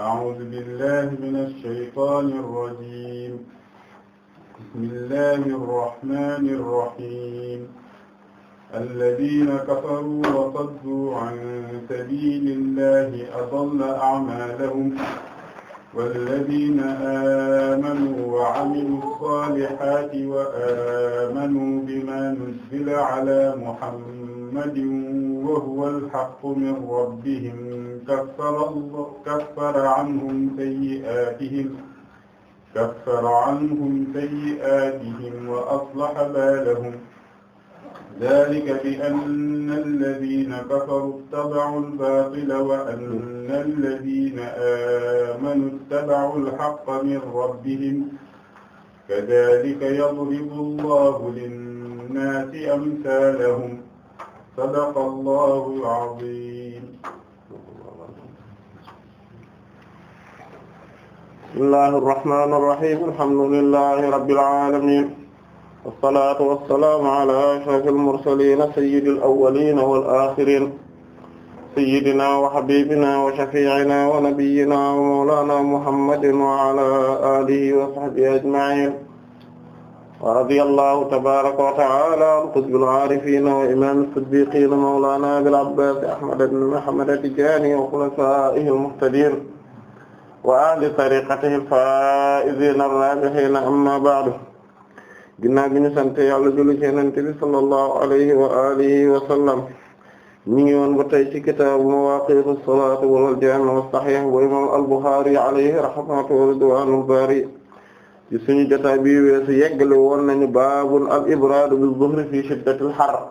أعوذ بالله من الشيطان الرجيم بسم الله الرحمن الرحيم الذين كفروا وصدوا عن سبيل الله أضل أعمالهم والذين آمنوا وعملوا الصالحات وآمنوا بما نزل على محمد وهو الحق من ربهم kaffara kaffara anhum sayyi'aatihim kaffara anhum sayyi'aatihim wa aslaha baalahum zaalika bi anna allaziina kafaruu ittaba'u al-baatila wa anna allaziina aamanuu ittaba'u al-haqqa min rabbihim kazaalika yadribu llaahu lin-naasi amsaalahum sadaqa llaahul aziim bismillahi irrahmani irrahim alhamdulillahi rabbil alamin wassalatu wassalaamu ala ashraf almursalin sayyidi alawalin wal axirin sayyidina wa habibina wa shafi'ina wa nabiyyina wa mawlana muhammadin wa ala alihi wa sahbihi ajma'in wa radiyallahu tabaraka wa ta'ala an qutbil aarifin wa imam as-siddiqin mawlana abil abbas ahmad ibn muhammad at-tijani wa khulafaa'ihi al-muhtadin waa ahli tariqatihi al-faa'iziina ar-raabihiina amma ba'du ginnaaw bi ñu sant yàlla julli ci Yonent bi sallallahu alayhi wa alihi wa sallam ñu ngi woon ba tey ci kitaabu mawaaqiitu as-salaati wal jaami' as-sahiih bu imaam al-Buxaari alayhi rahmatu wa ridwaanul baari ci suñu jotaay bi weesu yeggale woon na baabul al-ibraadu bi-zuhri fii shiddatil har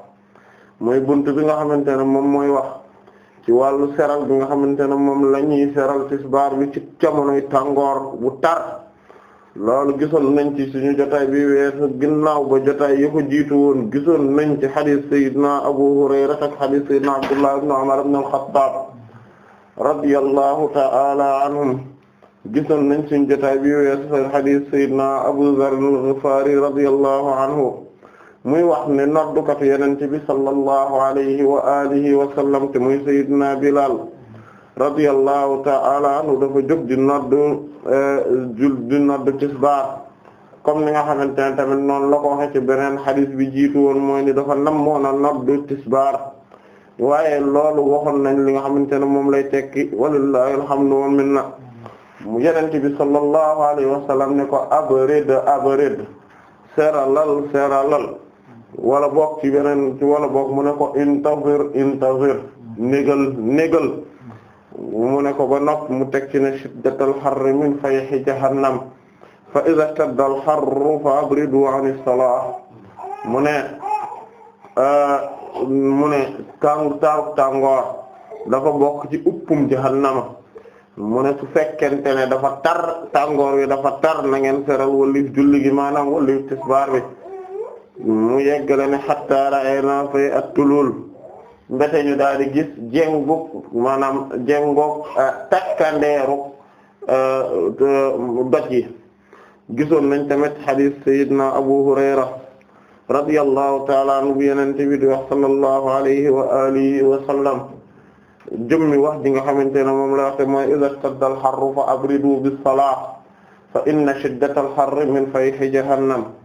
mooy buntu bi nga xamante ne moom mooy wax. ci wàllu seral bi nga xamante ne moom la ñuy seral tisbaar bi ci jamonoy tàngoor bu tar loolu gisoon nañ ci suñu jotaay bi weesu ginnaaw ba jotaay yi woon gisoon nañ ci xadis sayidna Abu Hurayra ak xadis sayidna Abdullah ibn Umar ibn al-Khattab ta'ala anhum gisoon nañ suñu jotaay bi weesu xadis sayidna Abu Dharr al-Ghifari radiyallahu anhu muy wax ne noddukatu yenente bi sallallahu alayhi wa alihi wa sallam te muy sayyidina Bilal radiyallahu ta'ala anhu dafa jóg di nodd eh, jul di nodd tisbaar comme ni nga xamante ne tamit noonu la ko waxe ci beneen xadis bi jiitu woon mooy ni dafa nammoon a nodd tisbaar waaye loolu waxoon nañ li nga xamante ne moom lay tekki walillahi alhamdu wal minna yenente bi sallallahu alayhi wa sallam ne ko abrid abrid seralal seralal wala bokk ci beneen wala bokk mu ne ko intazir intazir négal négal mu ne ko ba nopp mu teg ci ne shiddatal harri min fayhi jahannam fa iza ishtadda al harru fa abridu anis salah mu ne euh, mu ne tàng tàng tàngoor dafa bokk ci uppum jahannama mu ne su fekkente ne dafa tar tàngoor wi dafa tar na ngeen feral walif julli gi maanaam walif tisbaar bi mu yeggale ne hatta ra'ayna fi at-tulul mbete ñu daal di gis jéngug maanaam jéngug euh, takkandeeru euh, doj yi gisoon nañ tamit hadith sayyidina Abu Hurayra radiyallahu ta'ala anhu bu yenente bi di wax sallallahu alayhi wa alihi wa sallam jëmmi wax ji nga xamante ne moom la waxte mooy iza stadda al-harru fa abridu bis-salah fa inna shiddata al-harri min fayhi jahannam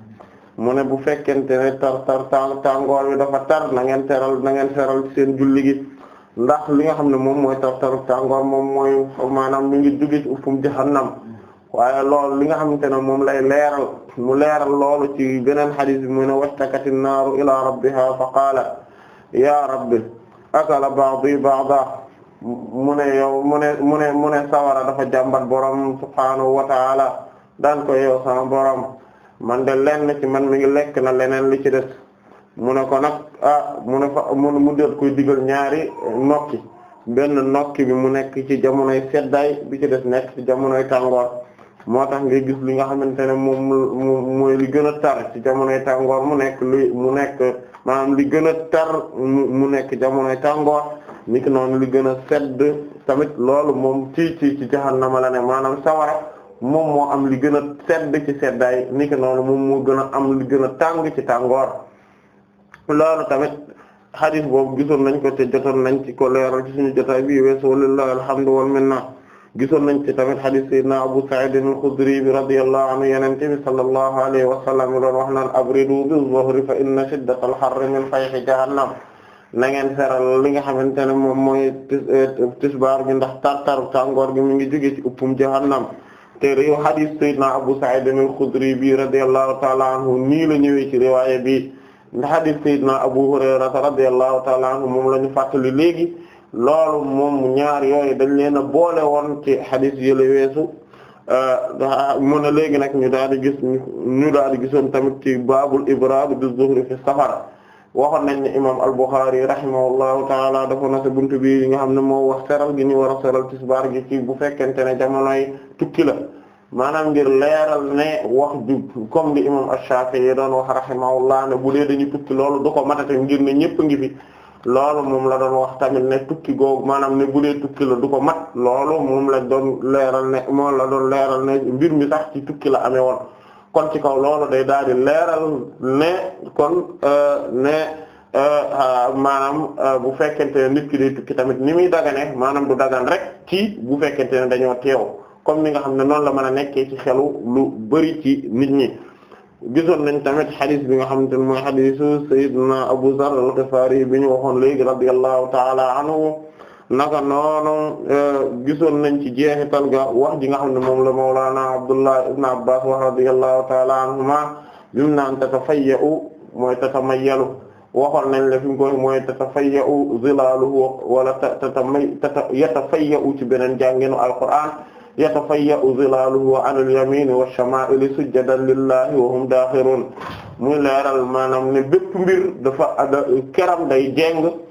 mu ne bu fekkente ne tar tar tàng tàngoor bi dafa tar na ngeen teral na ngeen teral seen julli ndax li nga xam ne moom mooy tar taru tàngoor moom mooy maanaam mi ngi jóge ci uppum jahannam waaye loolu li nga xamante ne moom lay leeral mu leeral loolu ci beneen xadis bi mu ne wastakati naaru ila rabbiha fa qaala ya rabbi akala ba'di ba'da mu ne yow mu ne mu ne mu ne sawara dafa jàmbat borom subhaanahu wa taala daan ko yow borom man de lenn ci man mi lekk na leneen li ci des mu ne ko nag ah mu ne fa mu mu dét koy digal ñaari nokki benn nokki bi mu nekk ci jamonoy seddaay bi ci des nekk ci jamonoy tàngoor moo tax ngay gis li nga xamante ne moom mooy li gën a tar ci jamonoy tàngoor mu nekk li mu nekk maanaam li gën a tar mu nekk jamonoy tàngoor niki noonu li gën a sedd tamit loolu moom ci ci ci jahannama la ne maanaam sawara moom moo am li gën a sedd ci seddaay ni ki noonu moom moo gën a am li gën a tàng ci tàngoor loolu tamit xadis boobu gisoon nañ ko te jotoon nañ ci ko leeral ci suñu jotaay bi weesu walillahi alhamdu wal minna tamit xadis sayyidina Abu Sa'id al-Khudri bi radiyallahu anhu yenente bi sallallahu alayhi wa sallam doon wax naan abridu bi zuhri fa inna shiddatal harri min fayhi jahannam na ngeen feral li nga xamante ne moom mooy eh, tisbaar gi ndax tartaru tàngoor gi mu ngi jóge ci uppum jahannam te yi hadis sayyidina Abu Sa'id al-Khudri bi radiyallahu ta'ala anhu nii la ñëwee ci riwaaya bi nda hadis sayyidina Abu Hurayra radiyallahu ta'ala anhu moom la ñu fàttali léegi loolu moom ñaar yooyu dañ leen a boole woon ci hadis yële weesu mun ne léegi nag ñu daal di gis daal di gisoon tamit ci baabul ibraad bi zuhri fi safara waxoon nañ ne imam al-Bukhari rahimahullahu taala dafa na buntu bi li nga xam ne moo wax seral gi ni war a seral tisbaar gi ci bu fekkente ne jamono tukki la maanaam ngir leeral ne wax ju comme li imam ash yee doon wax rahimahullah ne bu dee dañuy tukki loolu du ko matata ngir ne ñëpp ngi fi loolu moom la doon wax tamit ne tukki googu maanaam ne bu dee tukki la du ko mat loolu moom la doon leeral ne moom la doon leeral ne mbir mi sax ci tukki la amee woon kon ci kaw loolu day daal di leeral ne kon euh, ne euh, euh, maanaam bu fekkente ne nit ki day tukki tamit ni muy dagane maanaam du dagan rek ci bu fekkente ne dañoo teew comme ni nga xam ne noonu la mën a nekkee ci xelu lu bari ci nit ñi gisoon nañ tamit xadis bi nga xamante ne mooy xadisu Sayyidina Abu Zarr al-Ghifari bi ñu waxoon léegi radiyallahu ta'ala anhu naka noonu euh, gisoon nañ ci jeexital ga wax ji nga xam ne moom la mawlaana Abdullah ibn Abbas wa radiyallahu ta'ala anhuma bim naan tatafayyu mooy tatamayyalu waxoon nañ la fi mu koy mooy tatafayyu zilaaluhu wala tatamay yatafayyu ci beneen jànginu alqur'aan yatafayyu zilaaluhu anil yamiini wash-shamaa'ili sujjadan lillahi wa hum daaxiruun muy leeral maanaam ne bépp mbir dafa ada keram day jeng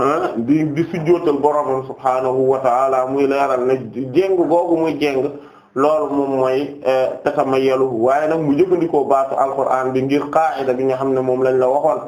Ah, di di sujjóotal boromam subhaanahu wa ta'ala muy leeral na jéng googu muy jéng lool moom mooy eh, tatamayalu waaye nag mu jëfandikoo baatu alquran bi ngir qaa'ida bi nga xam ne moom lañu la waxoon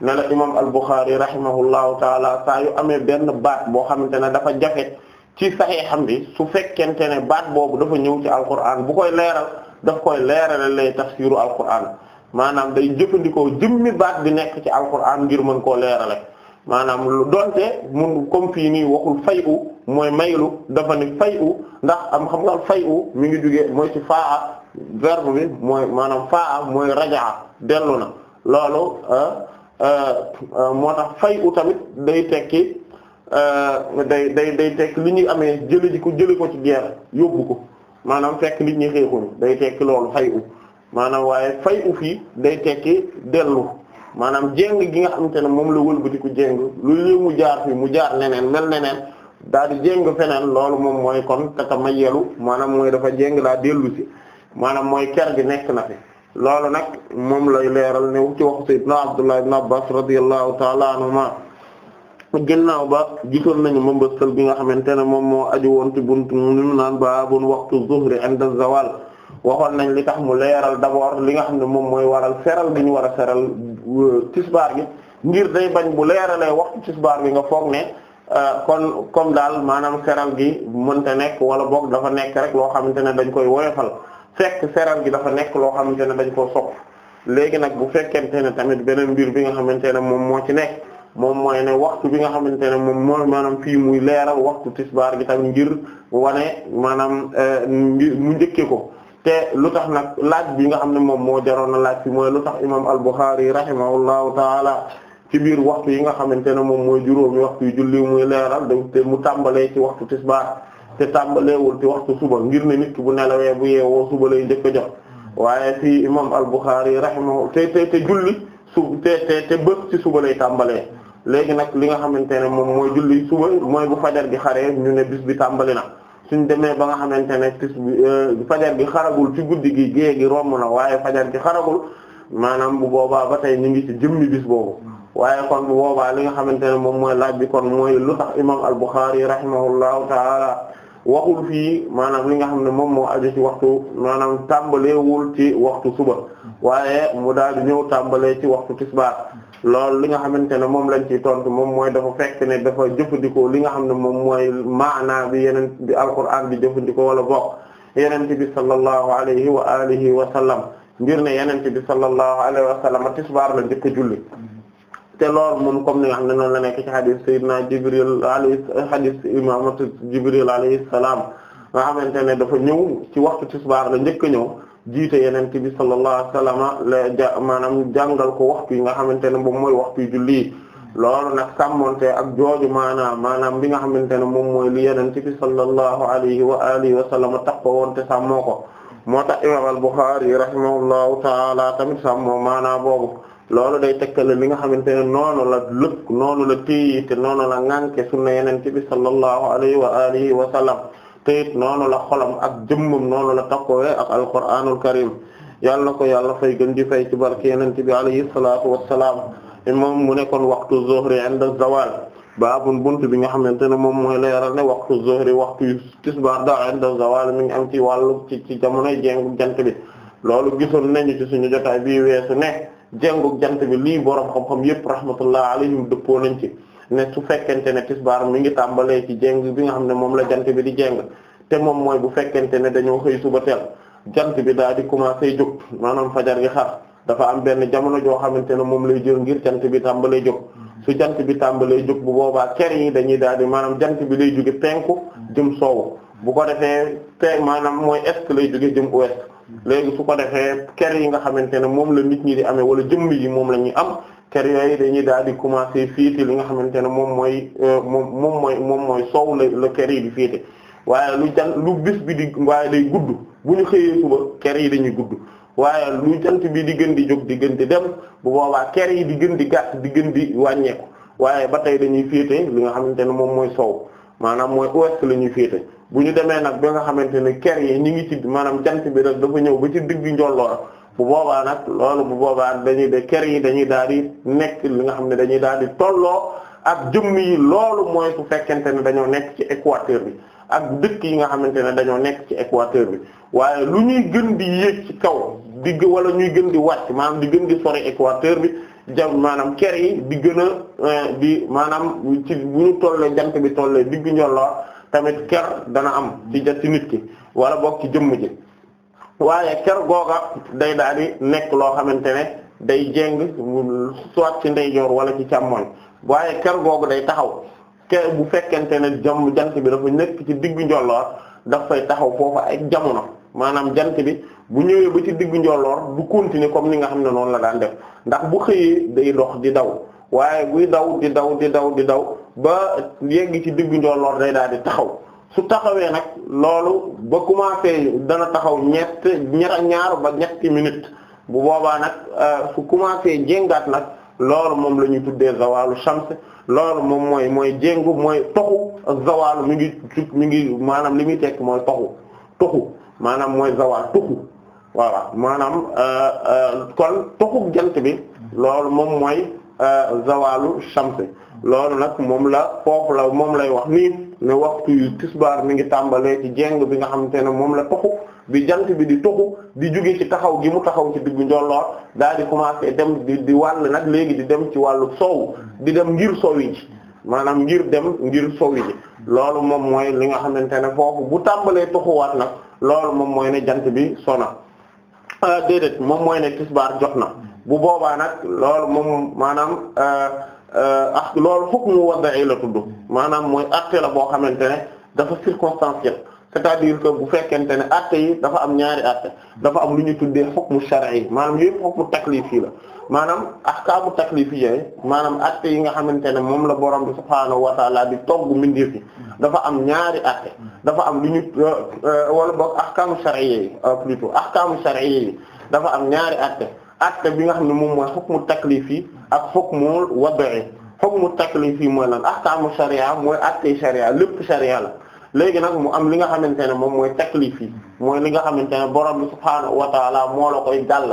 ne la imam al-Bukhari rahimahullahu taala saa yu amee benn baat boo xamante ne dafa jafe ci saxiixam bi su fekkente ne baat boobu dafa ñëw ci alquran bu koy leeral daf koy leeralal lay tafsiru alquran maanaam day jëfandikoo jëmmi baat bi nekk ci alquran ngir mën koo leerale maanaam lu donte mun comme fii nii waxul fay u mooy maylu dafa ni fay u ndax am xam nga fay u mi ngi juge mooy ci faa verbe bi mooy maanaam faa mooy rajaa dellu na loolu euh, euh, euh, moo tax fay u tamit day tekki day day day tekki lu ñuy amee jëli ji ko jëli ko ci guerre yóbbu ko maanaam fekk nit ñi xeexuñu day tekki loolu fay u maanaam waaye fay u fii day tekki dellu maanaam jéng gi nga xamante ne moom la wëlbatiku jéng lu li mu jaar fi mu jaar neneen mel neneen daal di jéng feneen loolu moom mooy kon kaka mayelu maanaam mooy dafa jéng daa dellu si maanaam mooy ker gi nekk na fi loolu nag moom lay leeral ne ci waxu sayyidna Abdullah ibn Abbas radiyallahu ta'ala anhuma ginnaaw ba gisoon nañu mëmbastal bi nga xamante ne moom moo aju woon ci buntu mu naan baabun waxtu zuhri inda zawal waxoon nañ li tax mu leeral d'abord li nga xam ne moom mooy waral seral gi ñu war a seral euh, tisbaar gi ngir day bañ bu leeralee waxtu tisbaar bi nga foog ne euh, kon comme daal maanaam seral gi mënta nekk wala boog dafa nekk rek xamante ne dañ koy woyofal fekk seral gi dafa nekk loo xamante ne dañ koo sopp léegi nag bu fekkente ne tamit beneen mbir bi nga xamante ne moom moo ci nekk moom mooy ne bi nga xamante ne moom mooy maanaam fii muy leeral waxtu tisbaar gi tamit ngir wane maanaam euh, mu njëkkee ko te lu tax nag laaj bi nga xam ne moom moo jaroon na laaj bi mooy lu tax imam al-Bukhari rahimahullahu taala ci biir waxtu yi nga xamante ne moom mooy juróomi waxtu yu julli muy leeral te mu tàmbalee ci waxtu tisbaar te tàmbaleewul ci waxtu suba ngir ne nit bu nelawee bu yeewoo suba lay njëkk a jot waaye fii imam al-Bukhari rahimahu te te te julli su te te te ci suba lay tàmbalee léegi nag li nga xamante ne moom mooy julli suba mooy bu fajar gi xaree ñu ne bis bi tàmbali na suñ demee ba nga xamante ne tis bi euh, fajar gi xaragul ci guddi gi géej gi romb na waaye fajar gi xaragul maanaam bu boobaa ba tey ñu ngi ci jëmmi bis boobu waaye kon bu boobaa li nga xamante ne moom mooy laaj bi kon mooy lu tax imam al-Bukhari rahimahullahu taala waxul fii maanaam li nga xam ne moom moo aju ci waxtu maanaam tàmbaleewul ci waxtu suba waaye mu daal ñëw tàmbalee ci waxtu tisbaar loolu li nga xamante ne moom lañ ci tontu moom mooy dafa fekk ne dafa jëfandikoo li nga xam ne moom mooy maanaa bi yeneen bi alquran bi jëfandikoo wala bokk yeneen bi sallallahu alayhi wa alihi wa sallam ngir ne yeneen bi sallallahu alayhi wa sallam tisbaar la njëkk a julli te loolu moom comme ni nga xam ne noonu la nekk ci hadith sayyidina Jibril alayhi hadith imamatu Jibril alayhi salaam nga xamante ne dafa ñëw ci waxtu tisbaar la njëkk a ñëw jiite yenente bi sallallahu alayhi wasallam la ja maanaam jàngal ko waxtu yi nga xamante ne moom mooy waxtu julli yi loolu nag sàmmonte ak jooju maanaam maanaam bi nga xamante ne moom mooy li yenente bi sallallahu alayhi wa alihi wa sallam tax ko woon te sàmmoo ko moo tax imam al-Bukhari rahimahullahu taala tamit sàmmoo maanaam boobu loolu day tekkale li nga xamante ne noonu la lëkk noonu la téyi te noonu la ŋànke sunna yenente bi sallallahu alayhi wa alihi wa sallam te it noonu la xolam ak jëmmam noonu la takkoowe ak alquraanul karim yàlla ko yàlla fay gën di fay ci barke yonent bi alayhi salaatu wassalaam moom mu nekkoon waxtu zuhri inda zawal baabun bunt bi nga xamante ne moom mooy leeral ne waxtu zuhri waxtu tisbaar daa inda zawal mi ngi am ci wàllu ci ci jamonoy jéngu jant bi loolu gisoon nañu ci suñu jotaay bi weesu ne jéngu jant bi lii boroom xam-xam yëpp rahmatullah alayhim dëppoo nañ ci ne su fekkente ne tisbaar mi ngi tàmbalee ci jéng bi nga xam ne moom la jant bi di jéng te moom mooy bu fekkente ne dañoo xëy suba teel jant bi daal di commencé jóg maanaam fajar gi xar dafa am benn jamono joo xamante ne moom lay jël ngir jant bi tàmbalee jóg su jant bi tàmbalee jóg bu boobaa ker yi dañuy daal di maanaam jant bi lay jóge penku jëm soowu bu ko defee te maanaam mooy est lay jóge jëm ouest léegi su ko defee ker yi nga xamante ne moom la nit ñi di amee wala jëmm yi moom la ñuy am ker yooyu dañuy daal di commencer fiiti li nga xamante ne moom mooy euh, moom moom moom mooy soow la la ker yi di fiite waaye lu jant lu bis bi di waaye day gudd bu ñu xëyee suba ker yi dañuy gudd waaye lu jant bi di gën di jóg di gën di dem bu ker yi di gën di gàtt di gën di wàññeeku waaye ba tey dañuy fiite li nga xamante ne moom mooy soow maanaam mooy ouest la ñuy féete bu ñu demee nag ba nga xamante ne ker yi ñu ngi ci maanaam jant bi nag dafa ñëw ba ci digg njolloor bu boobaa nag loolu bu boobaa dañuy de ker yi dañuy daal di nekk li nga xam ne dañuy daal di tolloo ak jëmm yi loolu mooy su fekkente ne dañoo nekk ci équateur bi ak dëkk yi nga xamante ne dañoo nekk ci équateur bi waaye lu ñuy gën di yéeg ci kaw digg wala ñuy gën di wacc maanaam di gën di sori équateur bi jam maanaam ker yi di gën a eh, di maanaam ci bu ñu tollee jant bi tollee diggu njolloor tamit ker dana am di ja ci nit ki wala boog ci jëmm ji waaye ker googa day daal di nekk loo xamante ne day jéng soit ci ndeyjoor wala ci càmmoñ waaye ker googu day taxaw ker bu fekkente ne jam jant bi dafa nekk ci diggu njolloor daf fay taxaw foofu ay jamono maanaam jant bi bu ñëwee ba ci diggu njolloor du continuer comme ni nga xam ne noonu la daan def ndax bu xëyee day dox di daw waaye guy daw di daw di daw di daw ba yegg ci diggu njolloor day daal di taxaw su taxawee nag loolu ba commencé dana taxaw ñett ñaar ñaar ba ñetti minutes bu boobaa nag euh, su commencé jéngaat nag loolu moom la ñuy tuddee zawalu shams loolu moom mooy mooy jéngu mooy toxu ak zawalu mi ngi mu ngi maanaam li muy tekk mooy toxu toxu maanaam mooy zawal tuxu voilà maanaam euh, euh, kon tuxu jant bi loolu moom mooy euh, zawalu shamsi loolu nag moom la foofu la moom lay wax nii ne waxtu yu tisbaar mi ngi tàmbalee ci jeng bi nga xamante ne moom la tuxu bi jant bi di tuxu di jóge ci taxaw gi mu taxaw ci diggu njolloor daal di commencé dem di di wàll nag léegi di dem ci wàllu sow di dem ngir sowi ji maanaam ngir dem ngir sowi ji loolu moom mooy li nga xamante ne foofu bu tàmbalee tuxuwaat nag loolu moom mooy ne jant bi so na euh, déedéet moom mooy ne tisbaar jot na bu boobaa nag loolu moom maanaam ah loolu hukmu wad'i la tudd maanaam mooy arte la boo xamante ne dafa circonstanciel c'est-à-dire que bu fekkente ne atte yi dafa am ñaari atte dafa am lu ñu tuddee hukmu shar'i maanaam yëpp hukmu taklifi la maanaam ahkaamu taklifiyya maanaam atte yi nga xamante ne moom la borom bi subhaanahu wa taala di togg mbindeef yi dafa am ñaari atte dafa am lu ñu euh, wala boog ahkaamu shar'iyya yi euh, plutôt yi dafa am ñaari atte atte bi nga xam ne moom mooy hukmu taklifi ak hukmu wad'i hukmu taklifi mooy lan ahkaamu sharia mooy atte sharia lépp sharia la léegi nag mu am li nga xamante ne moom mooy taklif yi mooy li nga xamante ne borom bi subhaanahu taala moo koy gàll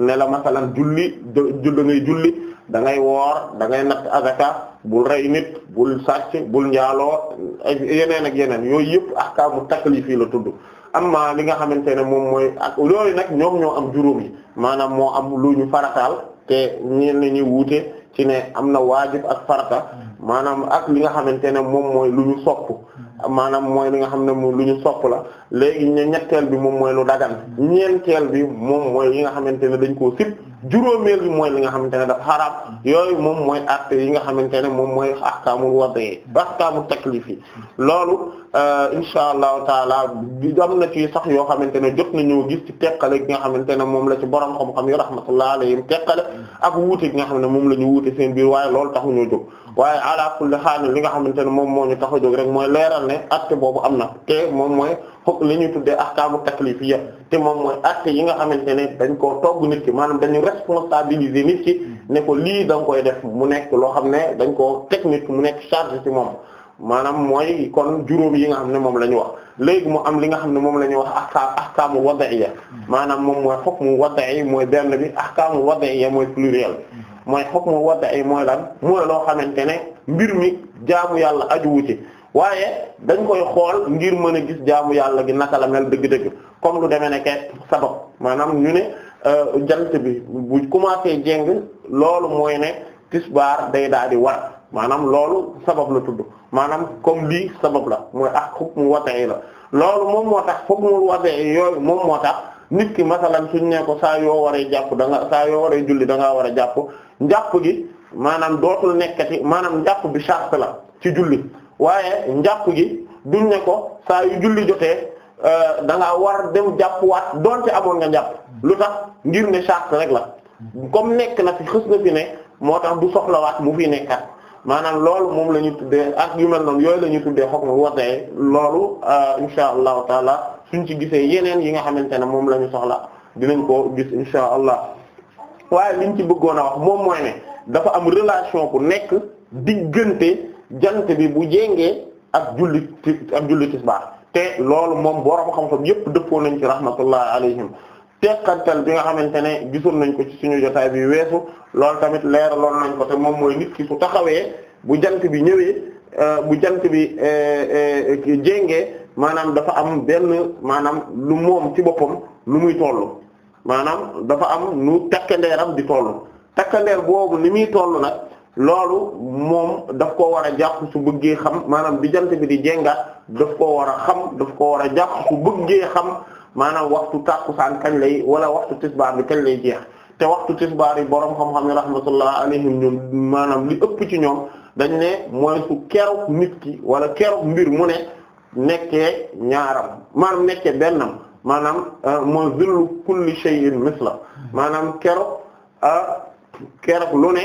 ne la masalan julli da ngay julli da ngay woor da ngay natt azaka bul rey nit bul sàcc bul njaalo yeneen ak yeneen yooyu yëpp ak kaamu yi la tudd amma li nga xamante ne moom mooy ak yooyu nag ñoom ñoo am juróom yi maanaam moo am lu ñu farataal te ñenn ñi wuute ci ne am na waajib ak farata hmm. maanaam ak li nga xamante ne moom mooy lu ñu sopp maanaam mooy li nga xam ne moom lu ñu sopp la léegi ñe ñetteel bi moom mooy lu dagan teel bi moom mooy yi nga xamante ne dañ koo sip juróomeel bi mooy li nga xamante ne dafa yooyu moom mooy acte yi nga xamante ne moom mooy ahkaamul wad'i ahkaamul taklif yi loolu euh, insha allahu taala am na ci sax yoo xamante ne jot nañoo gis ci teqale gi nga xamante ne moom la ci borom xam-xam yi rahmatullah alayhim teqale ak wuute nga xam ne moom la ñu wuute seen biir waaye loolu taxuñoo jóg waaye ala kulli haal li nga xamante ne moom moo ñu tax a jóg rek mooy leeral ne acte boobu am na te moom mooy li ñuy tuddee ahkaamu taklifiya te moom mooy acte yi nga xamante ne dañ koo togg nit ki maanaam dañu responsabiliser nit ki ne ko lii da koy def mu nekk loo xam ne dañ koo teg nit mu nekk charge ci moom maanaam mooy kon juróom yi nga xam ne moom la ñu wax léegi mu am li nga xam ne moom la ñuy wax kaamu ahkaamu wad'iyya maanaam moom mooy hukmu yi mooy benn bi ahkaamu wad'iyya mooy pluriel mooy hukmu wad'i mooy lan mooy loo xamante ne mbir mi jaamu yàlla ajuwu ci waaye dañ koy xool ngir mën a gis jaamu yàlla gi naka la mel dëgg-dëgg comme lu demee ne ke sabab maanaam ñu ne euh, jant bi bu commencé jeng loolu mooy ne tisbaar day daal di war maanaam loolu sabab la tudd maanaam comme lii sabab la mooy ak hukmu wata'i la loolu moom moo tax hukmu wata'i yooyu moom moo tax nit ki masalan suñ ne ko saa yoo waree jàpp da nga saa yoo waree julli da ngaa war a jàpp njàpp gi maanaam dootul nekkati maanaam njàpp bi charte la ci julli waaye njàpp gi duñ ne ko saa yu julli jotee euh, da war dem jàpp waat donte amoon nga jàpp lu tax ngir ne charte rek la comme nekk na fi xës na fi ne moo tax du soxlawaat mu fi nekkat maanaam loolu moom la ñu tuddee ak yu mel noonu yooyu la ñu tuddee mu watee loolu euh, insha allahu taala ci gisee yeneen yi nga xamante ne moom la ñu soxla dinañ koo gis insha allah waaye liñ ci bëggoon a wax moom mooy ne dafa am relation ku nekk diggante jant bi bu jéngee ak julli ab julli te loolu moom borom xam-xam yépp dëppoo nañ ci rahmatullah alayhim teqantal bi nga xamante ne gisoon nañ ko ci suñu jotaay bi weesu loolu tamit leeraloon nañ ko te moom mooy nit ki su taxawee bu jant bi ñëwee euh, bu jant bi euh, euh, jéngee maanaam dafa am benn maanaam lu moom ci boppam lu muy toll maanaam dafa am nu takkandeeram di toll takkandeer boobu ni muy toll nag loolu moom daf koo war a jàpp su bëggee xam maanaam bi jant bi di jengaat daf koo war a xam daf koo war a jàpp su bëggee xam maanaam waxtu tàkkusaan kañ lay wala waxtu tisbaar bi kañ lay jeex te waxtu tisbaar yi boroom xam-xam yi rahmatullah alayhim ñoom maanaam li ëpp ci ñoom dañ ne mooy su keroog nit ki wala keroog mbir mu ne nekkee ñaaram maanaam nekkee bennam maanaam euh, mooy zillu kulli shay'in misla hmm. maanaam keroog euh, keroog lu ne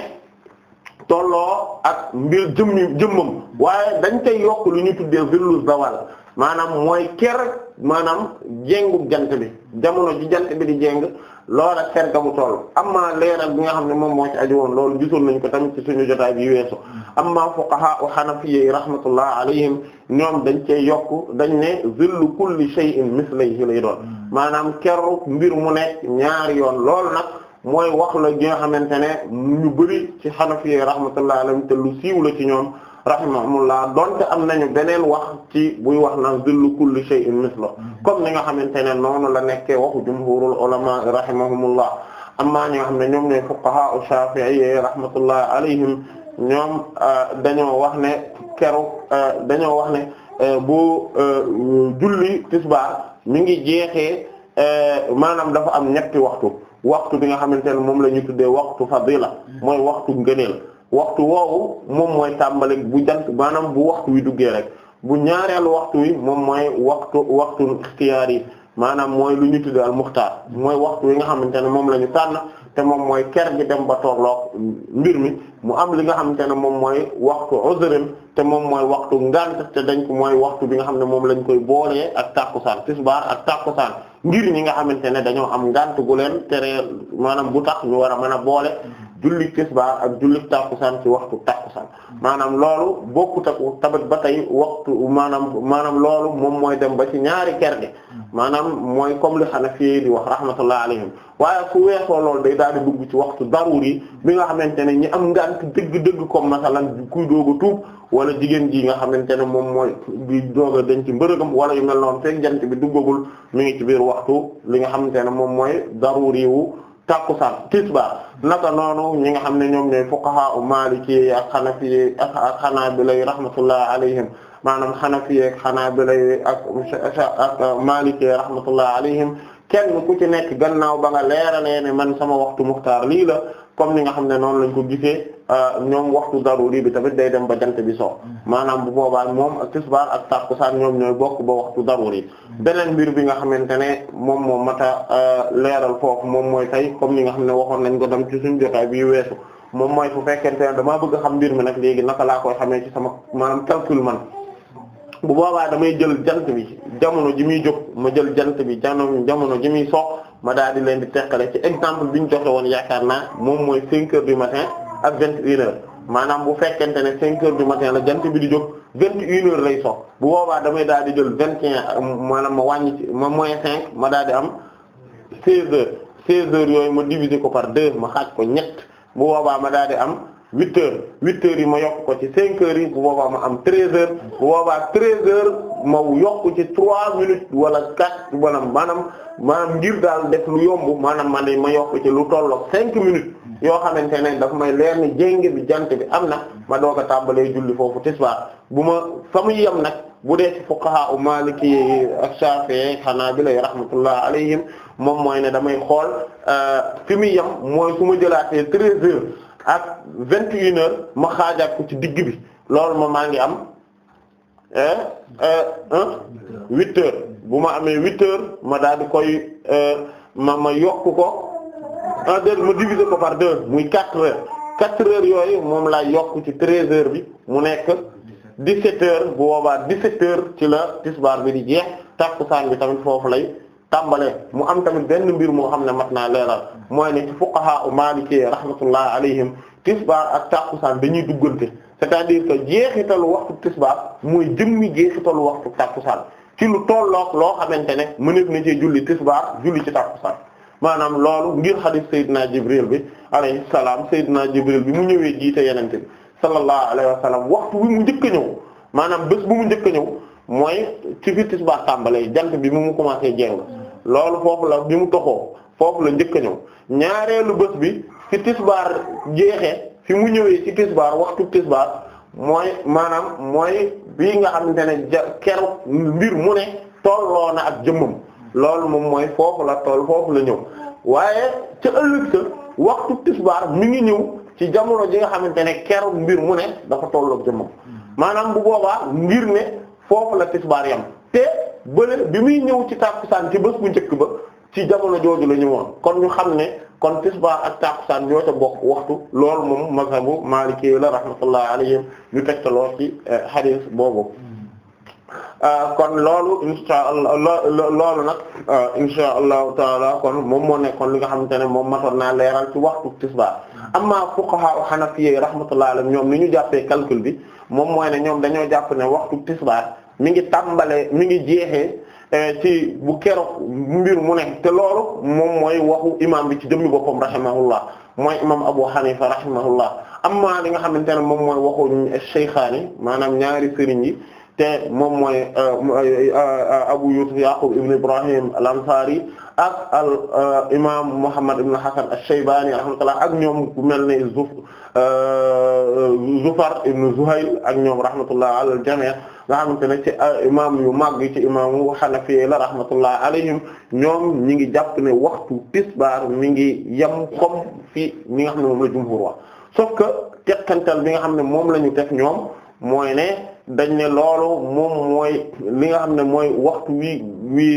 tolloo ak mbir jëmm jëmmam waaye dañ koy yokk lu ñu tuddee villu zawal maanaam mooy ker maanaam jéngu jant bi jamono ji jant bi di jéng loola ker ga mu toll amma leeral bi nga xam ne moom moo ci aju woon loolu gisoon nañ ko tamit ci suñu jotaay bi weesu amma fuqaha u hanafiyyi rahmatullah alayhim ñoom dañ cee yokk dañ ne zillu kulli shay'in mislayhi lay doon hmm. maanaam keru mbir mu nekk ñaari yoon loolu nag mooy wax la gi nga xamante ne ñu bëri ci xanafi rahmatullah alayhi te lu siiw la ci ñoom rahimahumullah donte am nañu beneen wax ci buy wax naan zillu kulli shay'in misla comme ni nga xamante ne noonu la nekkee waxu jumhurul ulama rahimahumullah amma ñi nga xam ne ñoom ñooy fuqaha shafi'iyye rahmatullah alayhim ñoom euh, dañoo wax ne keroog euh, dañoo wax ne euh, bo julli tisbaar mi ngi jeexee maanaam dafa am ñetti waxtu waxtu bi nga xamante ne moom la ñu tuddee waxtu fadila mm. mooy waxtu ngëneel waxtu woowu moom mooy tàmbali bu jant maanaam bu waxtu wi duggee rek bu ñaareelu waxtu wi moom mooy waxtu waxtu ixtiyaar yi maanaam mooy lu ñu tuddee al mooy waxtu wi nga xamante ne moom la ñu tànn te moom mooy ker gi dem ba tolloog mbir mi mu am li nga xamante ne moom mooy waxtu uzrin te moom mooy waxtu ngant te dañ ko mooy waxtu bi nga xam ne moom lañ koy boolee ak tàkkusaan tisbaar ak tàkkusaan ngir ñi nga xamante ne dañoo am ngànt leen tere maanaam bu tax ñu war a mën a boole julli tisbaar ak julli takkusaan ci waxtu takkusaan maanaam loolu bokkut ak tabat ba tey waxtu maanaam maanaam loolu moom mooy dem ba ci ñaari kerde maanaam mooy comme li Hanafi di wax rahmatullah alayhim waaye ku weesoo loolu day daal di dugg ci waxtu daruri bi nga xamante ne ñi am ngant dëgg-dëgg comme masalan kuy doog a tuub wala jigéen ji nga xamante ne moom mooy di den ci denc mbërëgam wala yu mel noonu fekk jant bi duggagul mi ngi ci biir waxtu li nga xamante ne moom mooy daruri tàkkusaan tisbaar naka noonu ñi nga xam ne ñoom ñooy fuqaha u maliki ak xanafi ak ak xanaabilay rahmatullah alayhim maanaam xanafi ak xanaabilay ak ak maliki rahmatullah alayhim kenn ku ci nekk gannaaw ba nga leeralee ne man sama waxtu muxtaar lii la comme ni nga xam ne noonu lañ ko gisee Euh, ñoom waxtu daruri bi tamit day dem ba jant bi soo mm. maanaam bu boobaa moom ak tisbaar ak takkusaan ñoom ñooy bokk ba waxtu daruri mm. beneen mbir bi nga xamante ne moom moo mata euh, leeral foofu moom mooy tey comme ni nga xam ne waxoon nañ ko tam ci suñu jotaay bi weesu moom mooy fu fekkente ne damaa bëgg xam mbir mi nag léegi naka laa koy xamee ci sama maanaam calcul man bu boobaa damay jël jant bi jamono ji muy jóg ma jël jant bi jamono jamono ji muy sox ma daal di leen di teqale ci exemple bi ñu joxe woon yaakaar na moom mooy 5 heures du matin ak vingt une heures maanaam bu fekkente ne cinq heures du matin la jant bi di jóg vingt une heures lay sox bu boobaa damay daal di jël vingt et un maanaam ma wàññi ci ma moins cinq ma daal am seize heures seize heures yooyu ma diviser ko par deux ma xaaj ko ñett bu boobaa ma daal di am huit heures huit heures yi ma yokk ko ci cinq heures yi bu boobaa ma am treize heures bu boobaa treize heures ma yokk ci trois minutes wala quatre maanaam maanaam maanaam ngir daal def yomb maanaam man ma yokk ci lu tollook cinq minutes yoo xamante ne daf may leer ni jénge bi jant bi am na ma doog a tàmbalee julli foofu waa bu ma fa muy yem nag bu dee ci fuqaha u maliki yi ak shafi'i hanabila yi rahmatullah alayhim moom mooy ne damay xool euh, fi muy yem mooy su ma jëlaatee treize heures ak vingt et une heures ma xaajaat ko ci digg bi loolu ma maa ngi am euh, huit heures bu ma amee huit heures ma daal di koy euh, ma ma yokk ko ah déedéet ma diviser ko par deux muy quatre heures quatre heures yooyu moom laa yokk ci treize heures bi mu nekk dix-sept heures bu boobaa dix-sept heures ci la tisbaar bi di jeex tàkkusaan bi tamit foofu lay tàmbale mu am tamit benn mbir moo xam ne mat naa leeral mooy ne ci fuqaha maliki rahmatullah alayhim tisbaar ak tàkkusaan dañuy duggante c'est-à-dire que jeexitalu waxtu tisbaar mooy jëmmi jeexitalu waxtu tàkkusaan ci lu tollook loo xamante ne mëneef na cee julli tisbaar julli ci maanaam loolu ngir xadis Seydina Jibril bi alayhi salaam Seydina Jibril bi mu ñëwee jiite yenente bi sallallahu alayhi wa sallam waxtu bi mu njëkk ñëw maanaam bés bu mu njëkk ñëw mooy ci fi tisbaa tàmbalee jant bi mu mu commencé jeng loolu foofu la bi mu toxoo foofu la njëkk a ñëw ñaareelu bés bi fi tisbaar jeexee fi mu ñëwee ci tisbaar waxtu tisbaar mooy maanaam mooy bii nga xamante ne ja keroog mbir mu ne tolloo ak jëmmam loolu moom mooy foofu la toll foofu la ñëw waaye ca ëllëg sa waxtu tisbaar mi ngi ñëw ci jamono ji nga xamante ne keroog mbir mu ne dafa tollook jëmmam maanaam bu boobaa ngir ne foofu la tisbaar yam te bële bi muy ñëw ci tàkkusaan ci bës bu njëkk ba ci jamono jooju la ñëwoon kon ñu xam ne kon tisbaar ak tàkkusaan ñoo ca bokk waxtu loolu moom mazhabu Maliki la rahmatullah alayhim ñu teg tegtaloo ci hadith eh, boobu Euh, kon loolu insha allah loolu nag euh, insha allahu taala kon moom moo nekkoon li nga xamante ne moom matoon naa leeral ci waxtu tisbaar amma fuqaha hanafiyye rahmatullahi alayhim ñoom ni ñu jàppee calcul bi moom mooy ne ñoom dañoo jàpp ne waxtu tisbaar mi ngi tàmbale mi ngi jeexee euh, ci bu keroog mbir mu ne te loolu moom mooy waxu imam bi ci jëmmi boppam rahimahullah mooy imam Abu Hanifa rahimahullah amma li nga xamante ne moom mooy waxu Shaykhaani maanaam ñaari sëriñ yi te moom mooy euh, euh, euh, Abu Yusuf Yaqub ibn Ibrahim al-Ansari ak al imaam Muhammad ibn Hasan ash-Shaybani rahmatullah ak ñoom ku mel ne Zuf Zufar ibn Zuhayl ak ñoom rahmatullah ala al-jami' nga xamante ne ci imaam yu mag yi ci imaamu Hanafi la rahmatullah alayhim ñoom ñi ngi jàpp ne waxtu tisbaar mi ngi yem comme fi ñi nga xam ne moom la jumhur wax sauf que tekkantal bi nga xam ne moom la ñu def ñoom mooy ne. dañ ne loolu moom mooy li nga xam ne mooy waxtu wi wi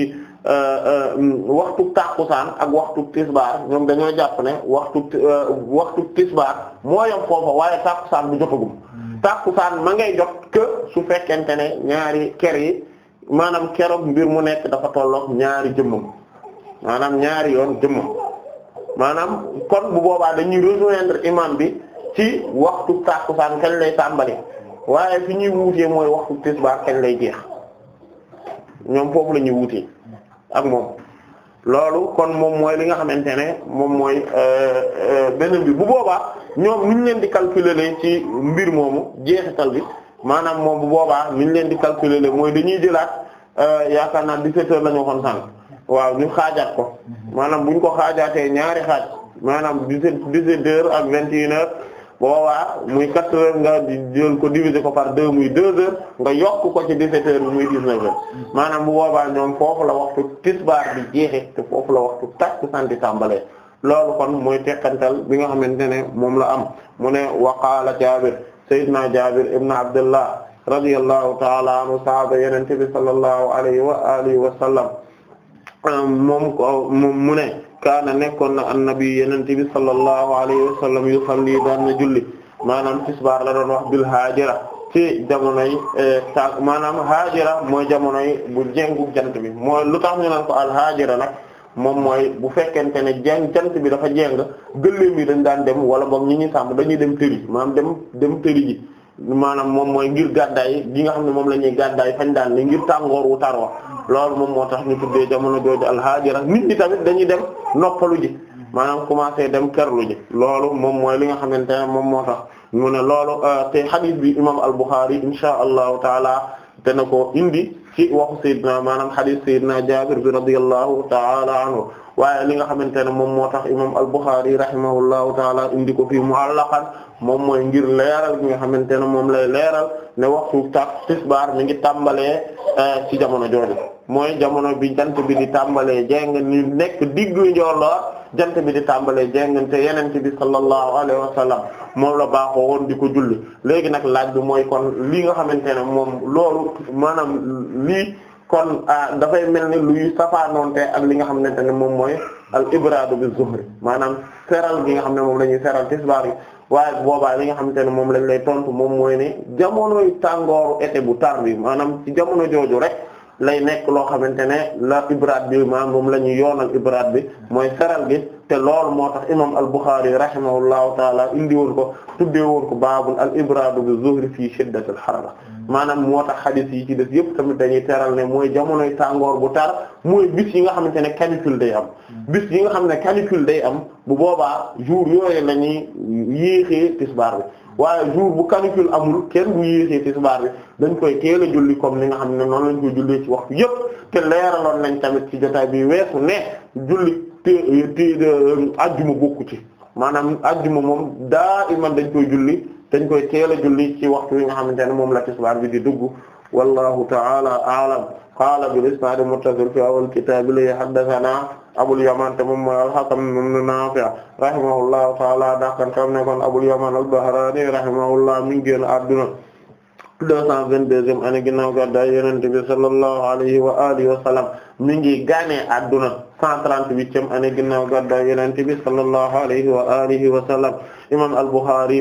euh, euh, waxtu tàkkusaan ak waxtu tisbaar ñoom dañoo jàpp ne waxtu euh, waxtu tisbaar moo yem foofa waaye tàkkusaan bu jotagum hmm. tàkkusaan ma ngay jot que su fekkente ne ñaari ker yi maanaam keroog mbir mu nekk dafa tolloog ñaari jëmmam maanaam ñaari yoon jëmmam maanaam kon bu boobaa dañuy rejoindre imam bi ci waxtu tàkkusaan kañ lay tàmbali waaye fi ñuy wuutee mooy waxtu tisbaar kañ lay jeex ñoom foofu la ñuy wuutee ak moom loolu kon moom mooy li nga xamante ne moom mooy euh, euh, beneen bi bu boobaa ñoom niñ leen di calculer ci mbir moomu jeexital bi maanaam moom bu boobaa niñ leen di le mooy dañuy jëlaat euh, yaakaar naa 17 heures la ñu waxoon sànq waaw ñu xaajaat ko maanaam buñ ko xaajaatee ñaari xaaj maanaam 17 17 heures ak 21 heures boobaa muy quatre heures nga jël ko diviser ko par deux muy deux nga yokk ko ci dix bi muy dix-neuf heures maanaam bu boobaa ñoom foofu la waxtu tisbaar bi jeexe te foofu la waxtu takkusaan di tàmbalee loolu kon mooy tekkantal bi nga xamante ne moom la am mu ne waqaala Jaabir Seydina Jaabir ibn Abdullah radiyallahu ta'ala anhu sahaaba yenente bi sallallahu alayhi wa alihi wa sallam moom moom mu ne kaana nekkoon na annabi yeneen bi sallallahu alayhi wa sallam yusalli daan na julli maanaam tisbaar la doon wax bil haajira ci jamonoy e, taag maanaam haajira mooy jamonoy bu jengu jant bi mooy lu tax ñu naan ko al haajira nag moom mooy bu fekkente ne jeng jant bi dafa jeng gëléem yi dañ daan dem wala boog ñi ñuy sàmm dañuy dem tëri maanaam dem dem tëri ji. maanaam moom mooy ngir gàddaay gi nga xam ne moom la ñuy gàddaay fañ daan ne ngir tàngoor wu tar wa loolu moom moo tax ñu tuddee jamono jooju alhaajira nit ñi tamit dañuy dem noppalu ji maanaam commencé dem kerlu ji loolu moom mooy li nga xamante moom moo tax mu ne loolu euh, te hadith bi imam al-Bukhari insha allahu taala dana ko indi ci waxu sayyidina maanaam hadith sayyidina Jaabir bi radiyallahu taala anhu waaye li nga xamante ne moom moo tax imam al-Bukhari rahimahullahu taala indi ko fii mu'allaqan moom mooy ngir leeral gi nga xamante ne moom lay leeral ne waxtu tax tisbaar mi ngi tàmbalee eh, ci jamono jooju mooy jamono bi jant bi di tàmbalee jeng ni nekk diggu njooloo jant bi di tàmbalee jeng te yeneen bi sallallahu alayhi wa sallam moom la baaxoo woon di ko julli léegi nag laaj bi mooy kon lii nga xamante ne moom loolu maanaam lii kon ah, dafay mel ni luy safaanoonte ak li nga xam ne moom mooy al ibradu bi zuhri maanaam seral gi nga xam ne moom la ñuy seral tisbaar yi waaye bu boobaa li nga xamante ne moom lañ lay tontu moom mooy ne jamonoy tàngooru été bu tar bi maanaam ci jamono jooju rek lay nekk loo xamante ne la ibrad bi maam moom la ñu yoonal ibrad bi mooy seral gi te lool moo tax imam al-Bukhari rahimahullahu taala indi woon ko tuddee woon ko baabul al ibradu bi zuhri fii shiddati al harara maanaam moo tax hadith yi ci des yëpp tamit dañuy teral ne mooy jamonoy tàngoor bu tar mooy bis yi nga xamante ne canicule day am bis yi nga xam ne canicule day am bu boobaa jour yooyu la ñuy yéexee tisbaar bi waaye jour bu canicule amul kenn bu yéexee tisbaar bi dañ koy teel a julli comme ni nga xam ne noonu lañ koy jullee ci waxtu yëpp te leeraloon nañ tamit ci jotaay bi weesu ne julli te te ajjuma bokku ci maanaam ajjuma moom daa iman dañ koy julli dañ koy teel a julli ci waxtu yi nga xamante ne moom la tisbaar bi di dëggu wallahu ta'ala a'lam qaala bil isnaad muttasil fi awwal kitaab li haddathana Abul Yaman te moom mooy al-Hakam ibn Naafi' rahimahullahu ta'ala dàqan xam ne kon Abul Yaman al-Bahraani rahimahullah mi ngi génn àdduna 222e année ginnaaw gàddaay Yonent bi sallallahu alayhi wa alihi wa sallam mi ngi gane àdduna 138e année ginnaaw gàddaay Yonent bi sallallahu alayhi wa alihi wa sallam imam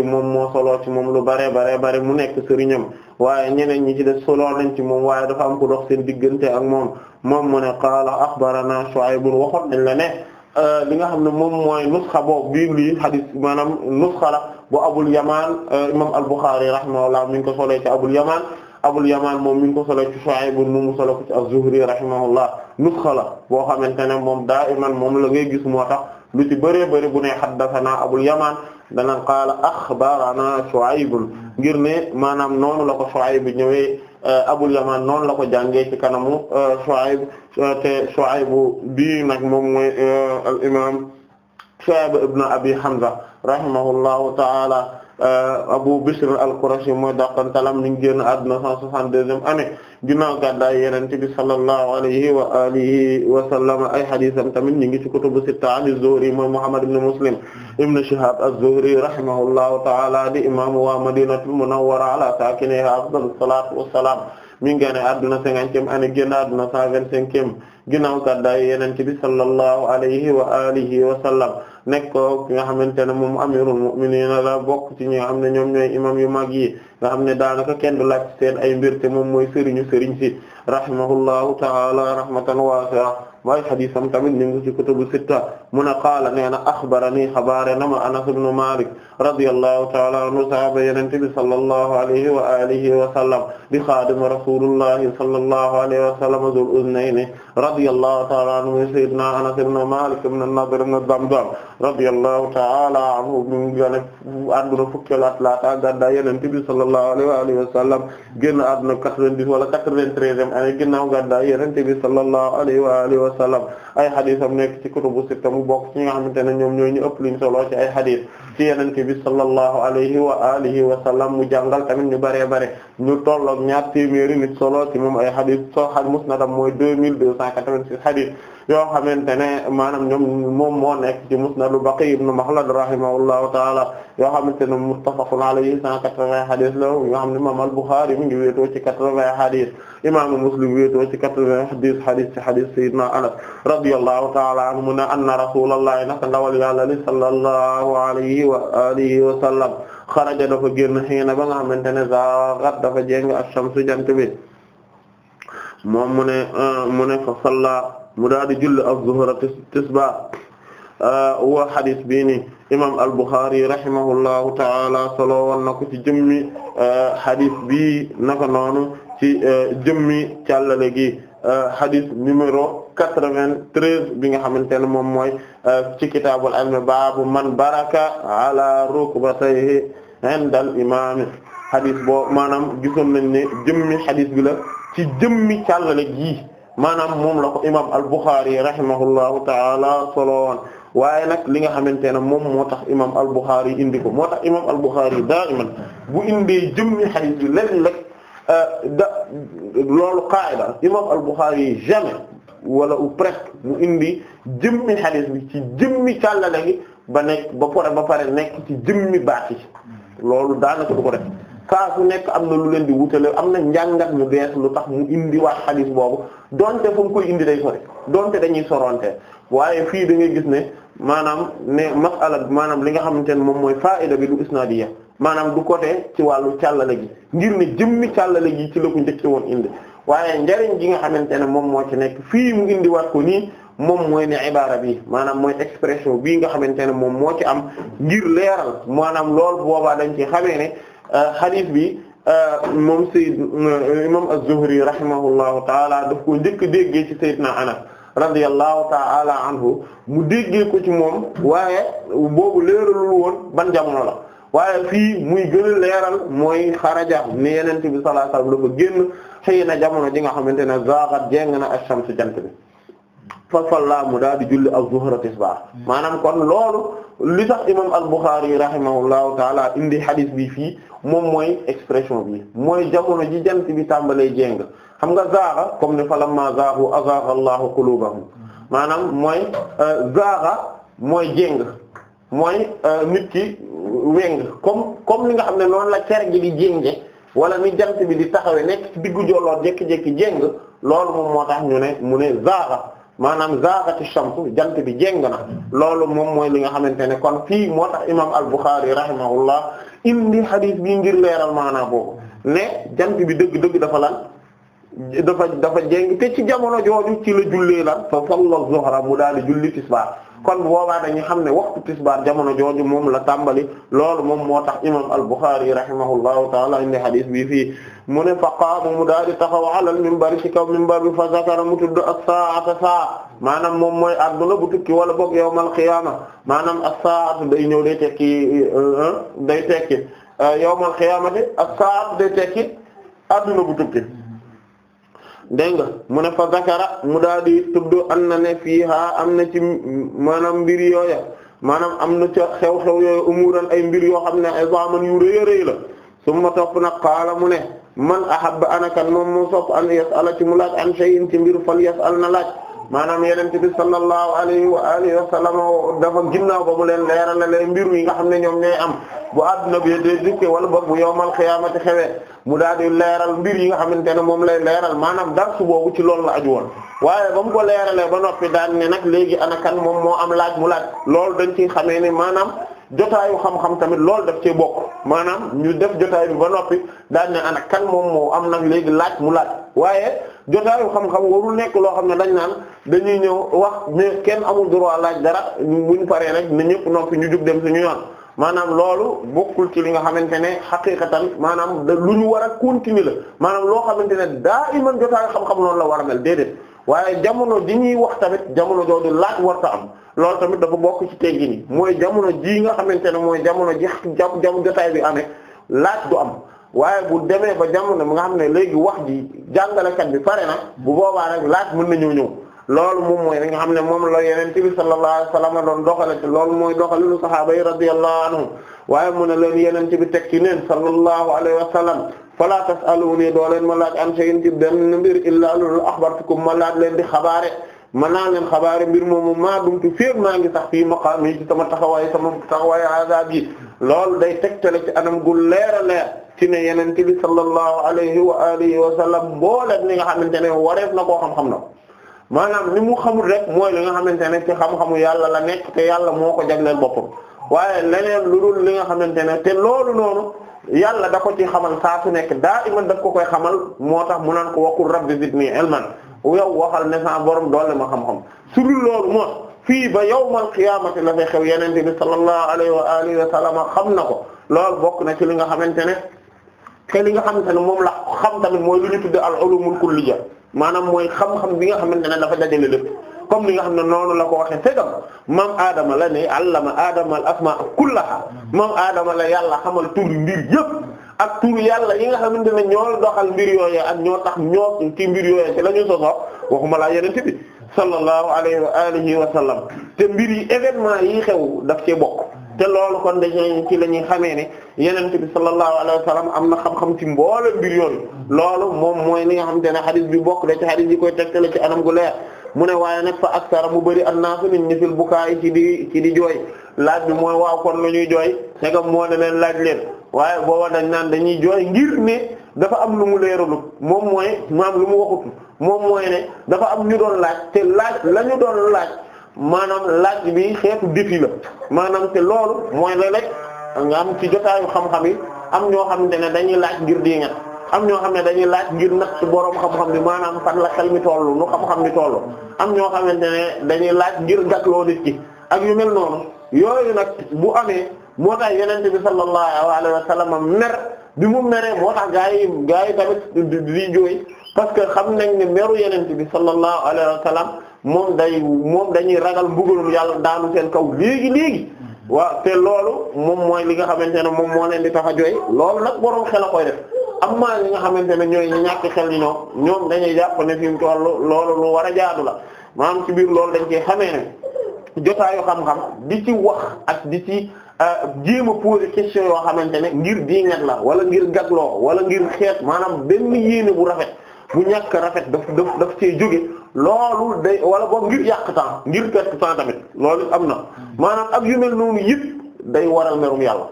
moom moo solo moom lu bare bare bare mu nekk sëriñam waaye ñeneen ñi ci de solo nañ ci moom waaye dafa am ku dox seen diggante ak moom moom mu ne qaala akhbarana Shu'ayb waxoon nañ la ne euh, li nga xam ne moom mooy nusxa boobu biir lii hadis maanaam nusxa la bu Abul Yamaan euh, imam al-Bukhari rahimahullah mi ngi ko solo ci Abul Yamaan Abul Yamaan moom mi ngi ko solo ci Shu'ayb nu ko rahimahullah nusxa la boo xamante ne moom daa iman moom la ngay gis moo tax lu ci bëree bëri bu ne haddathana Abul Yamaan dana qaala axbarana Shu'ayb ngir ne maanaam noonu la ko Shu'ayb ñëwee eh, Abul yaman noonu la ko jàngee ci kanamu eh, Shu'ayb eh, te Shu'ayb bii nag moom mooy al imaam Shu'ayb ibn Abi Hamza rahimahullahu ta'ala Euh, Abu Bishr al-Qurashi mooy dàqantalam mi ngi génn àdduna 162e année ginnaaw gàddaay Yonent bi sallallahu alayhi wa alihi wa sallam ay hadiisam tamit ñu ngi ci kutubu sitta an az-Zuhri mooy Muhammad ibn Muslim ibn Shihab az-Zuhri rahimahullahu ta'ala di imaamu waa Madinatul Munawwara ala saakinihaa afdalu salaatu wa salaam mi ngi génn àdduna 50e année génn àdduna 125e ginnaaw gàddaay Yonent bi sallallahu alayhi wa alihi wa sallam nekk ki nga xamante ne moom amirul mu'minin la bokk ci ñi am xam ne ñoom ñooy imam yu mag yi nga am ne daanaka kenn du laaj seen ay mbir te moom mooy sëriñu sëriñ si rahimahullahu ta'ala rahmatan wasi'a waaye xadisam tamit ñu ngi ci kutubu sitta mun a qaala nee na axbarani xabaare na ma Anas ibn Malik radiyallahu ta'ala anhu sahaaba Yonent bi sallallahu alayhi wa alihi wa sallam di xaadim rasulillahi sallallahu alayhi wa sallam zul uznayni radiyallahu ta'ala anhu sayyidina Anas ibn Malik ibn an-Nadr ibn Damdam radiyallahu ta'ala anhu àdduna fukki at laata gàddaay Yonent bi sallallahu alayhi wa alihi wa sallam génn àdduna 90 wala 93 année ginnaaw gàddaay Yonent bi sallallahu alayhi wa alihi wa sallam ay xadisam nekk ci kutubu sitta mu bokk ci ñi nga ne ñoom ñoo ñu ëpp luñ solo ci ay xadis ci Yonent bi sallallahu alayhi wa alihi wa sallam mu jàngal tamit ñu bëree bëri ñu tolloog ñaar téeméeri nit solo ci moom ay xadis soo xaj musnadam mooy deux mille deux cent quatre-vingt-six xadis yoo xamante ne maanaam ñoom moom moo nekk ci musnadu Baqi ibn Makhlad rahimahullahu taala yoo xamante ne muttafaqun alayhi cent quatre-vingts hadith la yoo xam ne imam al-Bukhari mi ngi wéetoo ci quatre-vingts hadith imaamu Muslim wéetoo ci quatre-vingts hadith ci hadith sayyidina Anas radiyallahu taala anhu mu ne anna rasulallahi naka ndawal yàlla li sallallahu alayhi wa alihi wa sallam xaraja dafa génn xiina ba nga xamante ne zaagat dafa jéng ak shamsu jant bi moom mu ne mu ne fa salla mu daal di julli az-zuhra tisbaar euh, wa xadis bii ni imam al-Bukhari rahimahullahu taala solo woon na ko ci jëmmi xadis euh, bii naka noonu ci euh, jëmmi càllale gi xadis numéro quatre-vingt-treize bi nga xamante ne moom mooy ci kitaabul ilm baabu man baraka ala rukbatayhi inda al-imaam xadis boo maanaam gisoon ni ne jëmmi xadis bi la ci jëmmi càllale gi maanaam moom la ko imam al-Bukhari rahimahullahu taala solowoon waaye nag li nga xamante ne moom moo tax imam al-Bukhari indi ko moo tax imam al-Bukhari daiman bu indee jëmmi hadith bi léeg léeg euh, da loolu qaida imam al-Bukhari wala ou presque indi jëmmi hadith bi ci jëmmi càllale gi ba nekk ba pare ba pare nekk ci jëmmi baati loolu daanaka du ko saa su nekk am na lu leen di wutale am na njàngat mu bees lu tax mu indi waat xadis boobu donte fu mu koy indi day sori donte dañuy soronte waaye fii da ngay gis ne maanaam ne masala maanaam li nga xamante ne moom mooy faida bi du isnadiya maanaam du côté ci wàllu càllale gi ngir ne jëmmi càllale gi ci la ko woon indi waaye njariñ gi nga xamante ne moom moo ci nekk fii mu indi waat ko nii moom mooy ne ibaara bi maanaam mooy expression bii nga xamante ne moom moo ci am ngir leeral maanaam lool boobaa dañ ci xamee ne Euh, hadith bi euh, moom Sayyid euh, imam Az-Zuhri rahimahullahu taala daf ko njëkk déggee ci Sayyidina Anas radiyallahu taala anhu mu déggee ko ci moom waaye boobu leeralul woon ban jamono la waaye fii muy gën a leeral mooy xaraja ne Yonent bi sallallahu alayhi wasallam génn xëy na jamono ji nga xamante ne zaaxat jeng na ash-shams jant bi fa salla mu daal di julli az-zuhra tisbaar maanaam kon loolu li tax imam al-Bukhari rahimahullahu taala indi hadith bi fii moom mooy expression bi mooy jamono ji jant bi tàmbalee jéng xam nga zaaxa comme ni falamma zaaxu azaaxa Allahu qulubahum maanaam mooy euh, zaaxa mooy jéng mooy euh, nit ki weng comme comme li nga xam ne noonu la cer gi di wala ni jant bi di taxawe nekk diggu jolloon jékki-jékki jéng loolu moom moo tax ñu ne zaaxa maanaam zaagati shamsu jant bi jéng na loolu moom mooy li nga xamante ne kon fii moo tax imam al-Bukhari rahimahullah indi hadith bi ngir leeral maanaa boobu ne jant bi dëgg-dëgg dafa lan dafa dafa jéng te ci jamono jooju ci la jullee lan fa salla zuhra mu daal di julli tisbaar kon boobaa dañuy xam ne waxtu tisbaar jamono jooju moom la tàmbali loolu moom moo tax imam al-Bukhari rahimahullahu taala indi hadith bi fii mu ne fa qaama mu daal di taxaw alal bari ci kaw minbar bi fa zakara mu tudd ak saata saa maanaam moom mooy adduna bu tukki wala boog yawmal qiyaama maanaam as-saatu day ñëw day tekki euh, day tekki euh, yawmal qiyaamati as-saatu day tekki adduna bu dégg nga mu ne fa zakara mu daal di tudd an na ne fii haa am na ci maanaam mbir yooya maanaam am na ca xew-xew yooyu umuran ay mbir yoo xam ne isaman yu rëy a rëy la summa topp nag qaala mu ne man ahabba anakan moom moom sopp an yas'ala ci mu laaj an shay'in ci mbir fal yas'al na laaj maanaam yeneen bi sallallahu alayhi wa alihi wa sallam dafa ginnaaw ba mu leen leeralal mbir yi nga xam ne ñoom ñooy am bu adduna bi dee dikk wala boog bu yowmal xiyaamati xewee mu daal di leeral mbir yi xamante ne moom lay leeral maanaam darsu boobu ci loolu la aj woon waaye ba mu ko leeralee ba noppi daal ne nag léegi ana kan moom moo am laaj mu laaj loolu dañ ciy xamee ne maanaam. jotaayu xam-xam tamit lool daf ci bokk maanaam ñu def jotaay bi ba noppi daañu ne ana kan moom moo am nag léegi laaj mu laaj waaye jotaayu xam-xam warul nekk loo xam ne dañ naan dañuy ñëw wax mais kenn amul droit laaj dara buñ paree rek na ñëpp noppi ñu jug dem ñuy yoon maanaam loolu bokkul ci li nga xamante ne xaqiqatan maanaam da lu ñu war a continuer la maanaam loo xamante ne daa iman jotaayu xam-xam noonu la war a mel déedéet waaye jamono di ñuy wax tamit jamono jooju laaj warta am loolu tamit dafa bokk ci teggini mooy jamono ji nga xamante ne mooy jamono ji jam jotaay bi amee laaj du am waaye bu demee ba jamono mi nga xam ne léegi wax ji jàngalekat bi pare na bu boobaa nag laaj mun na ñëw ñëw loolu moom mooy li nga xam ne moom la yeneen bi sallallahu alayhi wasallam doon doxale te loolu mooy doxalinu sahaaba yi radiyallahu anhum waaye mu ne leen yeneen bi teg ci neen sallallahu alayhi wasallam fala tasaluni doo leen ma laaj an shay'in ci benn mbir illaa loolu axbartukum ma laaj leen di xabaare man naa leen xabaare mbir moomu maa dumtu féeg maa ngi sax fii maqaam yi ci sama taxawaay sama taxawaay azab yi loolu day tegtale ci anam gu leer a leer ci ne yenente bi sallallahu alayhi wa alihi wa sallam ni nga xamante ne wareef na koo xam-xam na maanaam ni mu xamul rek mooy li nga xamante ne ci xam-xamu yàlla la nekk te yàlla moo ko jagleel boppam waaye leneen lu dul li nga xamante ne te loolu noonu yàlla da ko ci xamal saa su nekk daa iman daf ko koy xamal moo tax mu naan ko waqul rabbi zidni ilman yow waxal ne sa borom doole ma xam-xam su dul loolu moo fii ba yawmal qiyaamati la fay xew yenente bi sallallahu alayhi wa alihi wa sallama xam na ko loolu bokk na ci li nga xamante ne te li nga xamante ne moom la xam tamit mooy lu ñu tudde al ulumul kulliya maanaam mooy xam-xam bi nga xamante ne dafa dajale lépp comme li nga xam ne noonu la ko waxee segam maam aadama la ne allama aadama al asmaa kullaha maam aadama la yàlla xamal tur mbir yëpp ak tur yàlla yi nga xamante ne ñoo doxal mbir yooyu ak ñoo tax ñoo ci mbir yooyu ci la ñu sosoo waxuma laa yenente bi sallallahu alayhi wa alihi wa sallam te mbir yi événement yi xew daf cee bokk te loolu kon dañu ci la ñuy xamee ne yenente bi sallallahu alayhi wa am na xam-xam ci mboole mbir yooyu loolu moom mooy li nga xamante ne xadis bi bokk la ci xadis yi koy tegtale ci anam gu leer mu ne waaye nag fa aksara mu bëri annaasu nit ñi fil bukaay ci di ci di jooy laaj bi mooy waaw kon lu ñuy jooy segam moo leen laaj leen waaye booba dañ naan dañuy jooy ngir ne dafa am lu mu leeralut moom mooy maam lu mu waxutu moom mooy ne dafa am ñu doon laaj te laaj la doon laaj maanaam laaj bi xeetu défi la maanaam te loolu mooy la rek nga am ci jotaayu xam-xam yi am ñoo xamante ne dañuy laaj ngir diingat am ñoo xam ne dañuy laaj ngir nag ci boroom xam-xam bi maanaam fan la xel mi tollu nu xam-xam mi tollu am ñoo xamante ne dañuy laaj ngir gàtloo nit ki ak yu mel noonu yooyu nag bu amee moo tax yenente bi sallallahu alayhi wa sallam mer bi mu meree moo tax gaa yi gaa yi tamit di jooy parce que xam nañ ne meru yeneen bi sallallahu alayhi wa sallam moom day moom dañuy ragal mbugalum yàlla daanu seen kaw léegi léegi waaw te loolu moom mooy li nga xamante ne moom moo leen di tax a jooy loolu nag boroom xel a koy am na ñi nga xamante ne ñooy ñàkk xel yi ñoom ñoom dañuy jàpp ne fi loolu lu war a jaadu la maanaam ci biir loolu dañ ci xamee ne di ci Euh, jéem a posé question yoo xamante ne ngir diiŋat la wala ngir gagloo wala ngir xeet maanaam benn yéene bu rafet bu ñàkk rafet daf daf daf cee jóge loolu day wala boog ngir yàq temps ngir perte temps tamit loolu am na maanaam ak yu mel noonu yëpp day waral merum yàlla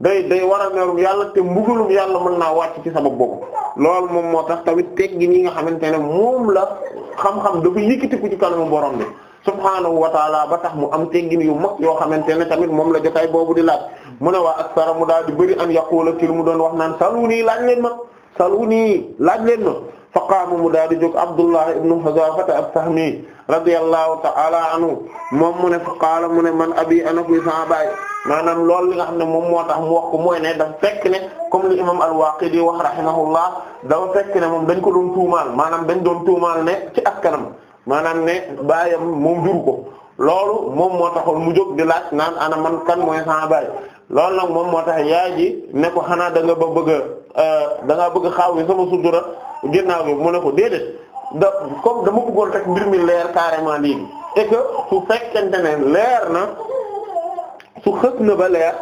day day waral merum yàlla te mbugalum yàlla mën naa wàcc ci sabab boobu loolu moom moo tax tamit teggin yi nga xamante ne moom la xam-xam dafa yëkkati ku ci kanamu borom bi subhaanahu wa taala ba tax mu am teggin yu mag yoo xamante ne tamit moom la jotaay boobu di laaj mu ne waa aksara mu daal di bëri an yaqula til mu doon wax naan ni laaj leen ma saluni laaj leen ma fa qaama mu daal di jóg Abdullah ibn Hudhafata as-Sahmi radiyallahu ta'ala anhu moom mu ne fa qaala mu ne man abi ana kuy sama baay maanaam lool li nga xam ne moom moo tax mu wax ko mooy ne dafa fekk ne comme li imam al-Waqidi wax rahimahullah da fekk ne moom dañ ko doon tuumaal maanaam dañ doon tuumaal ne ci askanam maanaam ne baayam moom juru ko loolu moom moo taxoon mu jóg di laaj naan ana man kan mooy sama baay loolu nag moom moo tax yaay ji ne ko xanaa da nga ba bëgg a euh, da ngaa bëgg a xaaw yi sama sutura ginnaaw gi mu ne ko déedéet da comme dama bëggoon rek mbir mi leer carrément léegi et que su fekkente ne leer na su xës na ba leer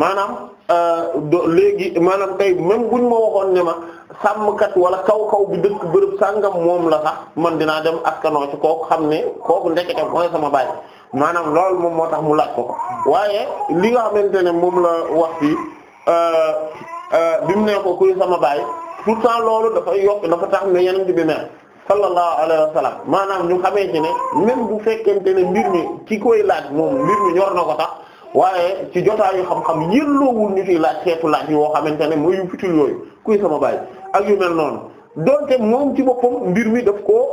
maanaam Euh, léegi maanaam tey même buñ ma waxoon ne ma sàmmkat wala kaw kaw bi dëkk bërëb sàngam moom la sax man dinaa dem askanoo ci kooku xam ne kooku ndekete mooy sama baay maanaam loolu moom moo tax mu laaj ko waaye li nga xamante ne moom la wax fii euh, euh, bi mu ne ko kuy sama baay pourtant loolu dafa yokk dafa tax ne yeneen bi ne sallallahu alayhi wa sallam maanaam ñu xamee ci ne même bu fekkente ne mbir mi ki koy laaj moom mbir mi ñor na ko sax. waaye ci jotaayu xam-xam yëlloowul ñu fi laaj xeetu laaj woo xamante ne mooy yu futul yooyu kuy sama baay ak yu mel noonu donte moom ci boppam mbir mi daf koo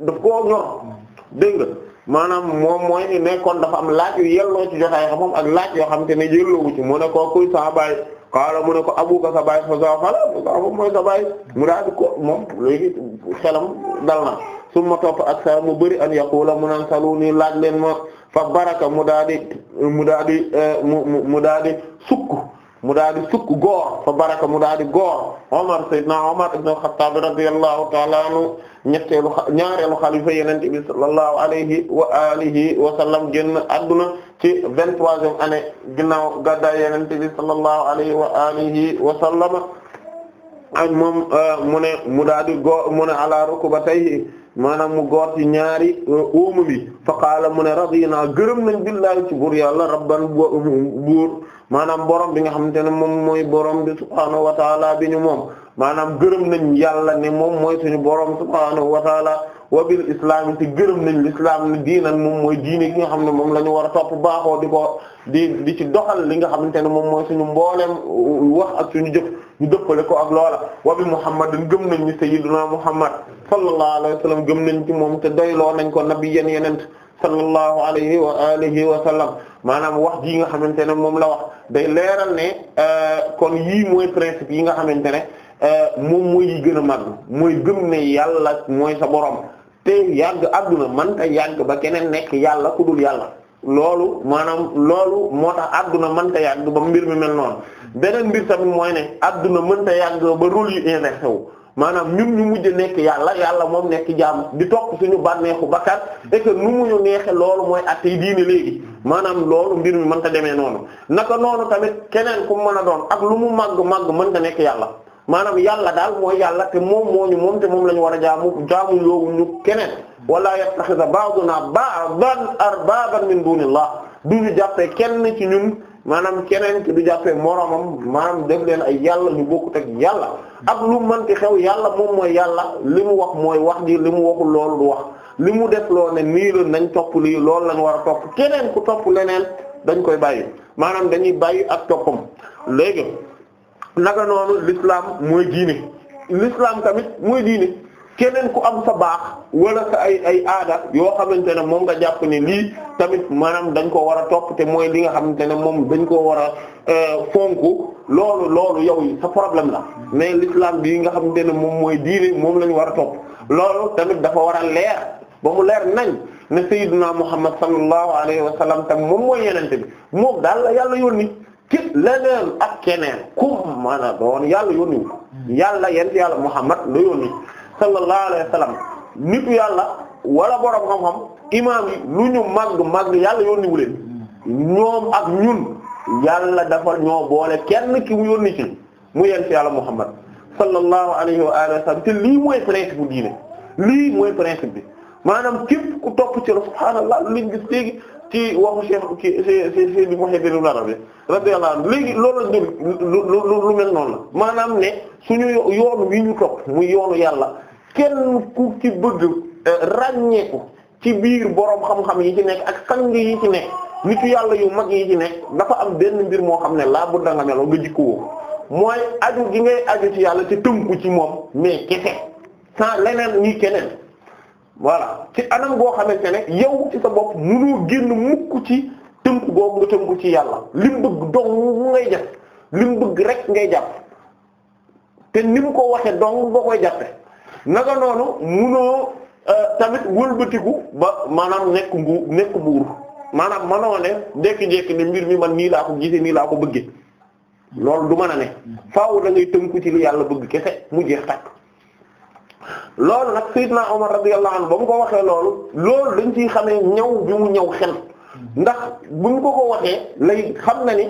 daf koo nga maanaam moom mooy nekkoon dafa am laaj yu yelloo ci jotaayu xam ak laaj yoo xamante ne yëlloowu ci mu ne ko kuy sama baay xaala mu ne ko abuka sa baay fa sa fala sa mooy sa baay mu daal ko moom léegi xelam dal na su ma topp ak sa mu bari an yaqula mu naan salu nii laaj leen ma fa baraka mu daa di mu daa di eh, mu mu daa di sukk mu fa baraka mu daa di góor Omar Seydina Omar ibn al-Khattab radiyallahu ta'ala anhu ñaareelu xalifa Yonent sallallahu alayhi wa alihi wa sallam génn adduna ci vingt-troisième année ginnaaw gàddaay Yonent bi sallallahu alayhi wa alihi wa sallam moom eh, mu ne mu daa di góor mu ne ala rukubatayhi maanaam mu goor ci ñaari uumam euh, yi fa qaala mu ne radina gërëm nañ billahi ci buur yàlla rabban buur maanaam borom bi nga xamante ne moom mooy borom bi subhaanahu wa taala bi ñu moom maanaam gërëm nañ yàlla ne moom mooy suñu borom subhaanahu wa taala wa bil islaam te gërëm nañ lislaam ne diinan moom mooy diine gi nga xam ne moom la ñu war a topp baaxoo di ko di di ci doxal li nga xamante ne moom mooy suñu mbooleem euh, wax ak suñu jëf ñu dëppale ko ak loola wa bi muhammadin gëm nañ ni sayyiduna muhammad sallallahu alayhi wa sallam gëm nañ ci moom te doyloo nañ ko nabiyyan yenent sallallahu alayhi wa alihi wa sallam maanaam wax ji nga xamante ne moom la wax day leeral ne euh, kon yii mooy principe yi nga xamante ne euh, moom mooy yi gën a mag mooy gëm ne yàlla mooy sa borom te yàgg adduna man te yàgg ba keneen nekk yàlla ku yàlla loolu maanaam loolu moo tax adduna mënta yàgg ba mbir mi mel noonu beneen mbir tamit mooy ne adduna mënta yàgg ba rôle yu inversé maanaam ñun ñu mujj nekk yàlla yàlla moom nekk jaam di topp suñu bànneexu bakkat et que nu mu ñu neexe loolu mooy attey diine léegi maanaam loolu mbir mi mënta demee noonu naka noonu tamit keneen ku mën a doon ak lu mu màgg màgg mënta nekk yàlla maanaam yàlla daal mooy yàlla te moom moo ñu moom te moom la ñu war a jaamu jaamu yoowu ñu keneen wala yattakhidha ba'duna ba'dan arbaban min dunillah du ñu jàppee kenn ci ñun maanaam keneen ki du jàppee moroomam maanaam def leen ay yàlla ñu bokkut ak yàlla ak lu mënti xew yàlla moom mooy yàlla li mu wax mooy wax ji li mu waxul loolu du wax li mu def loo ne nii la nañ topp lii loolu lañ war a topp keneen ku topp leneen dañ koy bàyyi maanaam dañuy bàyyi ak toppam léegi naka noonu l'islam mooy diine l'islam tamit mooy diine keneen ku am sa baax wala sa ay ay aada yoo xamante ne moom nga jàpp ne lii tamit maanaam dañ ko war a topp te mooy li nga xamante ne moom dañ ko war a euh, fonk loolu loolu yow sa problème la mais l'islam bii nga xamante ne moom mooy diine moom la ñu war a topp loolu tamit dafa war a leer ba mu leer nañ ne sayyidina Muhammad sallallahu alayhi wa sallam tam moom mooy yenente bi moom daal la yàlla yónni kit leneen ak keneen kum man a doon yàlla yónni hmm. yàlla yent yàlla Muhammad la yónni sallallahu alayhi wa sallam nitu wala borom xam-xam imaam yi lu ñu màgg màgg yàlla yónni wu leen hmm. ñoom ak ñun yàlla dafa ñoo boole kenn ki mu yónni ci mu yent yàlla Muhammad sallallahu alayhi wa alihi wa sallam te lii mooy principe bu diine lii mooy principe bi maanaam ku topp ci subhaanallah liñ gis ci waxu Cheikh ki Cheikh Cheikh bi Muhammad ibn Arabi radiyallahu anhu léegi loolu lañ doon lu mel noonu la maanaam ne suñu yoon wi ñu topp muy yoonu yàlla kenn ku ci bëgg eh, ràññeeku ci biir boroom xam-xam yi ci nekk ak sang yi ci nekk nitu yàlla yu mag yi ci nekk dafa am benn mbir moo xam ne laa bu da nga meloo nga jikko mooy aju gi ngay aju ci yàlla te tënku ci moom mais kese sans leneen ñi keneen voilà ci anam goo xamante ne yow ci sa bopp mënoo génn mukk ci tënku googu nga ko ci yàlla lim bëgg dong ngay jàpp lim bëgg rek ngay jàpp te ni mu ko waxee dong nga koy jàppe naka noonu mënoo euh, tamit wëlbatiku ba maanaam nekk ngu nekk buur maanaam manoo ne ndekki-ndekki ne mbir mi man nii laa ko gisee nii laa ko bëggee loolu du mën a ne mm-hmm. faaw da ngay tënku ci li yàlla bëgg kese mu jeex tàkk loolu nag Seydina Omar radiyallahu anhu ba mu ko waxee loolu loolu dañ ci xamee ñaw bi mu ñaw xel ndax bu ñu ko ko waxee lay xam na ni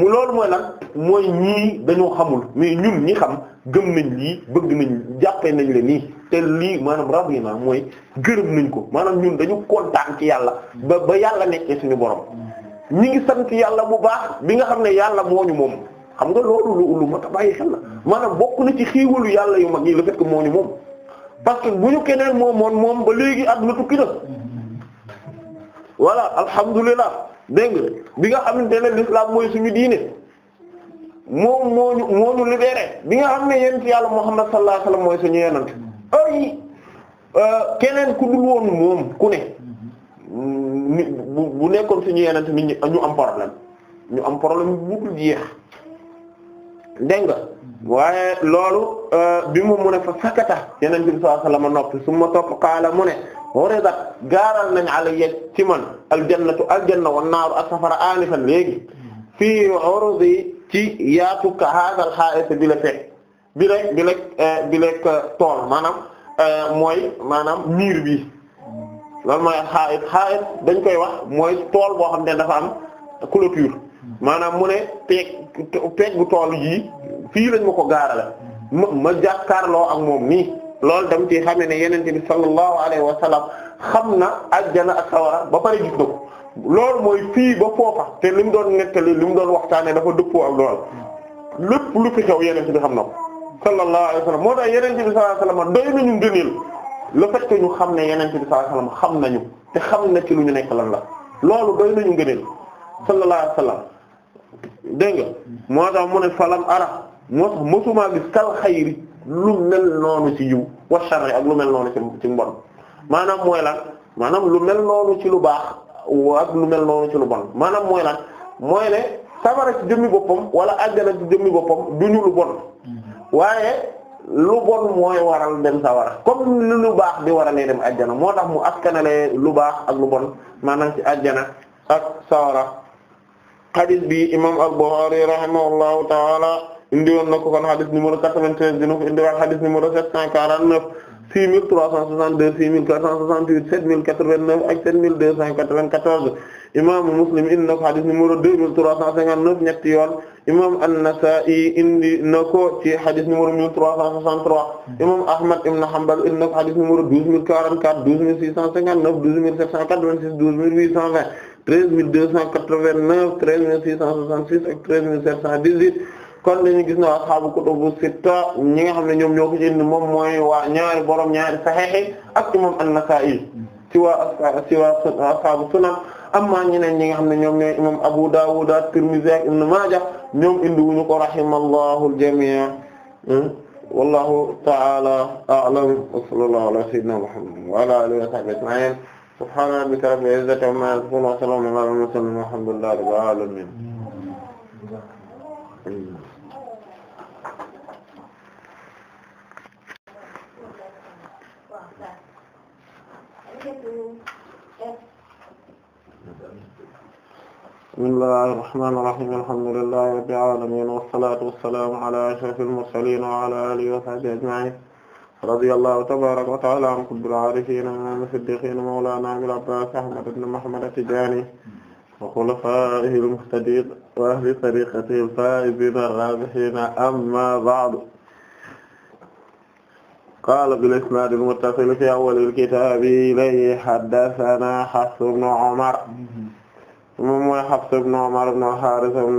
mu loolu mooy lan mooy ñii dañoo xamul mais ñun ñi xam gëm nañ lii bëgg nañ jàppee nañ leen nii te lii maanaam rabi naa mooy gërëm nañ ko maanaam ñun dañu kontaan ci yàlla ba ba yàlla nekkee suñu borom mm-hmm. ñi ngi sant yàlla bu baax bi nga xam ne yàlla moo ñu moom. xam nga loolu lu lu mat a bàyyi xel la maanaam bokk na ci xiiwalu yàlla yu mag yi le fait que moo ñu moom parce que bu ñu keneen moom moon moom ba léegi àdduna tukki na voilà alhamdulilah dégg bi nga xamante ne l'islam mooy suñu diine moom moo bi nga xam ne yonent yàlla Muhammad sallallahu alayhi wasallam mooy suñu yonent ay euh, keneen ku dul woon moom ku ne bu nekkoon suñu yonent nit ñi ñu am problème ñu am problème bu dul jeex. dégg nga waaye loolu euh, bi mu mu ne fa sakata yeneen bi sallallahu alayhi noppi su ma topp xaala mu ne waridat gaaral nañ ala yeg ci man al aljanna wan naaru al safara anifan léegi fii urudi ci yaatuka haadal xaaisa bi la fekk bi lek bi lek euh, tool maanaam euh, mooy maanaam miir bi loolu mooy xaais xaais dañ koy wax mooy tool boo xam ne dafa am clôture maanaam mu ne peeg peeg bu tool yii fii lañ ma ko gaarale ma ma jàkkaarloo ak moom nii loolu dem ci xamee ne yeneen bi sallallahu alayhi wa sallam xam na ajjana ak sawara ba pare gis na ko loolu mooy fii ba te li mu doon nettali li mu doon waxtaanee dafa dëppoo ak lool lépp lu fi xew yeneen bi xam na ko sallallahu alayhi wa yeneen bi sallallahu alayhi wa sallam doy ñu xam ne yeneen bi xam nañu te xam na lu ñu nekk lan la loolu doy nañu ngëneel sallallahu alayhi dégg nga moo tax mu ne falam ara moo tax masumaa gis kal xayri lu mel noonu ci yiw wax sharri ak lu mel noonu ci ci mbon maanaam mooy lan maanaam lu mel noonu ci lu baax ak lu mel noonu ci lu maanaam mooy lan mooy ne safara ci jëmmi boppam wala àjjana ci jëmmi boppam duñu lu bon waaye lu bon mooy waral dem safara comme lu baax di waralee dem àjjana moo tax mu askanale lu baax ak lu bon maanaam ci àjjana ak safara hadis bi imam al-Bukhari rahimahullahu taala indi woon na ko kon hadis numéro 93 dina ko indiwaat hadis numéro 749 6362 6468 7089 ak 7294 imaamu Muslim indi na ko hadis numéro 2359 ñetti yoon imam an-Nasa'i indi na ko ci hadis numéro 1363 imam Ahmad ibn Hanbal indi na ko hadis numéro 12044 12659 12786 12820 treize mille deux cent quatre-vingt-neuf treize mille six cent soixante-six ak treize mille sept cent dix-huit kon dañu gis ne ashaabu kutubu sitta ñi nga xam ne ñoom ñoo ko indi moom mooy waa ñaari borom ñaari saxiix ak imam an-Nasaa'i ci waa ci waa ashaabu sunan amma ñeneen ñi nga xam ne ñoom ñooy imam Abu Dawud at-Tirmidhi ak Ibn Maaja ñoom indi wuñu ko rahimallahu al-jamii' wallahu ta'ala a'lam wa sallallahu ala sayyidina Muhammad wa ala alihi wa sahbihi ajma'in subhaana rabbika rabbil izzati ammaa yasifuun wa salaamun alal mursaliin walhamdulillahi rabbil aalamiin bismillahir rahmaanir rahiim alhamdulillahi rabbil aalamiin wassalaatu wassalaamu alaa ashrafil mursaliin wa alaa aalihi wa sahbihi ajma'iin radiyallahu tabaraka wa taala an qutbil aarifina imaam siddiqina mawlana abil abbaas ahmad ibn muhammad at-tijaani wa xulafaa'ihi al-muhtadiin wa ahli tariiqatihi al-faa'iziina ar-raabihiina amma ba'du qaala bil-isnaad al-muttasil fi awwal al-kitaab ilayhi haddasanaa Hafs ibn Umar moom mooy Hafs ibn Umar ibn al-Haaris ibn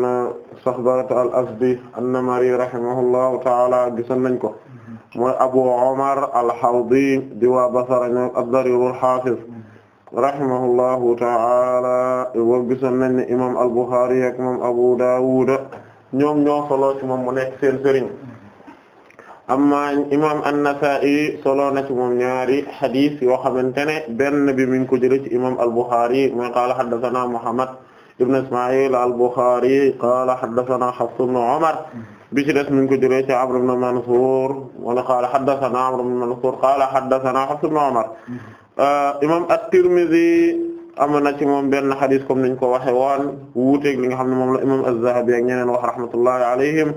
Saxbata al-Azdi an-Namari rahimahullahu ta'aala gisoon nañ ko mooy Abu Omar al-Hawdi di waa Basra ñoom ad-Darir al-Hafiz rahimahullahu ta'ala wa gisoon nañ ne imam al-Bukhari ak Abu Dawud ñoom ñoo solo ci moom mu nekk seen sëriñ amma imam an-Nasa'i solo na ci moom ñaari hadith yoo xamante ne benn bi mi ngi ko jëlee ci imam al-Bukhari mooy qaala haddathana Muhammad ibn Isma'il al qaala haddathana Hafs ibn Umar bi ci des mi ngi ko jëlee ci Amr ibn Mansur wala qaala haddathana Amr ibn Mansur qaala haddathana Hafs ibn Umar euh, imam at-Tirmidhi am na ci moom benn xadis comme niñ ko waxe wan wuuteeg li nga xam ne moom la imam az-Zahabi ak ñeneen wax rahmatullahi alayhim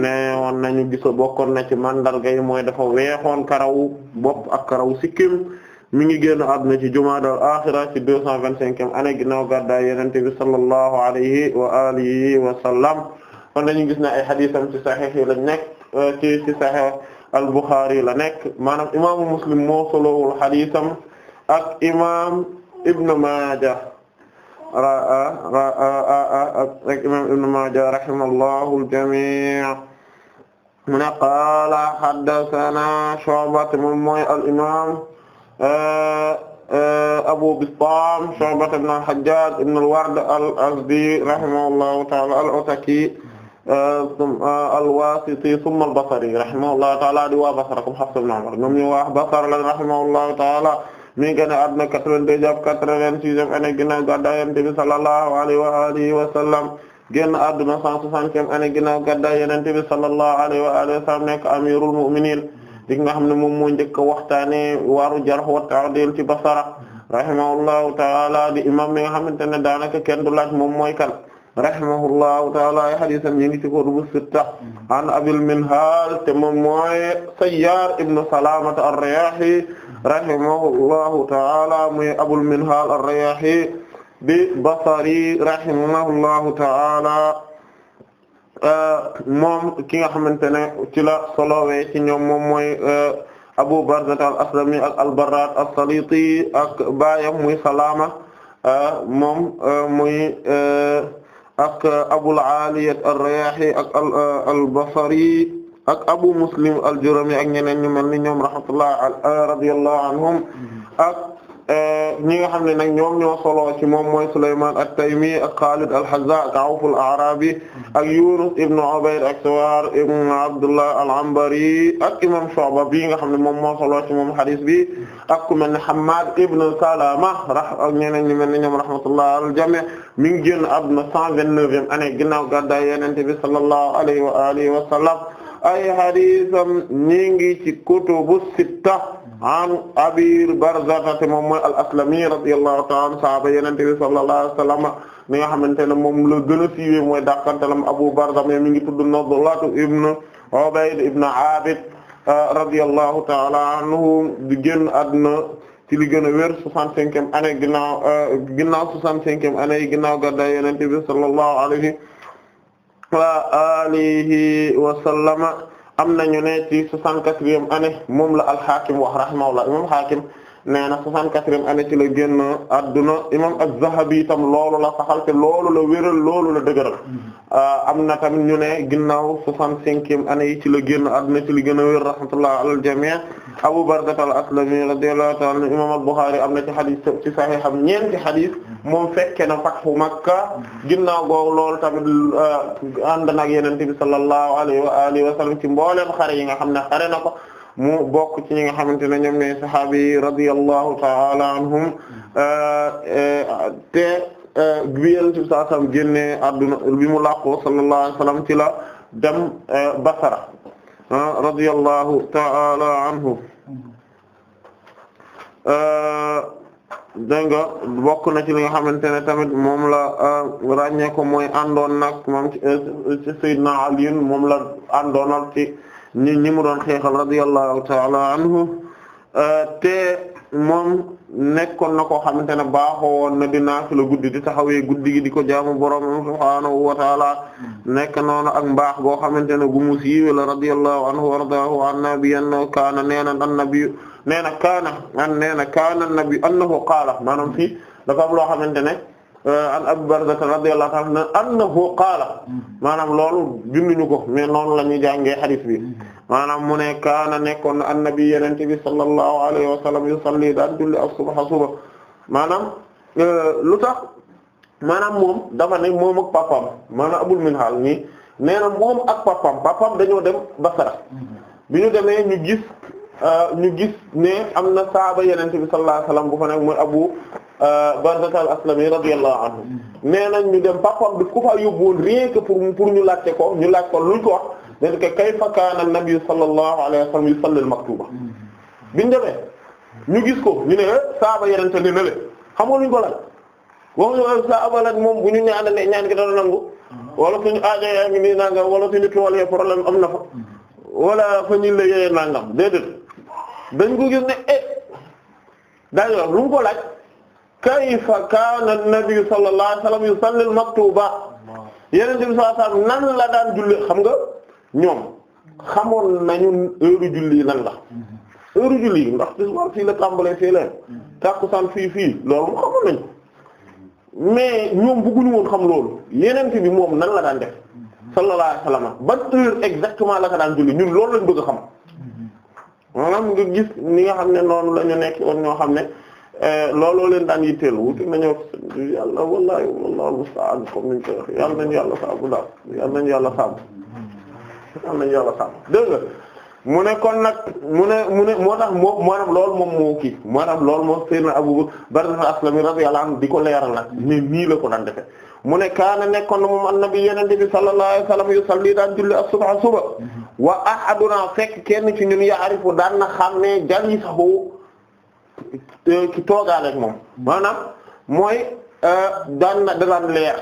ne woon nañu gisa bokkoon na ci mandarga yi mooy dafa weexoon karaw bopp ak karaw sikkim mi ngi génn àdduna ci jumaada al-axira ci deux cent vingt-cinquième année ginnaaw gàddaay Yonent bi sallallahu alayhi wa alihi wa sallam kon dañu gis ne ay xadisam ci saxiix yi lañ nekk euh, ci ci saxiix al-Bukhari la nekk maanaam imaamu Muslim moo solowul xadisam ak imaam Ibn Maaja ak imaam Ibn Maaja rahimallahu al-jamii' mu ne qaala haddasanaa Shu'ba moom mooy al-imaam euh, euh, Abu Bistaam Shu'ba ibn al-Hajjaaj ibn al-Ward al-Azdi rahimahullahu ta'aala al-Ataki al-Wasiti summa al-Basri di waa Basra comme Hafs mi ngi génn àdduna 82 jàpp 86 année ginnaaw gàddaay Yonent bi wa alihi wa sallam génn àdduna 160 année ginnaaw gàddaay Yonent bi sallallahu alayhi wa alihi wa sallam nekk amirul mu'minin di nga xam ne moom moo njëkk a waxtaanee waaru jarh wa ta'dil ci Basra rahimahullahu di imam mi nga xamante ne daanaka kenn du laaj moom mooy rahimahullahu taala ay hadiisam ñu ngi ci kutubu sitta an abil minhaal te moom mooy sayyaar ibnu salaamata ar-riyaahi rahimahullahu taala muy abul minhaal ar-riyaahi bi basari rahimahullahu taala moom ki nga xamante ne ci la solowee ci ñoom moom mooy eh, abu barzata al-aslami ak al-barraat as-saliiti ak baayam muy salaama eh, moom eh, muy. ak uh, Abul Aliya ar-Riyahi ak al uh, al-Basri ak Abu Muslim al-Jurami ak ñeneen ñu mel ni ñoom rahmatullah uh, radiyallahu anhum mm-hmm. ak. ñi nga xam ne nag ñoom ñoo solo ci moom mooy Sulaymaan at-Taymi ak Xaalid al-Hazza ak Awf al-A'raabi ak Yunus ibn Ubayd ak Suwayr ibn Abdullah al-Anbari ak imam Shu'ba bi nga xam ne moom moo solo ci moom hadith bi ak ku mel ne Hammaad ibn Salama rah ak ñeneen ñu mel ne ñoom rahmatullah al-jami' mi ngi génn àdduna 129e année ginnaaw gàddaay Yonent bi sallallahu alayhi wa alihi wa sallam ay haditham ñi ngi ci kutubu sitta an Abi Barzata te moom mooy al-Aslami radiyallahu ta'ala anhu sahaaba Yonent bi sallallahu alayhi wa mi nga xamante ne moom la gën a siiwee mooy dàqantalam Abu Barza mais mi ngi tudd Nadlat ibn Ubayd ibn Abid euh, radiyallahu ta'ala anhu di génn àdduna ci li gën a wér soixante-cinquième année ginnaaw euh, ginnaaw soixante-cinquième année yi ginnaaw gàddaay Yonent bi sallallahu alayhi wa alihi am nañu ne ci soixante-quatrième année moom la al-Hakim wax la imam Hakim nee na soixante-quatrième année ci la génn adduna imam az-Zahabi itam loolu la saxal te loolu la wéral loolu la dëgëral euh, am na tamit ñu ne ginnaaw soixante-cinquième année yi ci la génn adduna ci li gën a wér rahmatullah alal jami' Abu Barda al-Aslami radiyallahu ta'ala imam al-Bukhari am na ci xadis ci sahih am ñeenti xadis moom fekke na fathu Makka ginnaaw googu loolu tamit euh, ànd na ak Yonent bi sallallahu alayhi wa alihi wa sallam ci mbooleem xare yi nga xam ne xare na ko mu bokk ci ñi nga xamante ne ñoom ne sahaaba yi radiyallahu ta'ala anhum euh, euh, te euh, bi yenente bi sallallahu alayhi wasallam génne adduna bi mu làqoo sallallahu alayhi ci la dem Basra radiyallahu ta'ala anhu dégg nga bokk na ci li nga xamante ne tamit moom la ràññee ko mooy àndoon nag moom ci Seydina moom la àndoonal ci ñi ñi mu doon xeexal radiyallahu taala anhu euh, te moom nekkoon na koo xamante ne baaxoo woon na di naafila guddi di taxawee guddi gi di ko jaamu borom subhaanahu wa nekk noonu ak mbaax goo xamante ne gu mu siiwee la radiyallahu anhu wardahu an nabi anna kaana nee na an na kaana an nee na kaana nabi annahu qaala maanaam fii dafa am loo xamante ne Euh, an Abu a na ta'ala annahu qaala maanaam loolu binduñu ko mais noonu la ñuy jàngee hadith bi maanaam mu ne kaana nekkoon na annabi yenente bi sallallahu alayhi wa sallam yusalli daan julli a suba suba maanaam euh, lu tax maanaam moom dafa ne moom ak papam maanaam Abul Minhal nii nee na moom ak papam papam dañoo dem Basra mm-hmm. bi demee ñu gis Euh, ñu gis ne am na saaba yenente bi sallallahu alayhi wasallam bu fa nekk mooy abu euh, Barzata al-Aslami radiyallahu anhu ñu dem papam bi ku fa yóbbuwoon pour ñu laajte ko ñu laaj ko luñ ko wax ne que kayfa kaana an-nabi sallallahu ñu gis ko ñu ne eh, saaba yenente ne na le xam nga luñ ko laaj wax ñu eh, saaba laaj moom bu ñu ñaanalee ñaan gi dana nangu wala ñu aajo yaa ngi nii nangam wala suñu tool yi problème am na fa wala fa ñu la yéyee nangam déedéet dañ ko gis ne eh daañu wax lu mu ko laaj kayfa kaana an-nabi sallallahu alayhi wasallam yusalli al-maktuba bi sallallahu alayhi nan la daan julli xam nga ñoom xamoon nañu heure julli nan la heure julli ndax tisbaar fii la tàmbalee fii la tàkkusaan fii fii loolu mu xamoon nañu mais ñoom bëgguñu woon xam loolu yeneen yonent bi moom nan la daan def sallallahu alayhi wasallam ban heure exactement la ko daan julli ñun loolu lañ bëgg a xam. maanaam nga gis ñi nga xam ne noonu la ñu nekk woon ñoo xam ne euh, looloo leen daan yitteel wuti nañoo yàlla wallaahi wallaahi musta'an comme niñ koy wax yàlla nañu yàlla saabu daal yàlla nañu yàlla saabu yàlla nañu yàlla saabu dégg mu ne kon nag mu ne mu ne moo tax moo maanaam loolu moom moo kii maanaam loolu moom Seydina Abu Bakr Aslami yàlla anhu di ko leeral nag mais nii la ko daan defe mu ne kaana nekkoon moom annabi yenente bi sallallahu alayhi wa sallam yusalli daan julli as-subha suba wa ahaduna fekk kenn ci ñun yaarifu daan na xam ne jalisahu ki toogaaleeg moom maanaam mooy euh, daan na daan leer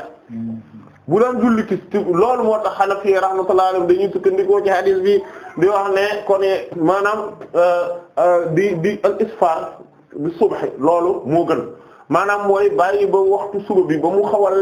bu daan julli ci loolu moo tax Hanafi rahmatullahi alayhim dañuy sukkandikoo ci hadith bi di wax ne kon maanaam euh, euh, di di al isfar bi subhi loolu moo gën maanaam mooy bàyyi ba waxtu suba bi ba mu xawal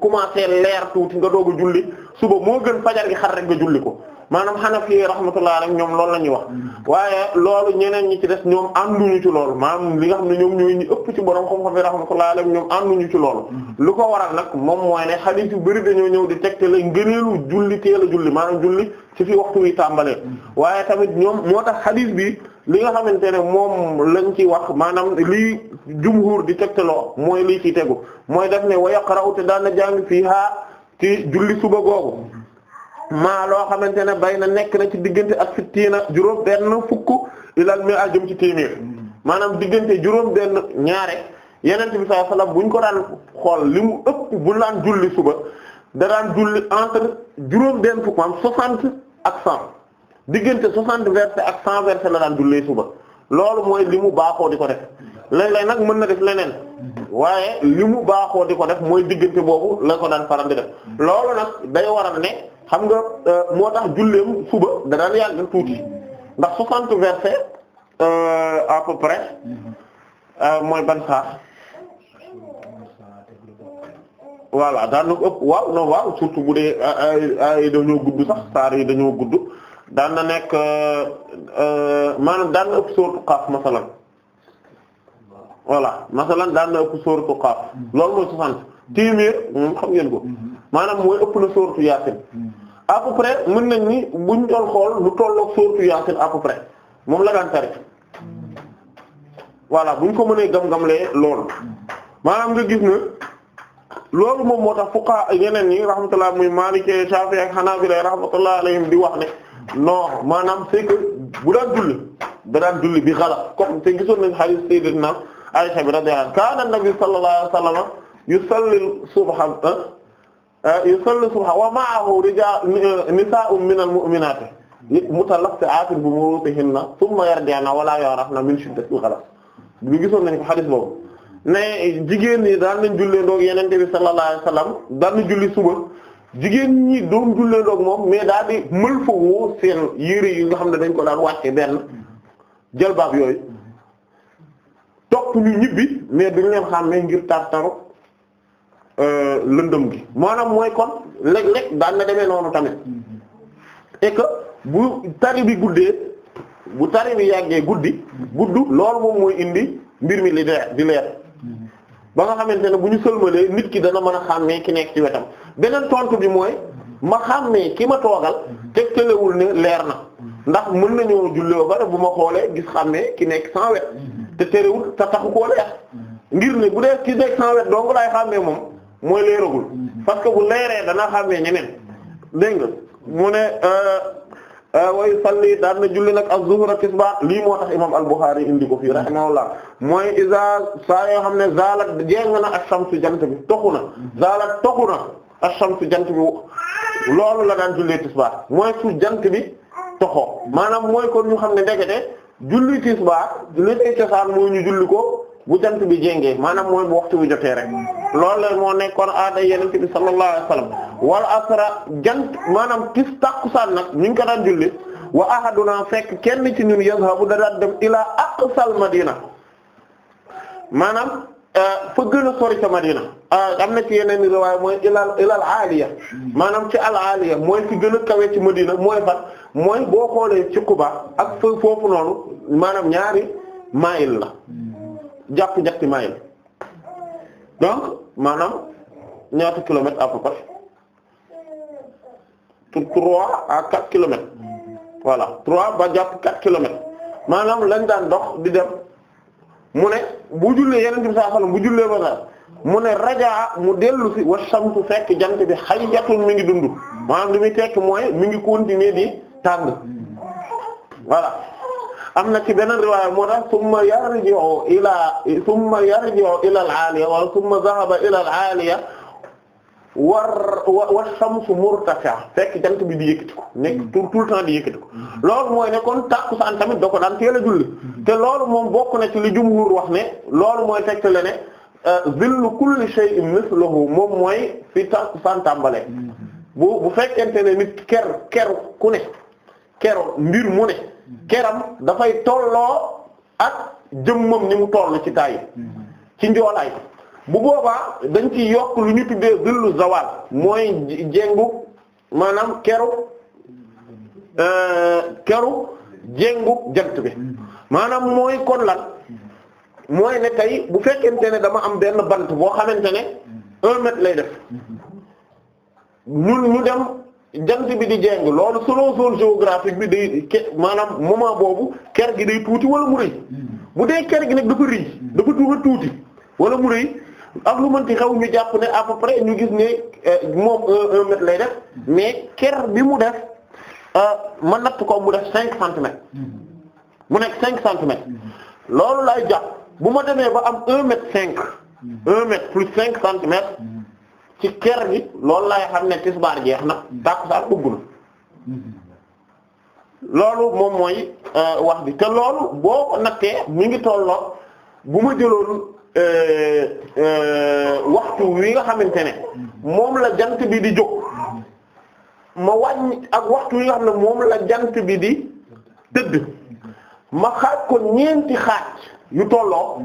commencé leer tuuti nga doog a julli suba moo gën fajar gi xar rek nga julli ko maanaam Hanafi yi rahmatullah alayhim ñoom loolu la ñuy wax mm-hmm. waaye loolu ñeneen ñi ci des ñoom ànduñu ci loolu maanaam li nga xam ne ñoom ñooy ñu ëpp ci borom xam-xam yi rahmatullah alayhim ñoom ànduñu ci loolu mm-hmm. lu ko waral nag moom mooy ne hadith yu bari dañoo ñëw di tegtale ngëneelu julli teel a julli maanaam julli ci fi waxtu tàmbalee mm-hmm. waaye tamit ñoom moo tax hadith bi li nga xamante ne moom lañ ci wax maanaam lii jumhur di loo mooy lii ci tegu mooy def ne wa yaqra'u te daan na jàng fiihaa ci julli suba googu maa loo xamante ne bay na nekk na ci diggante ak fittiina juróom benn fukk ilal mi a ci téeméer maanaam diggante juróom benn ñaare yeneen bi sallallahu alayhi buñ ko daan xool li mu ëpp bu laan julli suba da daan julli entre juróom benn fukk ak cent diggante soixante ak cent versets la daan jullee suba loolu mooy li mu baaxoo di ko def léeg-léeg nag mën na def leneen waaye li mu baaxoo di ko def mooy diggante boobu la ko daan faral di def loolu nag day waral ne xam nga euh, moo tax julleem suba da daan yàgg tuuti ndax soixante versets euh, à peu près euh, mooy ban saar voilà na ëpp waaw non waaw surtout bu dee ay dañoo gudd sax saar yi dañoo gudd daan na nekk maanaam daan na ëpp sourate Qaaf masalan voilà masalan daan na ëpp sourate Qaaf loolu mooy soixante téeméer moom xam ngeen ko mm-hmm. maanaam mooy ëpp na sourate Yaasin à peu mën nañ ni buñ doon xool lu tolloog sourate Yaasin à peu moom la daan tari buñ ko mënee gam-gamlee loolu maanaam nga gis na loolu moom moo tax fuqaha yeneen ñi rahmatullah muy Maliki Shafi'i ak Hanabila rahmatullah alayhim di wax ne non maanaam c'est bu daan julli da daan julli bi xala comme te gisoon nañ hadith sayyidatuna Aisha bi radiyallahu anha kaana nabi sallallahu alayhi wa sallam yusalli subha Ah, yusalli subha wa ma'ahu rijal eh, nisaa'un min al-mu'minaati mutalaffi'aatin bi muruutihinna thumma yarji'na wa laa ya'rafna min shiddatil ghalas bi gisoon nañ ko xadis boobu ne jigéen ñi daal nañ jullee ndoog Yonent bi sallallahu alayhi wa sallam daan julli suba jigéen ñi doon jullee ndoog moom mais daal di mël fa seen yére yi nga xam ne dañ ko daan wàcce benn jëlbaab yooyu topp ñu ñibbi mais duñ leen xàmmee ngir tar taru Euh, lëndëm gi maanaam mooy kon léeg-léeg daan na demee noonu tamit mhm. et que bu tari bi guddee bu tari bi yàggee guddi gudd loolu moom mooy indi mbir mi li leer di leer mhm. ba nga xamante ne bu ñu sëlmalee nit ki dana mën a xàmmee ki nekk ci wetam beneen tontu bi mooy ma xàmmee ki ma toogal te mhm. tegtalewul ne leer na ndax mën nañoo julli ba bu ma xoolee gis xàmmee ki nekk sans wet te terewul te taxu koo leer ngir ne bu dee ki nekk sans wet dong laay xàmmee moom mooy leeragul parce que bu leeree dana xam ne ñeneen dégg nga mu ne euh, euh, way salli daan na julli nag az-zuhra tisba lii moo tax imam al-Bukhari indi ko fii rahimahullah mooy isa saa yoo xam ne zalat jéng na ash-shamsu jant bi toxu na zalat toxu na ash-shamsu jant bi loolu la daan julli tisba mooy su jant bi toxoo maanaam mooy kon ñu xam ne ndekete julli tisba li tay cosaan mooy ñu julli ko bu jant bi jéngee maanaam mooy bu waxtu bi jotee rek loolu la moo nekkoon aada yenente bi sallallahu alayhi wasallam wal asra jant maanaam tis tàkkusaan nag ñu ngi ko daan julli wa ahaduna fekk kenn ci ñun yazhabu da daan dem ilaa aqsal madina maanaam euh, fa gën a sori ca madina euh, am na ci yeneen ni waaye mooy ilal ilal aaliya maanaam ci al aaliya mooy fi gën a kawe ci madina mooy fan mooy boo xoolee ci Quba ak foofu noonu maanaam ñaari mail la jàpp ñetti mayil donc maanaam ñaata kilomètres à peu trois à quatre kilomètres voilà trois ba jàpp quatre kilomètres maanaam lañ daan dox di dem mu ne bu jullee yeneen bi saa mu bu jullee ba sax mu ne rajaa mu dellu si wa samtu fekk jant bi hayyatun mi ngi dund maanaam li muy tekk mooy mi ngi continuer di tàng voilà am na ci beneen riwaaya moo tax summa yarji'u ilaa summa yarji'u ila al-aaliya wala summa zahaba ila al-aaliya war wa shamsu murtafi'a fekk jant bi di yëkkati ko nekk mm. tout tout le temps di yëkkati ko loolu mooy ne kon tàkkusaan tamit da ko daan teel a julli mm. te loolu moom bokk na ci li jumhur wax ne loolu mooy tegtale ne euh, zillu kulli shay'in mithluhu moom mooy fi tàkkusaan tàmbale mm. bu bu fekkente ne nit ker ker ku ne ker mbir mu ne geram dafay tolloo ak jëmmam ni mu toll ci taay ci njoolaay bu boobaa dañ ci yokk lu ñu tuddee zillu zawal mooy jengu maanaam keru euh, keru jengu jant bi maanaam mooy kon lan mooy ne tey bu fekkente ne dama am benn bant boo xamante ne un mètre lay def ñun ñu dem jant bi di jeng loolu selon zone géographique bi day maanaam moment boobu ker gi day tuuti wala mu rëy hmm. bu dee ker gi nag dafa rëy dafa tuuti tuuti wala mu rëy ak lu mënti xaw ñu jàpp ne à ñu gis ne euh, moom euh, un mètre lay def hmm. mais ker bi mu def euh, ma napp ko mu def cinq centimètres hmm. mu nekk cinq centimètres loolu lay jàpp bu ma demee ba am un mètre cinq un mètre plus cinq centimètres ci ker gi loolu lay xam ne tisbaar jeex na tàkkusaan dugg na loolu moom mooy euh, wax bi te loolu boo ko nattee mi ngi tolloo bu ma jëloon euh, euh, waxtu wi nga xamante ne moom la jant bi di jóg ma wàññi ak waxtu wi nga xam ne moom la jant bi di tëdd ma xaaj ko ñeenti xaaj yu tolloo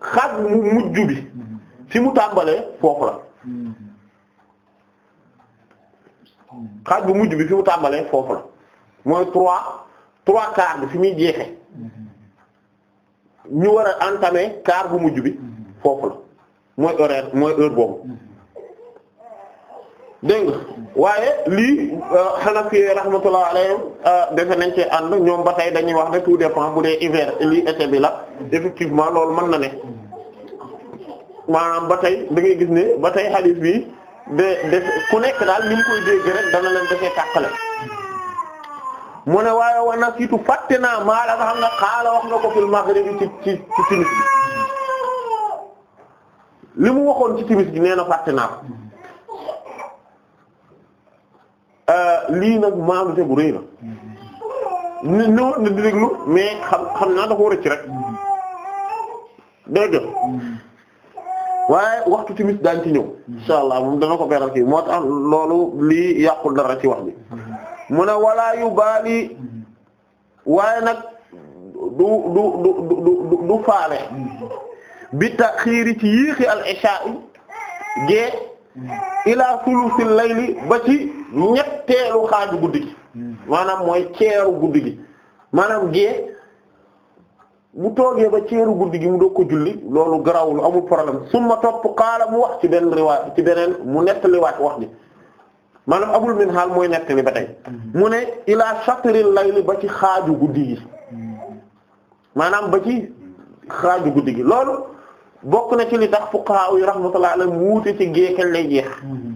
xaaj mu mujj bi fi mu tàmbalee foofu la xaaj bu mujj bi fi mu tàmbalee foofu la mooy trois trois quarts bi fi muy jeexe ñu war a entamer quart bu mujj bi foofu la mooy horaire mooy heure boobu dégg nga waaye lii euh, Hanafi rahmatullah alayhim euh, defe nañ ci ànd ñoom ba tey dañuy wax ne tout dépend bu dee hiver lii été bi la effectivement loolu mën na ne maanaam ba tey da gis ne ba tey hadith bi de de ku nekk daal ni mu koy dégg rek dana leen defee tàqale moo ne waaye wa nasiitu fàtte naa maa la xam ne xaala wax nga ko fil maghrib ci ci ci timis bi li waxoon ci timis bi nee na fàtte naa ko euh, lii nag maam te bu na ni ñëwoon na mais xam naa dafa war ci rek dégg waaye waxtu timis daañ ci ñëw insha allah moom dana ko beral kii moo tax loolu lii yàqul dara ci wax bi mu walaa yu waaye nag du du faale bi taxiiri ci yéexi al isha gee ila sulusil layli ba ci ñetteelu xaaju guddi gi mooy ceeru guddi gi maanaam gee mu toogee ba ceeru guddi gi mu doog ko julli loolu garawul amul problème summa topp xaala mu wax ci benn riwaay ci beneen mu nettaliwaat wax ni maanaam amul min xaal mooy nettali ba tey mm-hmm. mu ne ilaa shatril layli ba ci xaaju guddi gi mm-hmm. maanaam ba ci xaaju guddi gi loolu bokk na ci li tax fuqaha yi rahmatullahi mu wuute ci gée kañ lay jeex mm-hmm.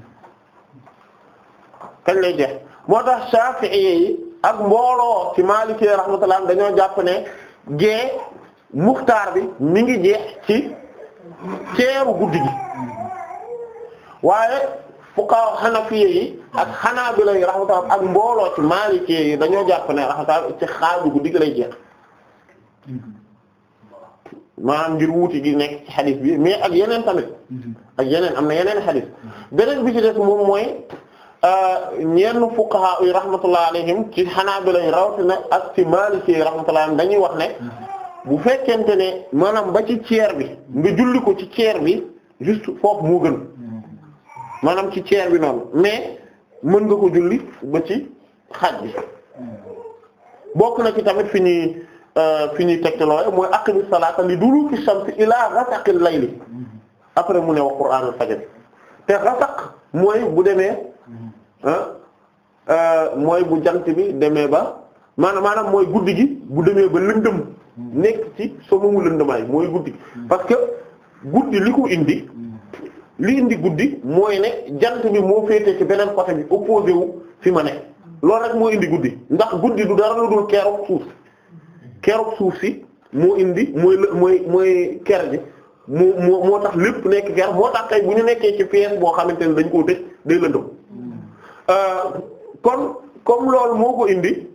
kañ lay jeex moo tax Shafi'i yi ak mbooloo ci Maliki rahmatullahi dañoo jàpp ne gee muxtaar bi mi ngi jeex ci ceeru guddi gi waaye fuqaha hanafiyya yi ak hanabila yi rahmatullah ak mbooloo ci maliki dañoo jàpp ne rahmatullah ci xaaju guddi gi lay jeex maanaam ngir wuuti gi nekk ci xadis bi mais ak yeneen tamit mm-hmm. ak yeneen am na yeneen xadis beneen bi ci des moom mooy Euh, ñenn fuqaha yi rahmatullah alayhim ci Hanabila rawatina ak ci Maliki rahmatullah alayhim dañuy wax ne bu fekkente ne maanaam ba ci ceer bi nga julli ko ci ceer bi juste foofu moo gën maanaam ci ceer bi noonu mais mën nga ko julli ba ci xaaj bi bokk na ci tamit fi ñuy euh, fi ñuy tegtalooye mooy aqimi salaata li duluki shamsi ilaa ghasaqil layli après mu ne wa qur'aanul fajr te ghasaq mooy bu demee Euh, mooy bu jant bi demee ba maanaam maanaam mooy guddi gi bu demee ba lëndëm nekk ci somamu lëndëmaay mooy guddi parce que guddi li ko indi li indi guddi mooy ne jant bi moo féete ci beneen côté bi opposé wu fi ma ne loolu rek moo indi guddi ndax guddi du dara lu dul keroog suuf keroog suuf si moo indi mooy mooy mooy ker gi moo moo moo tax lépp nekk ker moo tax tey bu ñu nekkee ci pièce boo xamante ne dañ koo tëj day lëndëm kon comme loolu moo ko indi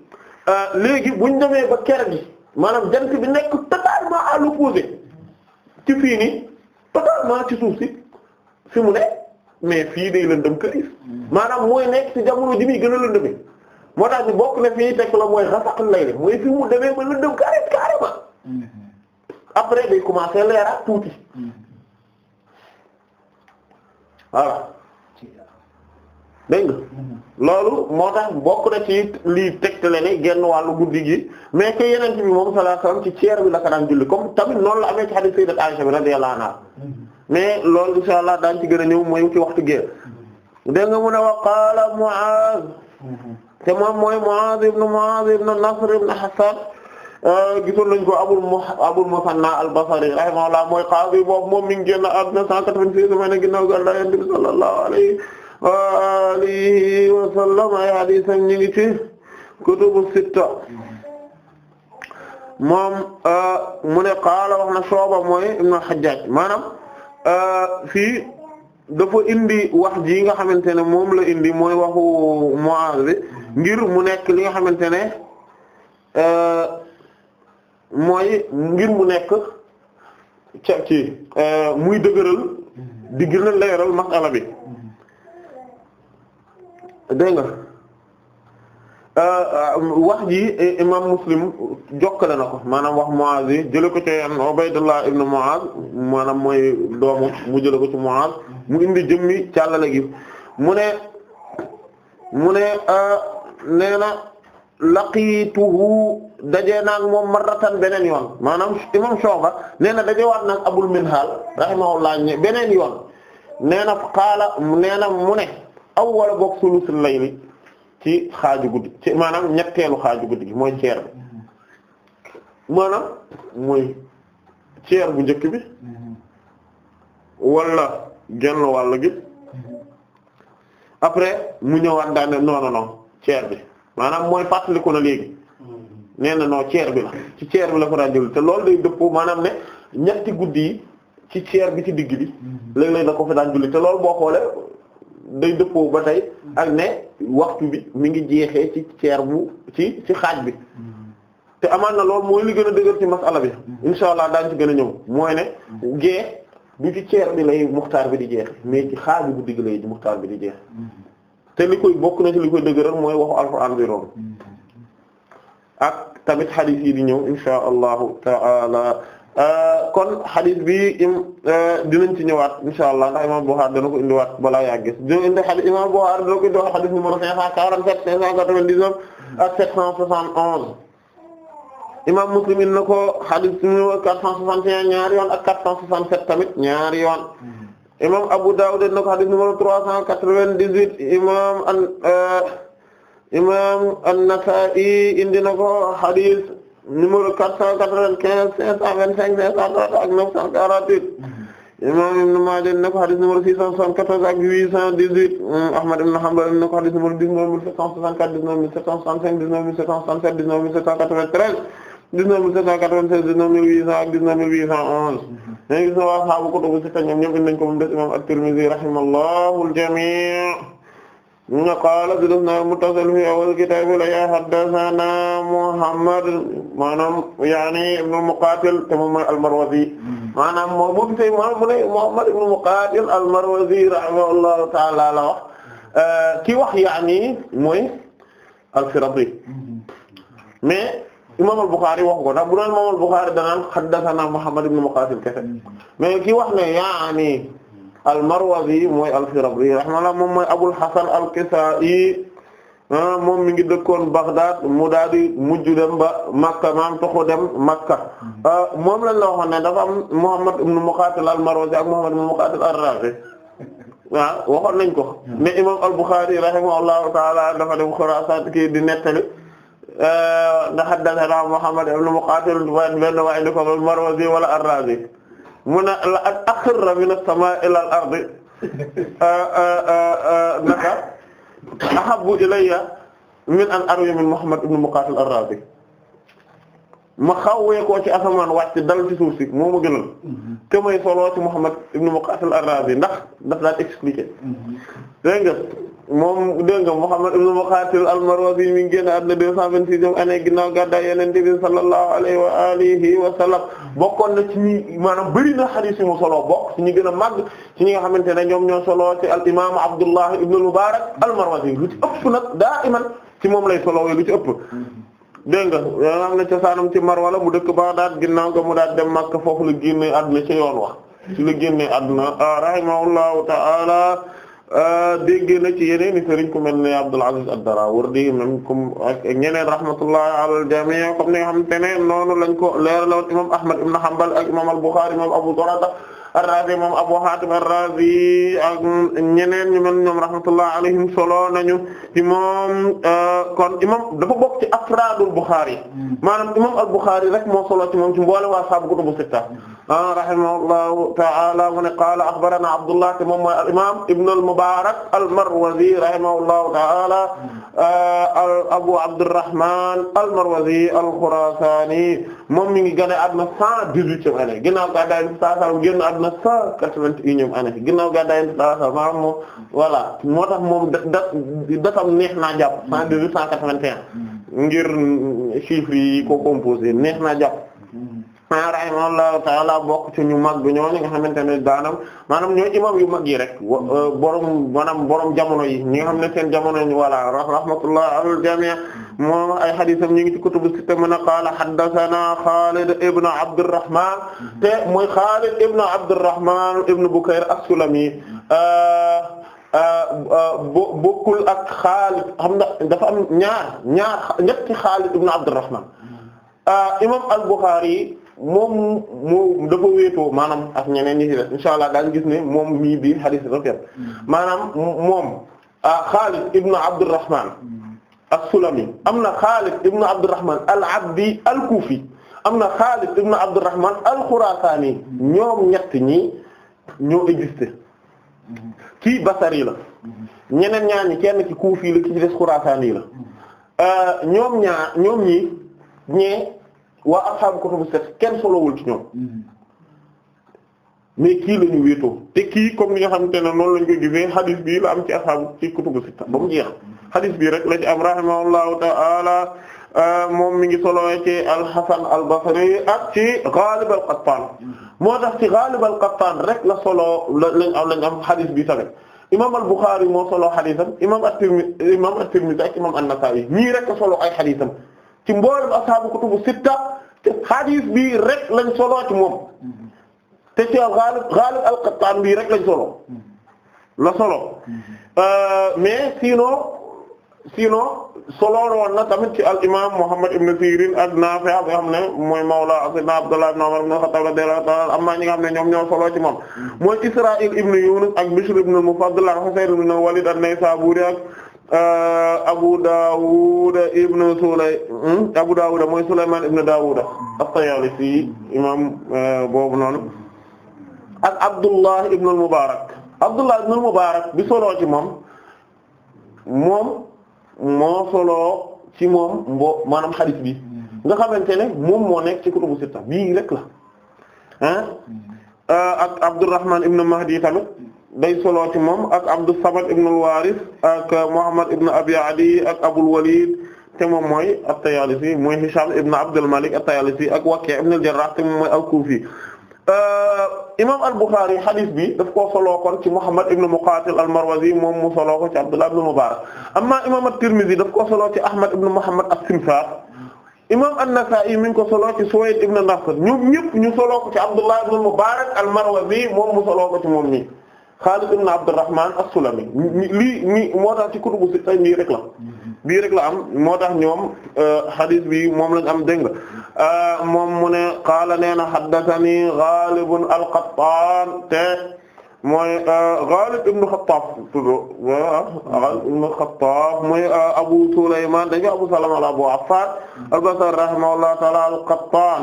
euh, léegi buñ demee ba ker gi maanaam jant bi nekk totalement à l'opposé ci fii nii totalement ci suuf si fi mu nekk mais fii day lëndëm këriis maanaam mooy nekk ci jamono ji muy gën a lëndëmee moo tax ñu bokk ne fii tekk la mooy xasaqal lay de mooy fi mu demee ba lëndëm carré carrément mm-hmm. après day commencer leeraat tuuti mm-hmm. voilà dégg mm-hmm. loolu moo tax bokk na ci lii tegtale ne genn wàllu guddi gi mais que yeneen bi moom sallallahu alayhi wasallam ci ceer bi la ko daan julli comme tamit noonu la amee ci hadith sayyidat Aisha bi radiyallahu anha mm-hmm. mais lool insha Allah daan ci gën a ñëw mooy ci waxtu gee mm-hmm. dégg nga mu ne wa qaala Mu'aaz te moom mooy Mu'aaz ibn Mu'aaz ibn Nasr ibn Hasan euh, gisoon nañ ko Abul Abul Musanna al-Basri rahimahullah mooy qaadi boobu moom mi ngi a àdduna 196 ma ne ginnaaw wa alihi wa sallam ay hadiisam ñu ngi ci kutubu moom euh, mu ne qaala wax na Shu'ba mooy ibn Hajjaj maanaam euh, fii dafa indi wax ji nga xamante ne moom la indi mooy waxu Mu'aaz bi ngir mu nekk li nga xamante ne euh, mooy ngir mu nekk ca ci muy dëgëral di gën a leeral masala bi dégg nga euh, euh, wax ji imam muslim jokkale na ko maanaam wax Muaz yi jële ko ci Ubaydullah ibn Muaz maanaam mooy doomu mu jële ko ci Muaz mu indi jëmmi càllale gi mu ne mu ne euh, nee na laqiituhu dajee naag moom marratan beneen yoon maanaam imam Shuba nee na daje waat naag Abul Minhal rahimahullah beneen yoon nee qaala nee mu ne aw wala boo sulusul layli ci xaaju guddi ci maanaam ñetteelu xaaju guddi gi mooy ceer bi maanaam mooy ceer bu njëkk bi wala genn wàll après mu ñëwaat daan ne non non bi maanaam mooy fàttaliku na léegi nee na non ceer bi la ci ceer bi la ko daan jël te lool day dëppoo maanaam ne ñetti guddi yi ci ceer bi ci digg bi mm-hmm. léeg-léeg da ko fi daan julli te loolu boo xoolee day dëppoo ba tey ak ne waxtu bi mi ngi jeexee ci ceer bu ci ci xaaj bi te amaan na lool mooy li gën a dëgër ci masala bi insha allah daañ ci gën a ñëw mooy ne jeex du ci ceer bi lay muxtaar bi di jeex mais ci xaaj bi bu digg lay muxtaar bi di jeex te li koy bokk na ci li koy dëgëral mooy waxu alxuraan bi loolu ak tamit xadiis yi di ñëw insha allahu taala Euh, kon xadis bi euh, dinañ ci ñëwaat insha allah ndax imam Bukhari dana ko indiwaat balaa yaa gis dina indi xadis imam Bukhari dana ko indiwaat xadis numéro 547 599 ak 771 imam Muslim in ko xadis numéro 461 ñaari yoon ak tamit ñaari yoon hmm. imam Abu Dawud in na ko xadis numéro 398 imam an euh, imam An-Nasa'i indi na ko xadis numéro 495 525 530 ak 948 imam Ibn Maaja ne ko hadith numéro 674 ak 818 Ahmad ibn Hanbal ne ko hadith numéro 19 764 19 765 19 767 19 793 19 796 19 800 ak 19 811 léegi sama waa xaabu kutubu sitta ñoom ñëpp indi nañu ko moom des imam at-Tirmidhi rahimallahu al-jami' mu ne qaala bi def na muttasil fi awal kitaab la ya haddathana Muhammad maanaam yaani ibnu Muqaatil te moom mooy al-Marwazi mm-hmm. maanaam moo moom tey maanaam mu ne Muhammad ibnu Muqaatil al-Marwazi rahimahullahu ta'ala la wax euh, ki wax yaani mooy al-Firabri mm-hmm. mais imam al-Bukhari wax ko ndax bu doon imam al-Bukhari danaan haddathana Muhammad ibnu Muqaatil kese mm-hmm. mais ki wax ne yaani al-Marwazi mooy al-Firabri rahimahullah moom mooy Abul Hasan al-Kisaa'i ah, moom mi ngi dëkkoon Baghdad mu daal di mujj dem ba Makka maam toxu dem Makka ah, moom lañ la waxoon ne dafa am Muhammad ibn Muqatil al-Marwazi ak Muhammad ibn Muqatil ar-Razi ah waxoon nañ ko mais imam al-Bukhari rahimahullahu taala dafa dem Khurasan kii di nettali ah, ndax haddathana Muhammad ibn Muqatil benn waay ni ko Marwazi wala ar-Razi mu ne la ak axarra min as-samaa ila al-ardi ah, ah, ah, naka ahabbu ilayya min an arwi min Muhammad ibn Muqatil ar-Razi ma xawwee koo ci asamaan wàcc dal ci suuf si moo ma gënal mm-hmm. te may soloo ci Muhammad ibn Muqatil ar-Razi ndax daf daan expliquer mm-hmm. dégg nga moom dégg nga Muhammad ibn Muqatil al-Marwazi mi ngi génn àdduna deux cent vingt-sixième année ginnaaw gàddaay Yonent bi sallallahu alayhi wa alihi wa sallam bokkoon na ci ñi maanaam bëri na xadiis yi mu solo bokk ci ñi gën a mag ci ñi nga xamante ne ñoom ñoo solo ci al imam Abdullah ibn al-Mubarak al-Marwazi lu ci ëpp nag daa iman ci moom lay solo lu ci ëpp dégg nga nga xam ne cosaanam ci Marwa la mu dëkk baax Baghdad ginnaaw nga mu daal dem Makka foofu lu génne àdduna ci yoon wax ci la génne àdduna ah, rahimahullahu ta'ala Euh, dégg na ci yeneen sëriñ ku mel ne Abdul Aziz ad-Darawardi même comme ak ñeneen rahmatullahi ala al-jami' comme ni nga xamante ne noonu lañ ko leeralal imam Ahmad ibn Hanbal ak imam al-Bukhari imam Abu Zur'a ar-Razi imam Abu Hatim ar-Razi ak ñeneen ñu mel ñoom rahmatullahi alayhim solo nañu ci moom euh, kon imam dafa bokk ci afraadul Bukhari hmm. maanaam imam al-Bukhari rek moo solo ci moom ci mboole waa saabu kutubu sitta rahimahullahu ta'ala mu ne qaala axbarana Abdullah te moom mooy al imaam Ibn al-Mubarak al-Marwazi rahimahullahu ta'ala Abu Abdurrahman al-Marwazi al-Khurasani moom mi ngi gane àdduna 118 année ginnaaw gàddaay Yonent bi sallallahu alayhi wa sallam génn àdduna 181 année ginnaaw gàddaay Yonent bi sallallahu alayhi wa sallam voilà moo tax moom da datam neex naa jàpp 118 181 ngir chiffres yi ko composé neex naa jàpp. rahimahullahu ta'ala bokk ci ñu mag bi ñooñu nga xamante ne daanam maanaam ñooy imam yu mag yi rek euh, borom maanaam borom jamono yi ñi nga xam ne seen jamono yi wala rahmatullah alal jami' moom ay xadisam ñu ngi ci kutubu sitta mën a qaala haddathana Xaalid ibn Abdurrahman te mooy Xaalid ibn Abdurrahman ibn Bukayr as-Sulami euh, euh, bokkul ak Xaalid xam nga dafa am ñaar ñaar ñetti Xaalid ibn Abdurrahman imam al-Bukhari moom mu dafa wéetoo maanaam ak ñeneen ñi ci def insha allah daañu gis ne moom mii bii hadith rafet maanaam moom ah, Xaalid ibn Abdurrahman as-Sulami am na Xaalid ibn Abdurrahman al-Abdi al-Kufi am na Xaalid ibn Abdurrahman al-Khurasani ñoom ñett ñi ñoo existé kii Basri la ñeneen ñaar ñi kenn ci Kufi la ki ci des Khurasani la euh, ñoom ñi ñee waa ashaabu kutubu sitta kenn solowul ci ñoom mm-hmm. mais kii la ñu wéetoo te kii comme ni nga xamante ne noonu lañ ko gisee hadis bii la am ci ashaabu ci kutubu sitta ba mu jeex hadis mm-hmm. bii rek la ci am rahimahullahu ta'ala euh, moom mi ngi solo ci al-Hasan al-Basri ak ci Ghalib al-Qattan mm-hmm. moo tax ci Ghalib al-Qattan rek la solo lañ am am hadis bi tamit imam al-Bukhari moo solo hadisam imam at-Tirmidhi imam at-Tirmidhi ak imam an solo ay hadisam ci mboolem ashaabu kutubu sitta te xadiis bii rek lañ solo ci moom te ci Ghalib Ghalib al-Qattan bii rek lañ solo la solo euh, mais sinon sinon solo woon na tamit ci al imaam Muhammad ibn Sirin ak Naafi' bi xam ne mooy mawla sayyidina Abdullah ibn Umar ibn Khattab radiyallahu ta'ala amma ñi ne ñoom ñoo solo moom mooy Israa'il ibn Yunus ak Bishr ibn al-Mufaddal ak Husayn ibn Walid an-Naysaburi ak Euh, Abu Dawud ibn Sulay hmm? Abu Dawud mooy Sulaymaan ibn Dawud as-Sayaalisi imam euh, boobu noonu ak Abdullah ibn al-Mubarak Abdullah ibn al-Mubarak bi soloo ci moom moom moo soloo ci moom mbo maanaam xadis bi nga xamante ne moom moo nekk ci kutubu sitta bii rek la ah ak ibn Mahdi tamit day solo ci moom ak Abdus Samad ibn al-Waris ak Muhammad ibn Abi Adi ak Abul Walid te moom mooy at-Tayalisi mooy Hisham ibn Abdul Malik at-Tayalisi ak Waki' ibn al-Jarrah te moom mooy al-Kufi euh, imam al-Bukhari hadith bi daf koo soloo kon ci Muhammad ibn Muqatil al-Marwazi moom mu soloo ko ci Abdullah ibn Mubarak amma imam at-Tirmidhi daf koo soloo ci Ahmad ibn Muhammad as-Simsar imam an-Nasa'i mi ngi ko soloo ci Suwayd ibn Nasr ñoom ñëpp ñu soloo ko ci Abdullah ibn Mubarak al-Marwazi Xaalid ibn Abdurrahman as-Sulami lii nii moo tax ci kutubu sitta bii rek la bii rek la am moo tax ñoom euh, hadith bi moom lañ am dégg nga euh, moom mu ne qaala nee na haddathani Ghalib al-Qattan te mooy euh, Ghalib ibn Khattaf tudd Ghalib ibn Khattaf mooy Abu Sulayman dañu Abu Salama wala Abu Affan al-Basri rahimahullahu ta'ala al-Qattan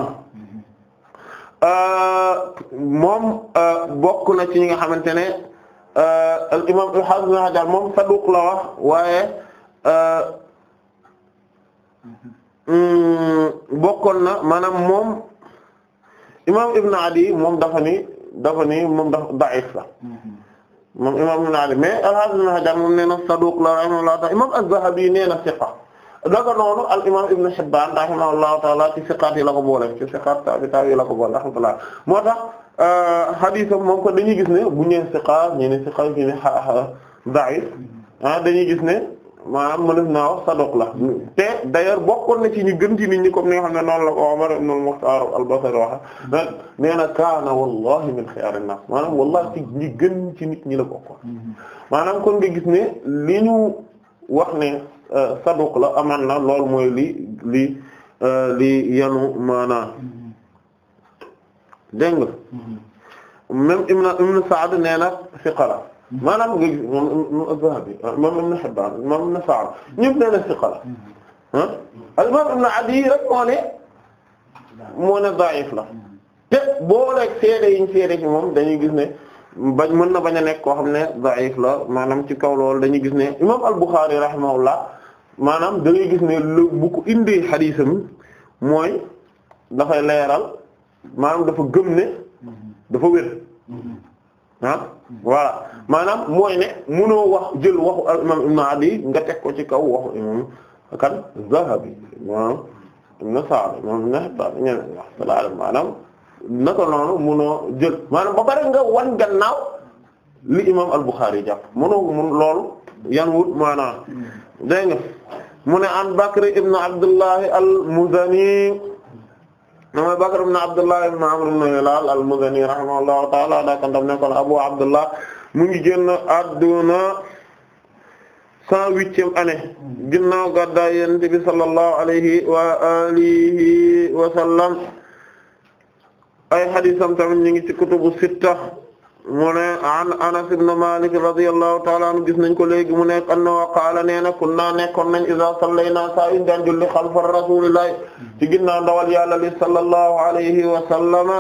moom bokk na ci ñi nga xamante ne Euh, al imam al-Hafiz Ibn Hajar moom saduq la wax waaye euh, mm, bokkoon na maanaam moom imam Ibn Adi moom dafa ni dafa ni moom dafa da'if la mm-hmm. moom imam Ibn Adi mais al-Hafiz Ibn Hajar moom nee na saduq la rahimahullah imam az-Zahabi nee na thiqa naka noonu al imaam Ibn Hibbaan rahimahullahu taala ci yi la ko boole ci siqaat yi la ko boole rahmatullah moo tax xadiisam euh, moom ko dañu gis ne bu ñu nee siqaat ñu ne siqaat ñu ne da'if ah dañuy gis ne maanaam mënees naa wax saduq la te d'ailleurs bokkoon na ci ñi gën ci nit ñi comme ni nga xam ne noonu la ko Umar ibn al-Mukhtar al-Basri waxa ah, nee na kaana wallahi min xiyaar an-naas maanaam wallahi ci ñi gën ci nit ñi la bokkoon mm-hmm. maanaam kon nga gis ne li ñu wax ne. Euh, saduq la amaan na loolu mooy li li euh, yanu maanaa dégg nga même Ibn Ibn Sa'd na siqa la maanaam nga gis moom Az-Zahabi ah, moom Ibn Hibbaan moom Ibn Sa'd ñëpp na siqa la ah al-Imam Ibn Adi rek moo ne moo ne la te boo rek seede yiñ seede ci moom dañuy gis ne bañ mën na bañ nekk koo xam ne da'if la maanaam ci kaw loolu dañuy gis ne imam al-Bukhari rahimahullah maanaam da ngay gis ne lu bu ko indee xadiisam mooy dafay leeral maanaam dafa gëm ne dafa wér ah voilà maanaam mooy ne munoo wax jël waxu al imam ibn Adi nga teg ko ci kaw waxu imam wax salaam maanaam naka noonu jël maanaam ba nga wan gannaaw li imam al Bukhari jàpp munoo mun loolu yan wut maanaam dégg nga mu ne an Bakr ibn Abdullahi al-Muzani mooy Bakr ibn Abdullahi ibn Amr ibn Hilal al-Muzani rahimahullahu ta'ala daa kan tam nekkoon Abu Abdullah mu ngi génn adduna cent huitième année ginnaaw gàddaay Yonent bi sallallahu alayhi wa alihi wa sallam ay hadisam tamit ñu ngi ci kutubu sitta mu ne an Anas ibn Malik radiyallahu ta'ala anhu gis nañ ko léegi mu nekk annahu qaala nee na kunna nekkoon nañ iza sallayna saa yu daan julli xalfa rasulillahi ci ginnaaw ndawal yàlla li sallallahu alayhi wa sallama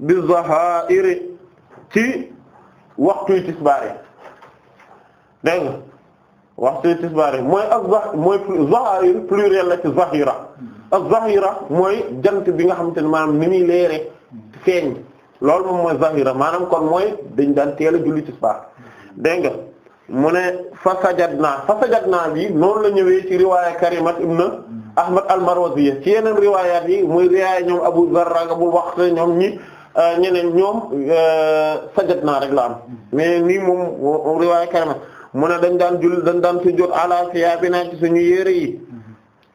bi zahairi ci waxtuy tisbaari dégg nga waxtuy tisbaari mooy az mooy zahair pluriel la ci zahira az zahira mooy jant bi nga xamante ne maanaam ni muy leere feeñ loolu moom mooy zahira maanaam kon mooy dañ daan teel a julli tisbaar dégg nga mu ne fa sajadna fa sajadna bi noonu la ñëwee ci riwaaya Karimat ibn Ahmad al-Marwazi ci yeneen riwaayaat yi muy riwaaya ñoom Abu Zarra Abu Waqt ñoom ñi euh, ñeneen ñoom euh, sajadna rek la mais nii moom riwaaya Karimat mu ne dañ daan jull dañ daan sujjóot ala siyaabinaa ci suñu yére yi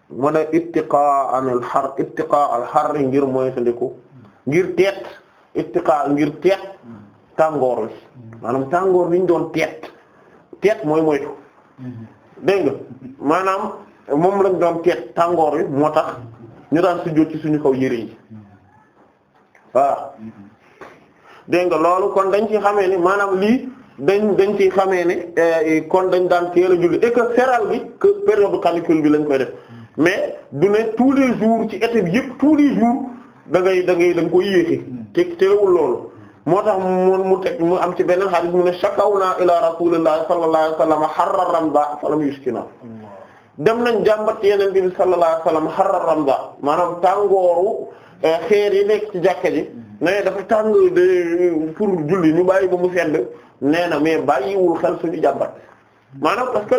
mu ne ittiqaa anil xar ittiqaa al xar ngir moy sandiku ngir teet istiqa ngir teet tàngoor wi maanaam tàngoor wi ñu doon teet teet mooy moytu dégg nga maanaam moom lañ doon teet tàngoor wi moo tax ñu daan sujjóot ci suñu kaw yére yi waaw dégg nga loolu kon dañ ci xamee ne maanaam lii dañ dañ ciy xame ne eh, kon dañ daan teel a julli et que seral bi que période canicule bi lañ koy def mais du ne tous les jours ci été yëpp tous les jours da ngay da ngay da nga koy yéexi teg teewul loolu moo tax mu mu teg mu am ci beneen hadith mu ne shakawna ila rasulillahi sallallahu alayhi wa sallam harra ramda falam yuskina dem nañ jàmbat yeneen bi sallallahu alayhi wa sallam harra ramda maanaam tàngooru eh, yi nekk ci jàkka ji nee dafa tàng de pour julli ñu bàyyi ba mu sedd nee na mais bàyyiwul xel suñu jàmbat maanaam parce que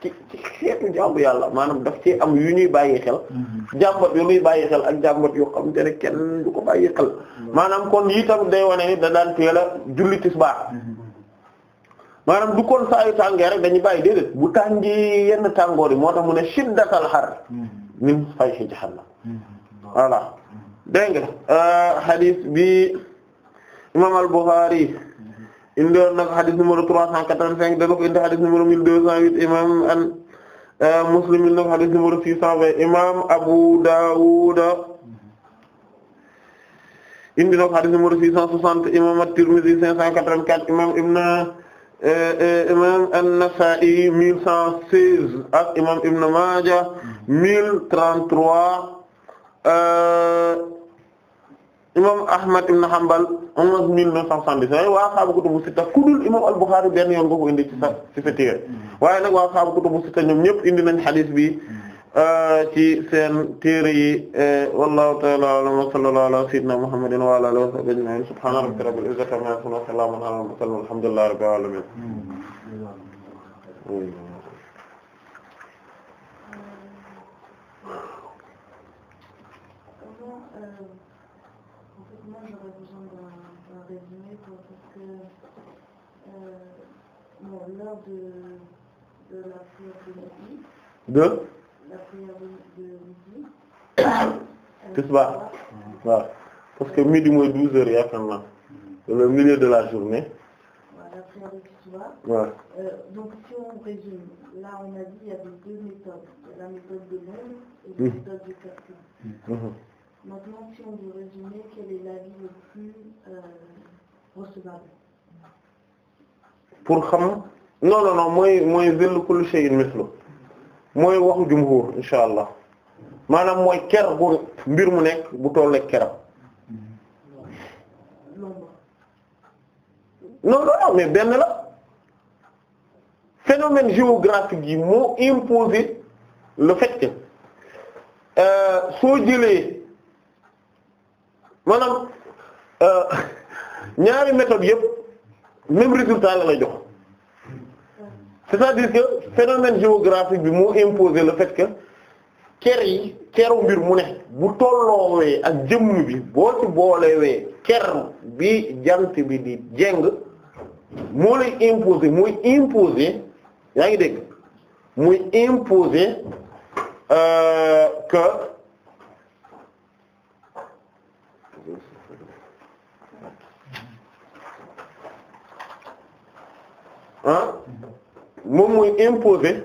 ci ci xeetu jaamu yàlla maanaam daf ci am yu ñuy bàyyi xel mm-hmm. jàmbat yu muy bàyyi xel ak jàmbat yoo xam te ne kenn du ko bàyyi xel mm-hmm. maanaam kon yi tamit day wane ni da daan teel a julli tisbaar mm-hmm. maanaam du kon saa yu tàngee rek dañuy bàyyi déedéet bu tàngee yenn tàngoor yi moo tax mu ne shiddatal xar min fayhi jahannam voilà dégg nga euh, bi imam al indi woon na ko xadis numéro 385 dana ko indi xadis numéro imam an euh, Muslim indi na ko xadis numéro 620 imam Abu Dawud indi na ko xadis numéro 660 imam At-Tirmidhi imam Ibn euh, euh, imam An-Nasa'i 1116 ak imam Ibn Majah 1033 imam Ahmad ibn Hanbal onze mille waa xaabu kutubu sitta ku dul imam al-Bukhari benn yoon nga indi ci sa mm-hmm. waaye nag waa xaabu kutubu sitta ñoom ñëpp indi nañ xadiis bi mm-hmm. euh, ci seen téere yi euh, wallahu ta'ala a'lam wa sallallahu ala sayyidina Muhammadin wa ala alihi wa sahbihi ajma'in subhana rabbika rabbil izzati amma yasifun Bon, de, de la prière midi. De La prière de, de midi. la journée. Voilà, prière de tisbaar. Ouais. Euh, si on résume, là on a dit il y avait deux méthodes, la méthode de l'ombre et la mmh. méthode mmh. Mmh. si on veut résumer, quel est l'avis le plus euh, pour xam non non non mooy mooy zillu kulli shay'in mislu mooy waxu jumhur insha allah maanaam mooy ker gu mbir mu nekk bu tollee keram non non mais benn la phénomène géographique yi moo imposé le fait que euh, soo jëlee maanaam euh, ñaari méthode yépp même résultat la lay jox c'est-à-dire que phénomène géographique bi moo imposé le fait que ker yi keru mbir mu ne bu tolloowee ak jëmm bi boo ci boolewee ker bi jant bi di jeng moo lay imposé mooy imposé yaa ngi dégg muy imposé euh, que ah moom mooy imposer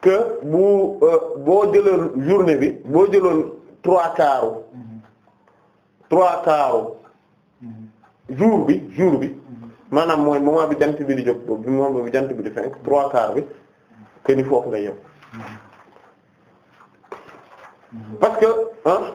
que bu euh, boo jëloon journée bi boo jëloon trois quarts trois quarts jour bi jour bi maanaam mooy moment bi jant bi di jóg boobu moment bi jant bi di fenk trois quarts bi que ni foofu nga yem parce que ah.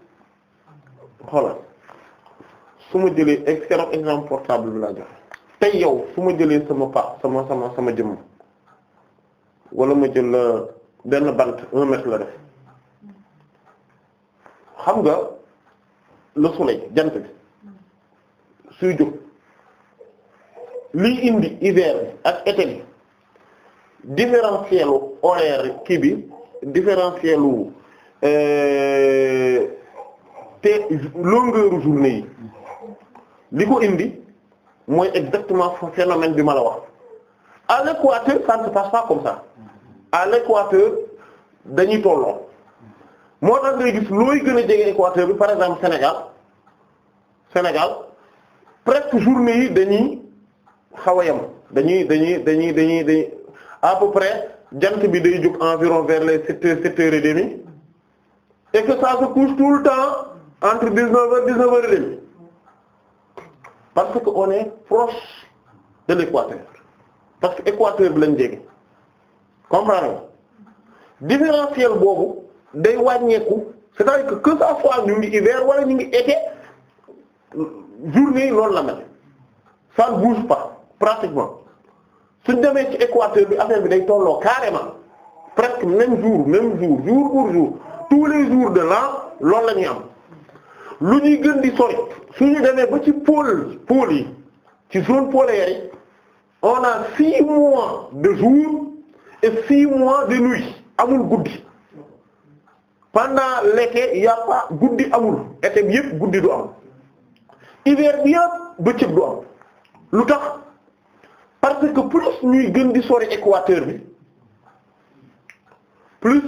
xoolal su ma jëlee excellent exemple portable bi laa jox tey yow su ma jëlee sama pa sama sama sama jëmm ma jël euh, benn bant un mètre la def xam nga le soleil jant bi suy jóg liy indi hiver ak été bi horaire kii bi différentiel euh, te longueur journée yi li ko indi mooy exactement phénomène bi ma la wax à l'équateur ça ne se passe pas comme ça à l'équateur dañuy tolloo moo tax ngay gis looy gën a jege équateur bi par exemple Sénégal Sénégal presque journée yi dañuy xaw a yem dañuy dañuy dañuy dañuy dañuy à peu près jant bi day jóg environ vers les sept heures sept heures et que ça se couche tout le temps entre dix-neuf heures dix-neuf heures et demie parce que on est proche de l'équateur parce que équateur bi lañ jege comprendre différentiel boobu day wàññeeku c'est-à-dire que que ça soit ñu ngi hiver wala ñu ngi été journée loolu la mel ça ne bouge pas pratiquement suñ demee ci équateur bi affaire bi day tolloo carrément presque même jour même jour jour pour jour tous les jours de l'an loolu la ñuy am lu ñuy gën di sori suñu demee ba ci pôle pôle yi ci zone poole yi on a six mois de jour et six mois de nuit amul guddi pendant l'été y guddi amul été bi yëpp guddi du am hiver bi yëpp bëccëg du am lu tax parce que plus ñuy gën di sori équateur bi plus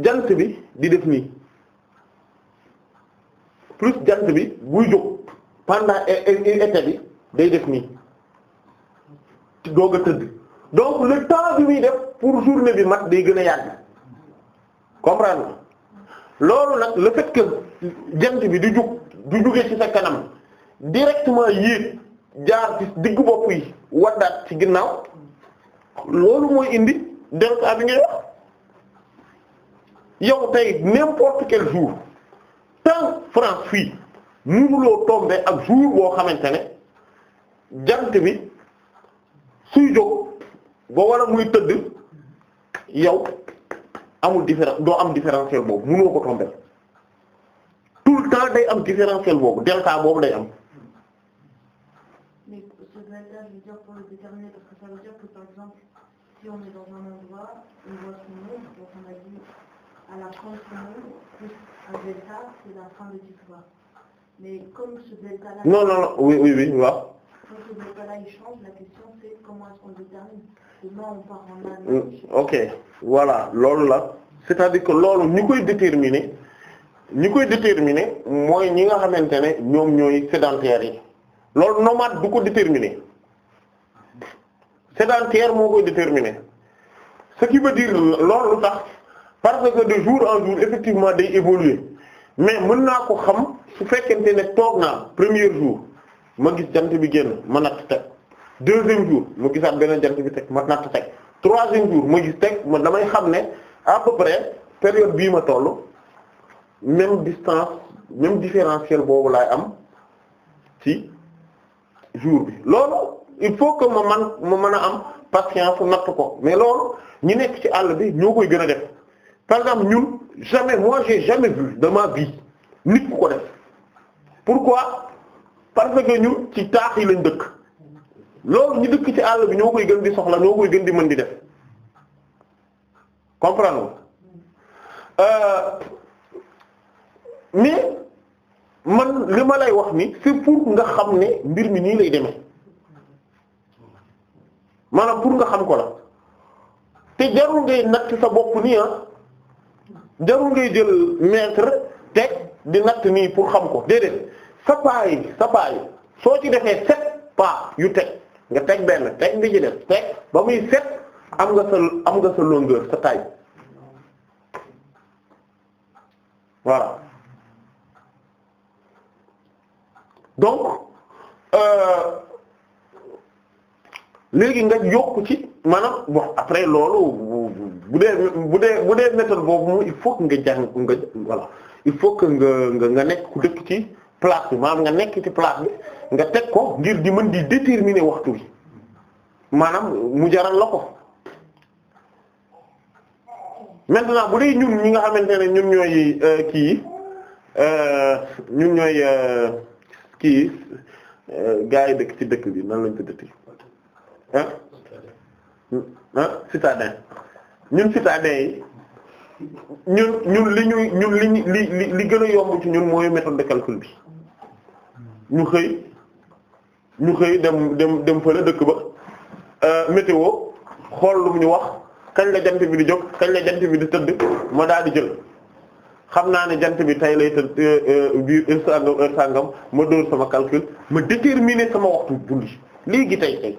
jant bi di def nii plus jant bi buy jóg pendant été bi day def nii doog a tëdd donc le temps bi muy def pour journée bi mat day gën a yàgg comprendre loolu nag le jant bi du jóg du jugee ci sa kanam directement yéeg jaar ci diggu bopp yi waddaat ci ginnaaw loolu mooy indi delta bi ngay wax yow tey n'importe quel jour cent francs fii mënuloo tombe am jour boo xamante ne jant bi suy jóg ba wala muy tëdd yow amul différence doo am différentiel boobu mënoo ko tomber tout le temps day am différentiel boobu delta boobu day am. Alors quand plus un delta, c'est la Ok, voilà, loolu la. c'est-à-dire que loolu ñu koy déterminer ñu koy déterminer mooy ñi nga xamante ne ñoom ñooy sédentaires yi loolu nomade du ko déterminer sédentaire moo koy déterminer ce qui dire loolu tax parce que de jour en jour effectivement day évoluer mais mën naa ko xam su fekkente ne toog naa première jour ma gis jant bi génn ma natt teg deuxième jour ma gisaat beneen jant bi teg ma natt teg troisième jour ma gis teg ma damay xam ne à peu près période bii ma toll même distance même différentiel boobu laay am ci jour bi loolu il faut que ma man ma mën a am patience natt ko mais loolu ñu nekk ci àll bi ñoo koy gën a def par exemple ñu jamais moi j'ai jamais vu de ma vie nit ku ko def pourquoi parce que ñun ci taax yi lañ dëkk loolu ñu dëkk ci àll bi ñoo koy gën di soxla ñoo koy gën di mën di def comprendre euh, mais man li ma lay wax ni c'est pour nga xam ne mbir mi nii lay demee maanaam pour nga xam ko la te jarul ngay natt sa bopp nii ah jarul ngay jël mètre teg di natt nii pour xam ko déedéet sa pas yi sa soo ci defee sept pas yu teg nga teg benn teg bi ci def teg ba muy sept am nga sa am nga sa longueur sa taille voilà donc euh, léegi nga yokk ci maanaam bon après loolu bu dee bu dee bu dee méthode boobu moom il faut que nga jàng nga voilà il faut que nga nga nekk ku dëkk ci place bi maanaam nga nekk ci place bi nga teg ko ngir di mën di déterminer waxtu bi maanaam mu jaral la ko maintenant bu dee ñun ñi nga xamante ne ñun ñooy euh, kii euh, ñun ñooy euh, kii gars yi dëkk ci dëkk bi nan lañ ko dëkk ah. citadin ñun citadin yi ñun ñun li ñuy ñun li li li gën a yomb ci ñun mooy méthode de calcul bi ñu xëy ñu xëy dem dem dem fële dëkk ba euh, météo xool lu ñu wax kañ la jant bi di jóg kañ la jant bi di tëdd ma daal di jël xam naa ne jant bi tey lay tëdd euh, euh, biir heure sangam heure sangam ma dóor sama calcul ma déterminer sama waxtu julli léegi tey tey.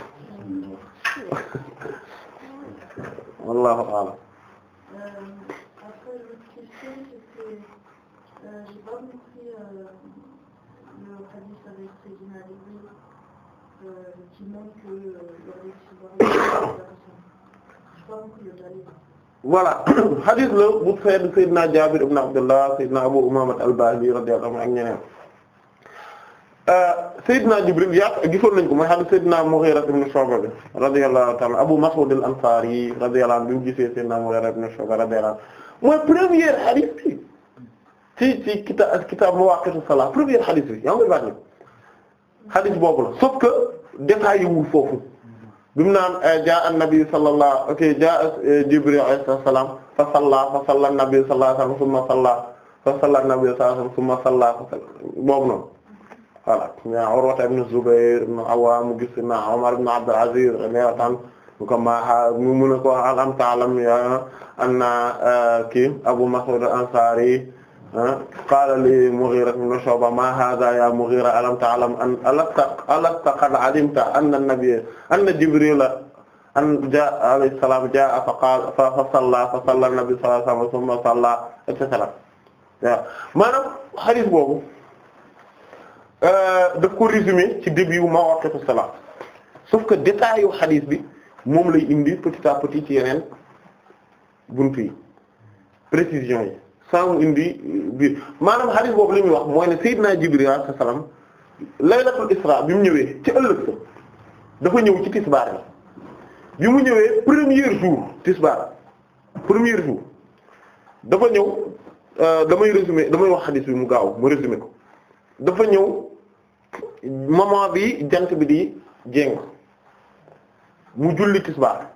wallahu a'lam voilà hadith la bu fedd Seydina Jaabir ibn Abdullah Seydina Abu Umaama al-Baahili radiyallahu anhu ak ñeneen Euh, Seydina Jibril yaa gisoon nañ ko mooy hadith Seydina Mughira ibn Shu'ba bi radiyallahu ta'ala Abu Mas'ud al-Ansari radiyallahu anhu bi mu gisee Seydina Mughira ibn Shu'ba radiyallahu anhu mooy première hadith bi ci ci kitaab kitaab Mawâqiît as-Salâh première hadith bi yaa ngi koy baat ni hadith boobu la sauf que détaillé wul foofu bi mu naan euh, jaa an-nabi sallallahu ok jaa euh, Jibril alayhi salaam fa salla fa salla an-nabi sallallahu alayhi wa sallam thumma salla fa salla an-nabi sallallahu alayhi wa sallam thumma salla boobu noonu. voilà na Urwa ibn Zubayr ibn Awwam mu gis na Umar ibn Abd al-Aziz neatan ko ma mu mun ko alam ta'lam ya anna eh, kii Abu Mas'ud al-Ansari eh, qaala li Mughira ibn Shu'ba ma hadha ya Mughira alam ta'lam an alasta qad alimta anna an-nabiyya anna Jibrila an jaa alayhi salaam jaa fa qaala fa salla fa salla an-nabi sallallahu alayhi wa sallam thumma salla et cetera waaw maanaam hadith boobu Euh, daf ko résumé ci début wu mawaaqitu salaat sauf que détail yu xadis bi moom lay indi petit à petit ci yeneen buntu yi précision yi saa mu indi euh, biir maanaam xadis boobu li muy wax mooy ne Seydina Jibril alayhi salaam laylatul Isra bi mu ñëwee ci ëllëg sa dafa ñëw ci tisbaar bi bi mu ñëwee premier jour tisbaar premier jour dafa ñëw euh, damay résumé damay wax xadis bi mu gaaw mu résumé ko dafa ñëw moment bi jant bi di jéng mu julli tisbaar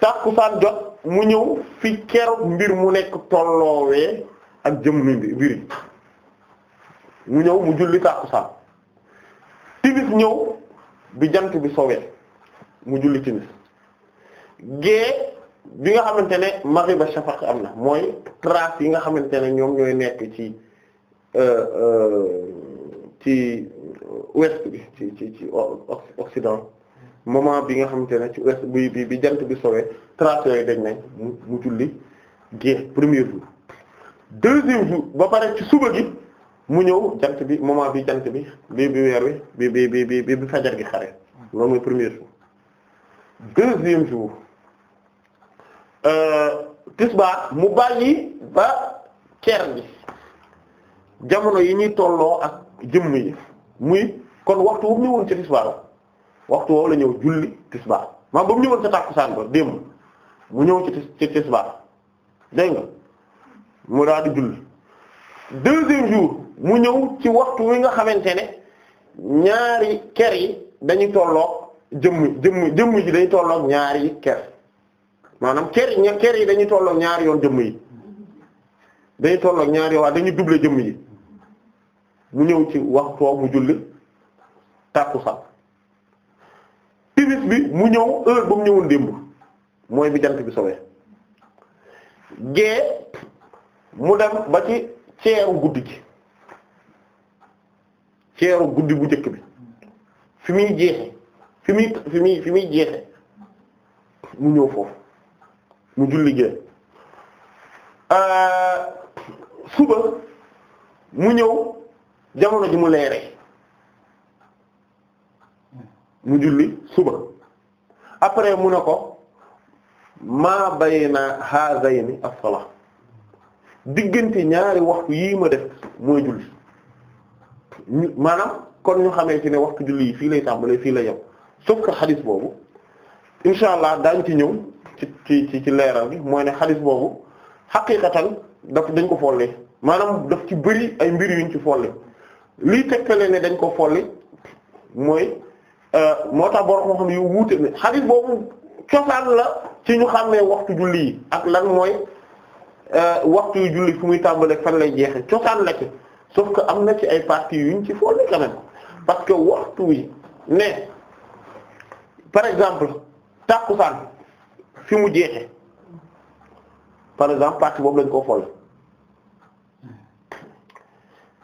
tàkkusaan jot mu ñëw fi keroog mbir mu nekk tolloowee ak jëmm bi mbir mu ñëw mu julli tàkkusaan timis ñëw bi jant bi sowee mu julli timis gée bi nga xamante ne maghriba shafaq am na mooy trace yi nga xamante ne ñoom ñooy nekk ci euh, euh, ci ouest bi ci occident moment bi nga xamante ne ci ouest bi bi bi jant bi sowee trace yooyu dañ nañ mu julli géex premier jour deuxième jour ba pare ci suba gi mu ñëw jant bi moment bi jant bi bi bi weer wi bi bi bi bi fajar gi xare loolu mooy premier jour deuxième jour euh, tisbaar mu bàyyi ba ceer bi jamono yi ñuy tolloo jëmm yi muy kon waxtu wu mu ñëwoon ci tisbaar waxtu woowu la ñëw julli tisbaar maa ba mu ñëwoon ca tàkkusaan ba démb mu ñëw ci ci tisbaar dégg nga mu daal di julli deuxième jour mu ñëw ci waxtu wi nga xamante ne ñaari ker yi dañuy tolloog jëmm jëmm jëmm ji dañuy tollook ñaari ker maanaam ker yi ker yi dañuy tolloog ñaari yoon jëmm yi dañu tollook ñaari yoon waaye dañuy duble jëmm yi mu ñëw ci waxtu mu julli tàkkusaan timis bi mu ñëw heure ba mu ñëwoon démb mooy bi jant bi sowee gée mu dem ba ci ceeru guddi gi ceeru guddi bu njëkk bi fi muy jeexe fi muy fi muy fi muy jeexe mu ñëw foofu mu julli gée euh, suba mu ñëw jamono ji mu leere mu julli suba après mu ne ko maa bayna hazayni as-salah diggante ñaari waxtu yii ma def mooy julli maanaam kon ñu xamee ci ne waxtu julli yi fii lay tàmbalee fii lay yem sauf que xadis boobu insha allah daañ ci ñëw ci ci ci ci leeral gi mooy ne xadis boobu xaqiiqatan daf dañ ko folle maanaam daf ci bëri ay mbir yuñ ci folle lii tegtale ne dañ koo folli mooy euh, moo tax borom moo xam yu wuute ne xadis boobu cosaan la ci ñu xam ne waxtu julli yi ak lan mooy euh, waxtu yu julli fu muy tàmbalee fan lay jeexe cosaan la ci sauf que am na ci ay parties yuñ ci folli quand même parce que waxtu yi ne par exemple tàkkusaan fi mu jeexe par exemple partie boobu lañ ko folli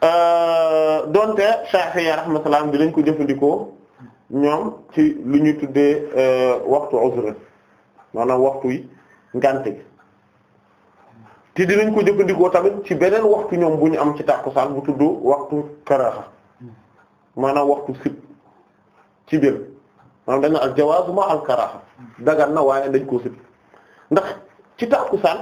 Euh, donte Shafi'i rahmatullah bi dañ ko jëfandikoo ñoom ci lu ñu tuddee euh, waxtu uzr maanaam waxtu yi ngante gi te dinañ ko jëfandikoo tamit ci beneen waxtu ñoom bu ñu am ci tàkkusaan bu tudd waxtu karaxa maanaam waxtu sib ci biir maanaam dañ na al jawaazu ma al karaxa dagan na waaye dañ koo sib ndax ci tàkkusaan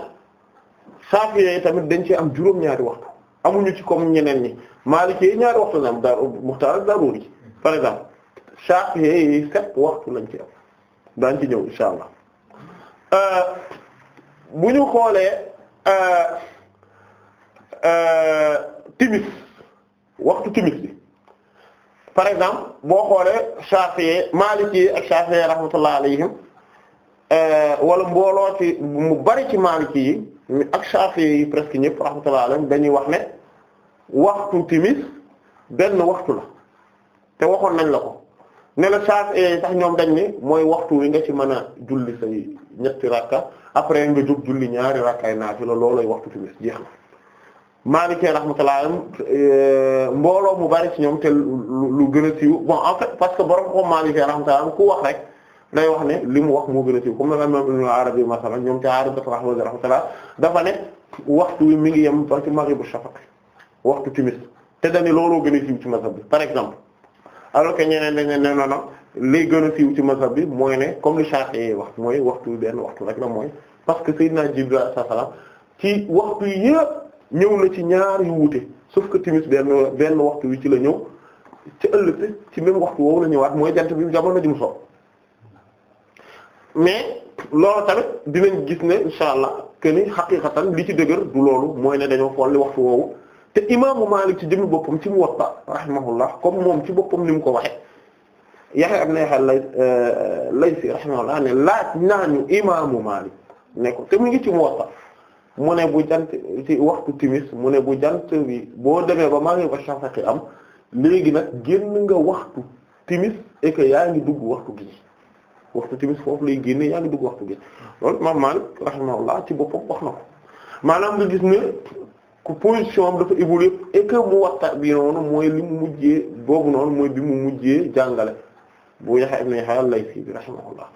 Shafi'i tamit dañ ci am juróom-ñaari waxtu amuñu ci comme ñeneen ñi Maliki yi ñaari waxtu lañ am dar muxtaar ak daruri par exemple Shafi'i yi waxtu lañ ci am daañ ci ñëw insha allah euh, bu ñu xoolee euh, euh, timis waxtu timis bi par exemple boo xoolee Shafi'i Maliki ak Shafi'i rahmatullah alayhim wala mbooloo mu bari ci Maliki yi ak Shafi'i yi presque ñëpp rahmatullahi alayhim dañuy wax ne waxtu timis benn waxtu la te waxoon nañ la ko ne la Shafi'i yi ñoom dañ ni mooy waxtu wi nga ci mën a julli say ñetti rakka après nga jóg julli ñaari rakkaay naafila loolooy waxtu timis jeex na Maliki rahmatullahi alayhim euh, mbooloo mu bari ci ñoom te lu gën a siiw bon en parce que borom ko Maliki rahmatullahi alayhim ku wax rek. day wax ne li mu wax moo gën a siiw comme imam Ibn Arabi masalan ñoom ci aaribatu rahmati rahmatullah dafa ne waxtu wi mi ngi yem ba ci maghribu shafaq waxtu timis te dañu ne looloo gën bi par exemple alors que ñeneen dañ ne na nag li gën a siiw ci mazhab bi mooy ne comme li Shafi'i wax mooy waxtu benn waxtu rek la mooy parce que Seydina Jibril alayhi salaam ci waxtu yëpp ñëw la ci ñaar yu wuute sauf que timis benn waxtu wi ci la ñëw ci ëllëg ci même waxtu woowu la ñëwaat mooy jant bi jamono ji mu mais loolu tamit dinañ gis ne insha allah que ni xaqiqatan li ci dëgër du loolu mooy ne dañoo fool li waxtu woowu te imaamu Maalik ci jëmmi boppam ci Muwatta rahimahullah comme moom ci boppam li mu ko waxe Yahya ibn Yahya euh, Laysi rahimahullah ne laaj nañu imaamu Maalik ne ko te mu ngi ci Muwatta mu ne bu jant ci waxtu timis mu ne bu jant bi boo demee ba maa ngi ba Shafaqi am léegi nag génn nga waxtu timis et que yaa ngi dugg waxtu gi waxtu timis foofu lay génne yaa ngi dugg waxtu bi loolu imam Malik rahimahullah ci boppam wax na maanaam nga gis ne ku position am dafa évolué et que mu waxta bi noonu mooy li mu mujjee boobu noonu mooy bi mu mujjee jàngale bu Yahya ibn Yahya al-Laythi bi rahimahullah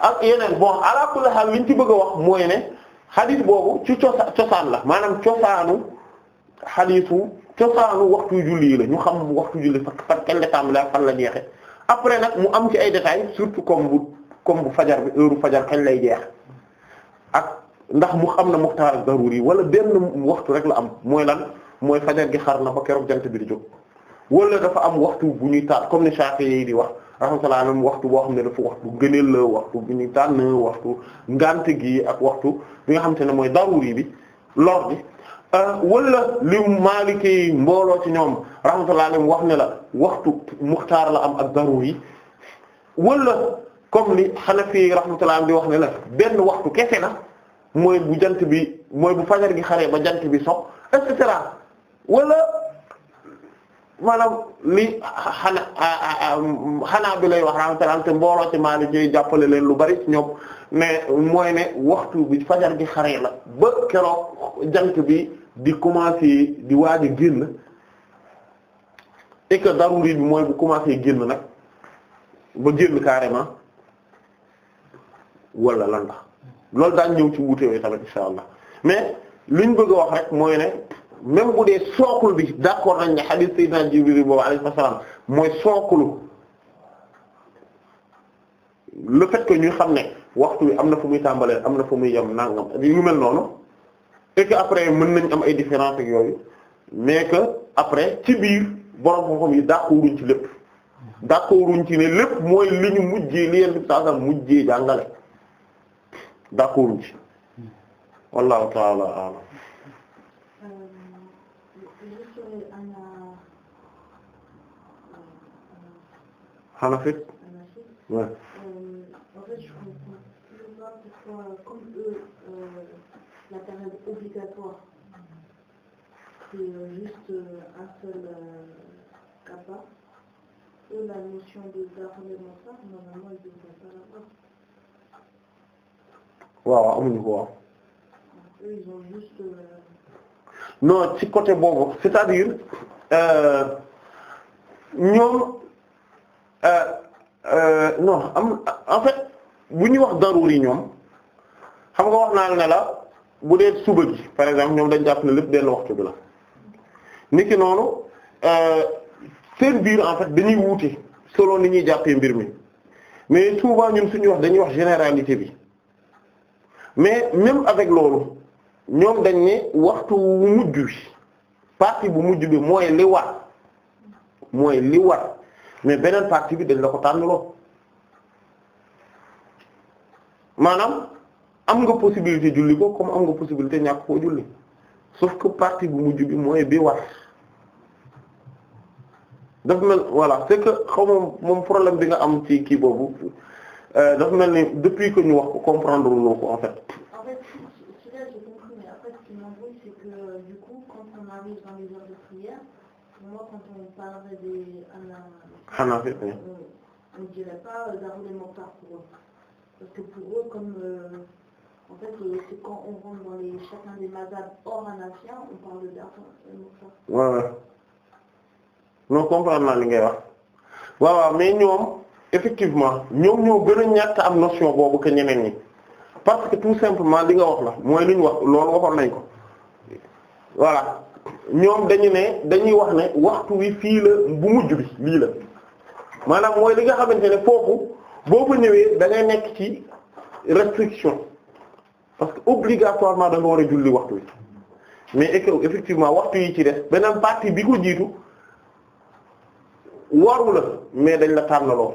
ak yeneen bon ala kulli haal liñ ci bëgg a wax mooy ne xadis boobu ci cosa cosaan la maanaam cosaanu xadisu cosaanu waxtu julli la ñu xam waxtu julli fa fan kañ la tàmbalee fan la jeexe après nag mu am ci ay détails surtout comme bu comme bu fajar bi heure fajar kañ lay jeex ndax mu am na muxtaar ak daruri yi wala benn waxtu rek la am mooy lan mooy fajar gi xar na ba keroog jant bi di jóg wala dafa am waxtu bu ñuy taal comme ni Shafi'i yi di wax rahmatullah alam waxtu boo xam ne dafa waxtu gëneel la waxtu bu ñuy tànn waxtu ngante gi ak waxtu bi nga xam ne mooy daruri bi lor bi euh, wala li Maliki mbooloo ci ñoom rahmatullah alam wax ne la waxtu muxtaar la am ak daruri yi comme li Hanafi rahmatullah di wax ne la benn waxtu kese na mooy bu jant bi mooy bu fajar gi xaree ba jant bi sox et cetera bi lay wax rahmatullah te mbooloo ci jàppale leen lu bari ci ñoom waxtu bi fajar gi xaree la ba keroog bi di commencer di waaj a génn et que daruri bi mooy bu commencer génn nag ba génn carrément. wala lan la loolu daañ ñëw ci wuute yooyu tamit insha allah mais liñ bëgg a wax rek mooy ne même bu dee sookul bi d'accord nañ ne hadith sayyidina Jibril boobu alayhi salaam mooy sookulu le fait que ñu xam ne waxtu bi am na fu muy tàmbalee am na fu muy yem nangam yu mel noonu et après mën nañ am ay différences ak yooyu mais que après ci biir borom xam-xam yi d'accorduñ ci lépp d'accorduñ ci ne lépp mooy li ñu mujjee li yenn saa mujjee jàngale. dàquwuñ ci wallahu ta'ala a'lam Hanafi ouais. Euh, en fait, je comprends toujours pas pourquoi, comme eux, euh, la période obligatoire, c'est euh, juste un seul kappa, eux, la notion de darle et montar, normalement, ils ne devraient pas l'avoir. waaw waaw amuñu ko waaw non ci côté boobu c'est-à-dire euh, ñoom euh, euh, non am en fait bu ñuy wax daruri ñoom xam nga wax naa ne la bu dee suba gi par exemple ñoom dañ jàpp ne lépp denn waxtu bi la niki noonu seen biir en fait dañuy wuute solo ni ñuy jàppee mbir mi mais souvent ñun suñuy wax dañuy wax généralité bi mais même avec loolu ñoom dañ ne waxtu wu mujj bi partie bu mujj bi mooy li war mooy li war mais beneen partie bi dañ la ko tànnaloo maanaam am nga possibilité julli ko comme am nga possibilité ñàkk koo julli sauf que partie bu mujj bi mooy bi war daf mel voilà c'est que xaw moom moom problème bi nga am ci kii boobu Euh, dafa mel ni depuis que ñu wax ko comprendre loo ko en fait. en fait c'est là j'ai compris mais après ce qui m'embrouille c'est que du coup quand on arrive dans les heures de prière pour moi quand on parle des on ne dirait pas euh, Darou les Moutard pour eux parce que pour eux euh, on rentre dans les chacun des mazhab hors hanafien on parle de Darou les Moutard. waaw waaw non comprendre naa li ngay wax waaw waaw mais ñoom. effectivement ñoom ñoo gën a ñàkk am notion boobu que ñeneen ñi parce que tout simplement li nga wax la mooy li ñu wax loolu waxoon nañ ko waa ñoom dañu ne dañuy wax ne waxtu wi fii la bu mujj bi lii la maanaam mooy li nga xamante ne foofu boo ñëwee da nekk ci restriction parce que obligatoirement da nga war a julli waxtu wi mais effectivement waxtu yi ci des beneen partie bi ko jiitu waru la mais dañ la tànnaloo.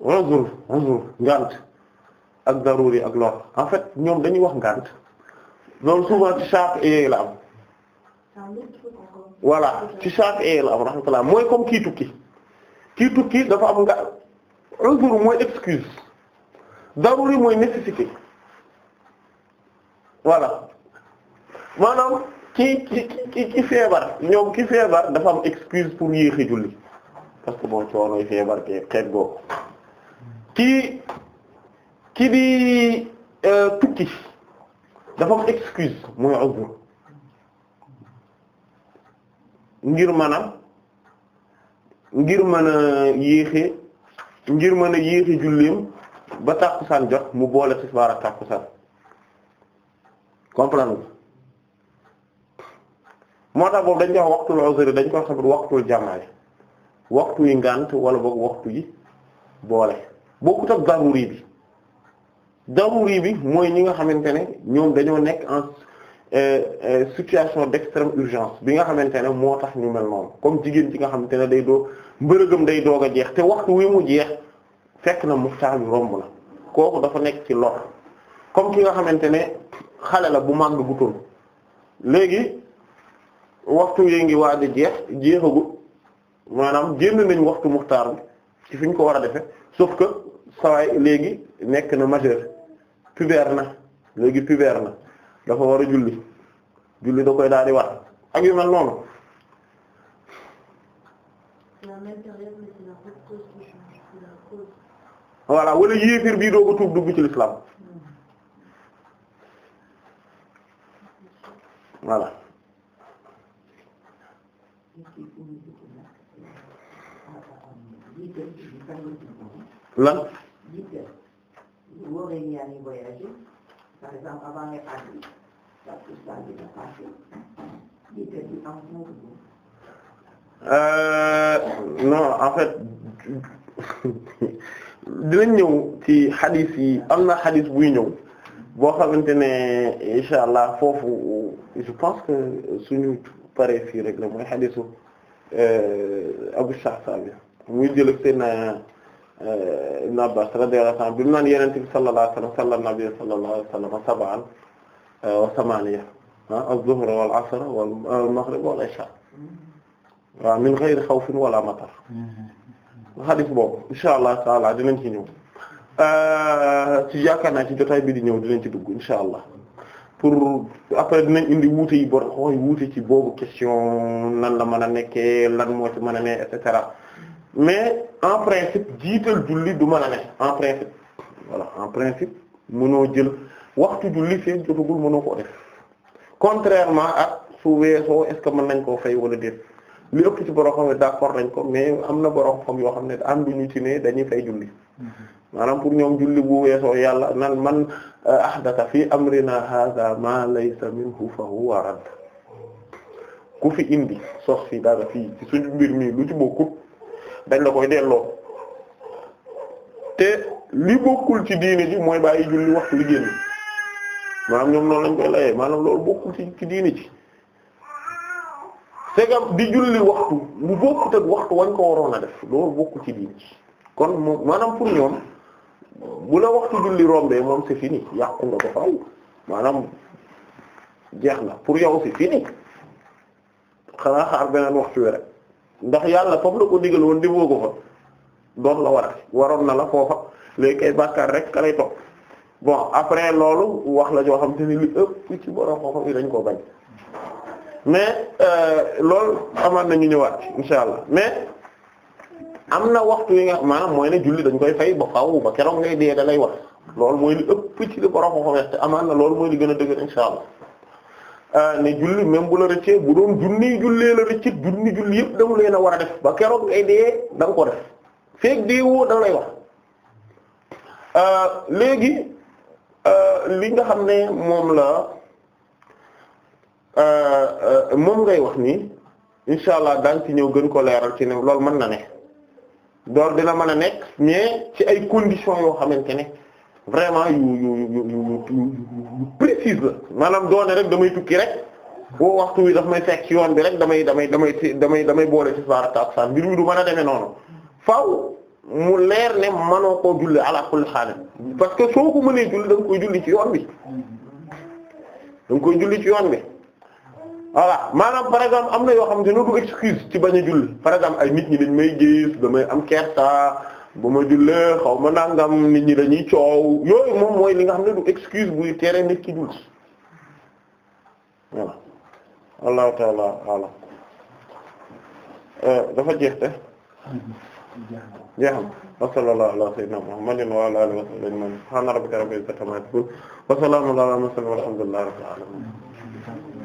uzur uzur ngant ak daruri ak lor en fait ñoom dañuy wax ngant ci Shafi'i la am voilà mooy comme kii tukki kii tukki dafa am nga uzur mooy excuse daruri mooy nécessité voilà maanaam ki ki ki ki feebar ñoom ki feebar dafa am excuse pour yéexi julli parce que bon coonoy feebar ke xeet goo ki ki di euh, tukki dafa am excuse mooy uzur ngir mën ngir mën a yéexe ngir mën a yéexe julleem ba tàkkusaan jot mu boole tisbaar ak tàkkusaan comprendre moo tax boobu dañ koy wax waxtul dañ koy xamit waxtul jamaay waxtu yi ngànt wala boog waxtu yi boole bokkut ak daruri bi daruri bi mooy ñi nga xamante ne ñoom dañoo nekk en euh, euh, situation d'extrême urgence bi nga xamante ne moo tax ñu mel noonu comme jigéen ci nga xamante ne day doo mbërëgam day doog a jeex te waxtu wi mu jeex fekk na muxtaar bi romb na kooku dafa nekk ci lor comme ki nga xamante ne xale la bu màgg gutoon léegi waxtu yi ngi waaj a jeex jeexagut maanaam génn nañ waxtu muxtaar bi ci fiñ ko war a defe sauf que sawaay léegi nekk na majeur pubère na léegi pubère na dafa war a julli julli da koy daal di war ak yu mel noonu voilà wala yéefir bii doo tuub dugg ci l'islam mm. voilà lan. par exemple avant ngay am non en fait dinañ ñëw ci hadith am na hadith buy ñëw boo xamante ne insha allah foofu je pense que suñu paree fii rek mooy hadithu euh, Abu Shahsha bi muy jël Seydina euh, Ibn Abbas radiyallahu anhu bi mu naan Yonent bi sallallahu alayhi wa sallam salla nabi sallallahu alayhi wa sallam sab'an euh, wa thamaaniya ah, az-zuhra wal euh, maghrib wal isha waaw min ghayri khawfin wala matar hadith boobu insha allah taala dinañ ci ñëw ci yaakaar naa ci jotaay bi di ñëw dinañ ci dugg insha allah pour après dinañ indi wuute yi bor xooy wuute ci boobu question nan la mën a nekkee lan moo ci mën a ne et mais en principe jiital julli du mën a ne en principe voilà en principe mënoo jël waxtu julli feek jotagul mënoo koo def contrairement ak su weesoo est que mën nañ koo fay wala déet li ëpp ci borom xam ne d'accord nañ ko mais am na borom xam yoo xam ne ànduñu ci ne dañuy fay julli mhm. maanaam pour ñoom julli bu weesoo yàlla nan man euh, ahdatha fi amrina hadha ma laysa minhu fa huwa radd ku fi indi sox si dara fii ci suñu mi lu ci bokkut dañ la koy delloo te li bokkul ci diine ji mooy bàyyi julli waxtu wi génn maanaam ñoom loolu lañ koy layee maanaam loolu bokkul ci ci diine ji segam di julli waxtu mu bokkut ak waxtu wañ ko waroon def loolu bokkul ci diine ji kon moom maanaam pour ñoom bu la waxtu julli rombee moom c'est fini yàqu nga ko faaw maanaam jeex na pour yow c'est fini xanaa xaar beneen waxtu wi rek ndax yàlla foofu la ko digal woon di ko fa la war a waroon na la foofa léegi kay bàkkaar rek ka lay topp bon après loolu wax la joo xam te ni li ëpp ci borom foofa yi dañ koo bañ mais euh, loolu amaan na ñu ñëwaat insha allah mais am na waxtu yi nga maanaam mooy ne julli dañ koy fay ba xaw ba keroog ngay dee da lay wax loolu mooy li ëpp ci li borom foofa weex te amaan na loolu mooy li gën a dëgër insha allah. Euh, ne julli même bu la rëccee bu doon junniy jullee la rëccit junni julli yëpp da nga leen a war a def ba keroog ngay dee da nga ko def feeg dee woo da wax euh, léegi euh, li nga xam ne moom la moom ngay wax nii incha allah daañ ci ñëw gën ko leeral ci ne lool mën na ne door dina mën a nekk mais ci ay conditions yoo xamante ne vraiment yu yu yu yu précise la maanaam doone rek damay tukki rek boo waxtu wi daf may fekk ci yoon bi rek damay damay damay damay damay boole ci saar ak saan mbir mi du mën a demee noonu faaw mu leer ne manoo koo julli ala kulli xaal parce que soo ko mënee julli da nga koy julli ci yoon bi da nga ci yoon bi maanaam par exemple am na yoo xam ne du excuse ci bañ a julli par exemple ay nit ñi dañ may gis damay am kersa. bu ma jullee xaw ma nangam nit ñi dañuy coow yooyu moom mooy li nga xam ne du excuse buy tere nit ki julli voilà allahu taala alam euh, dafa jeexte jeexam wa sallallahu ala sayyidina muhammadin wa ala alihi wa sahbihi subhana rabbika rabbil izzati amma yasifun wa salamun ala mursalin walhamdulillahi rabbil alamin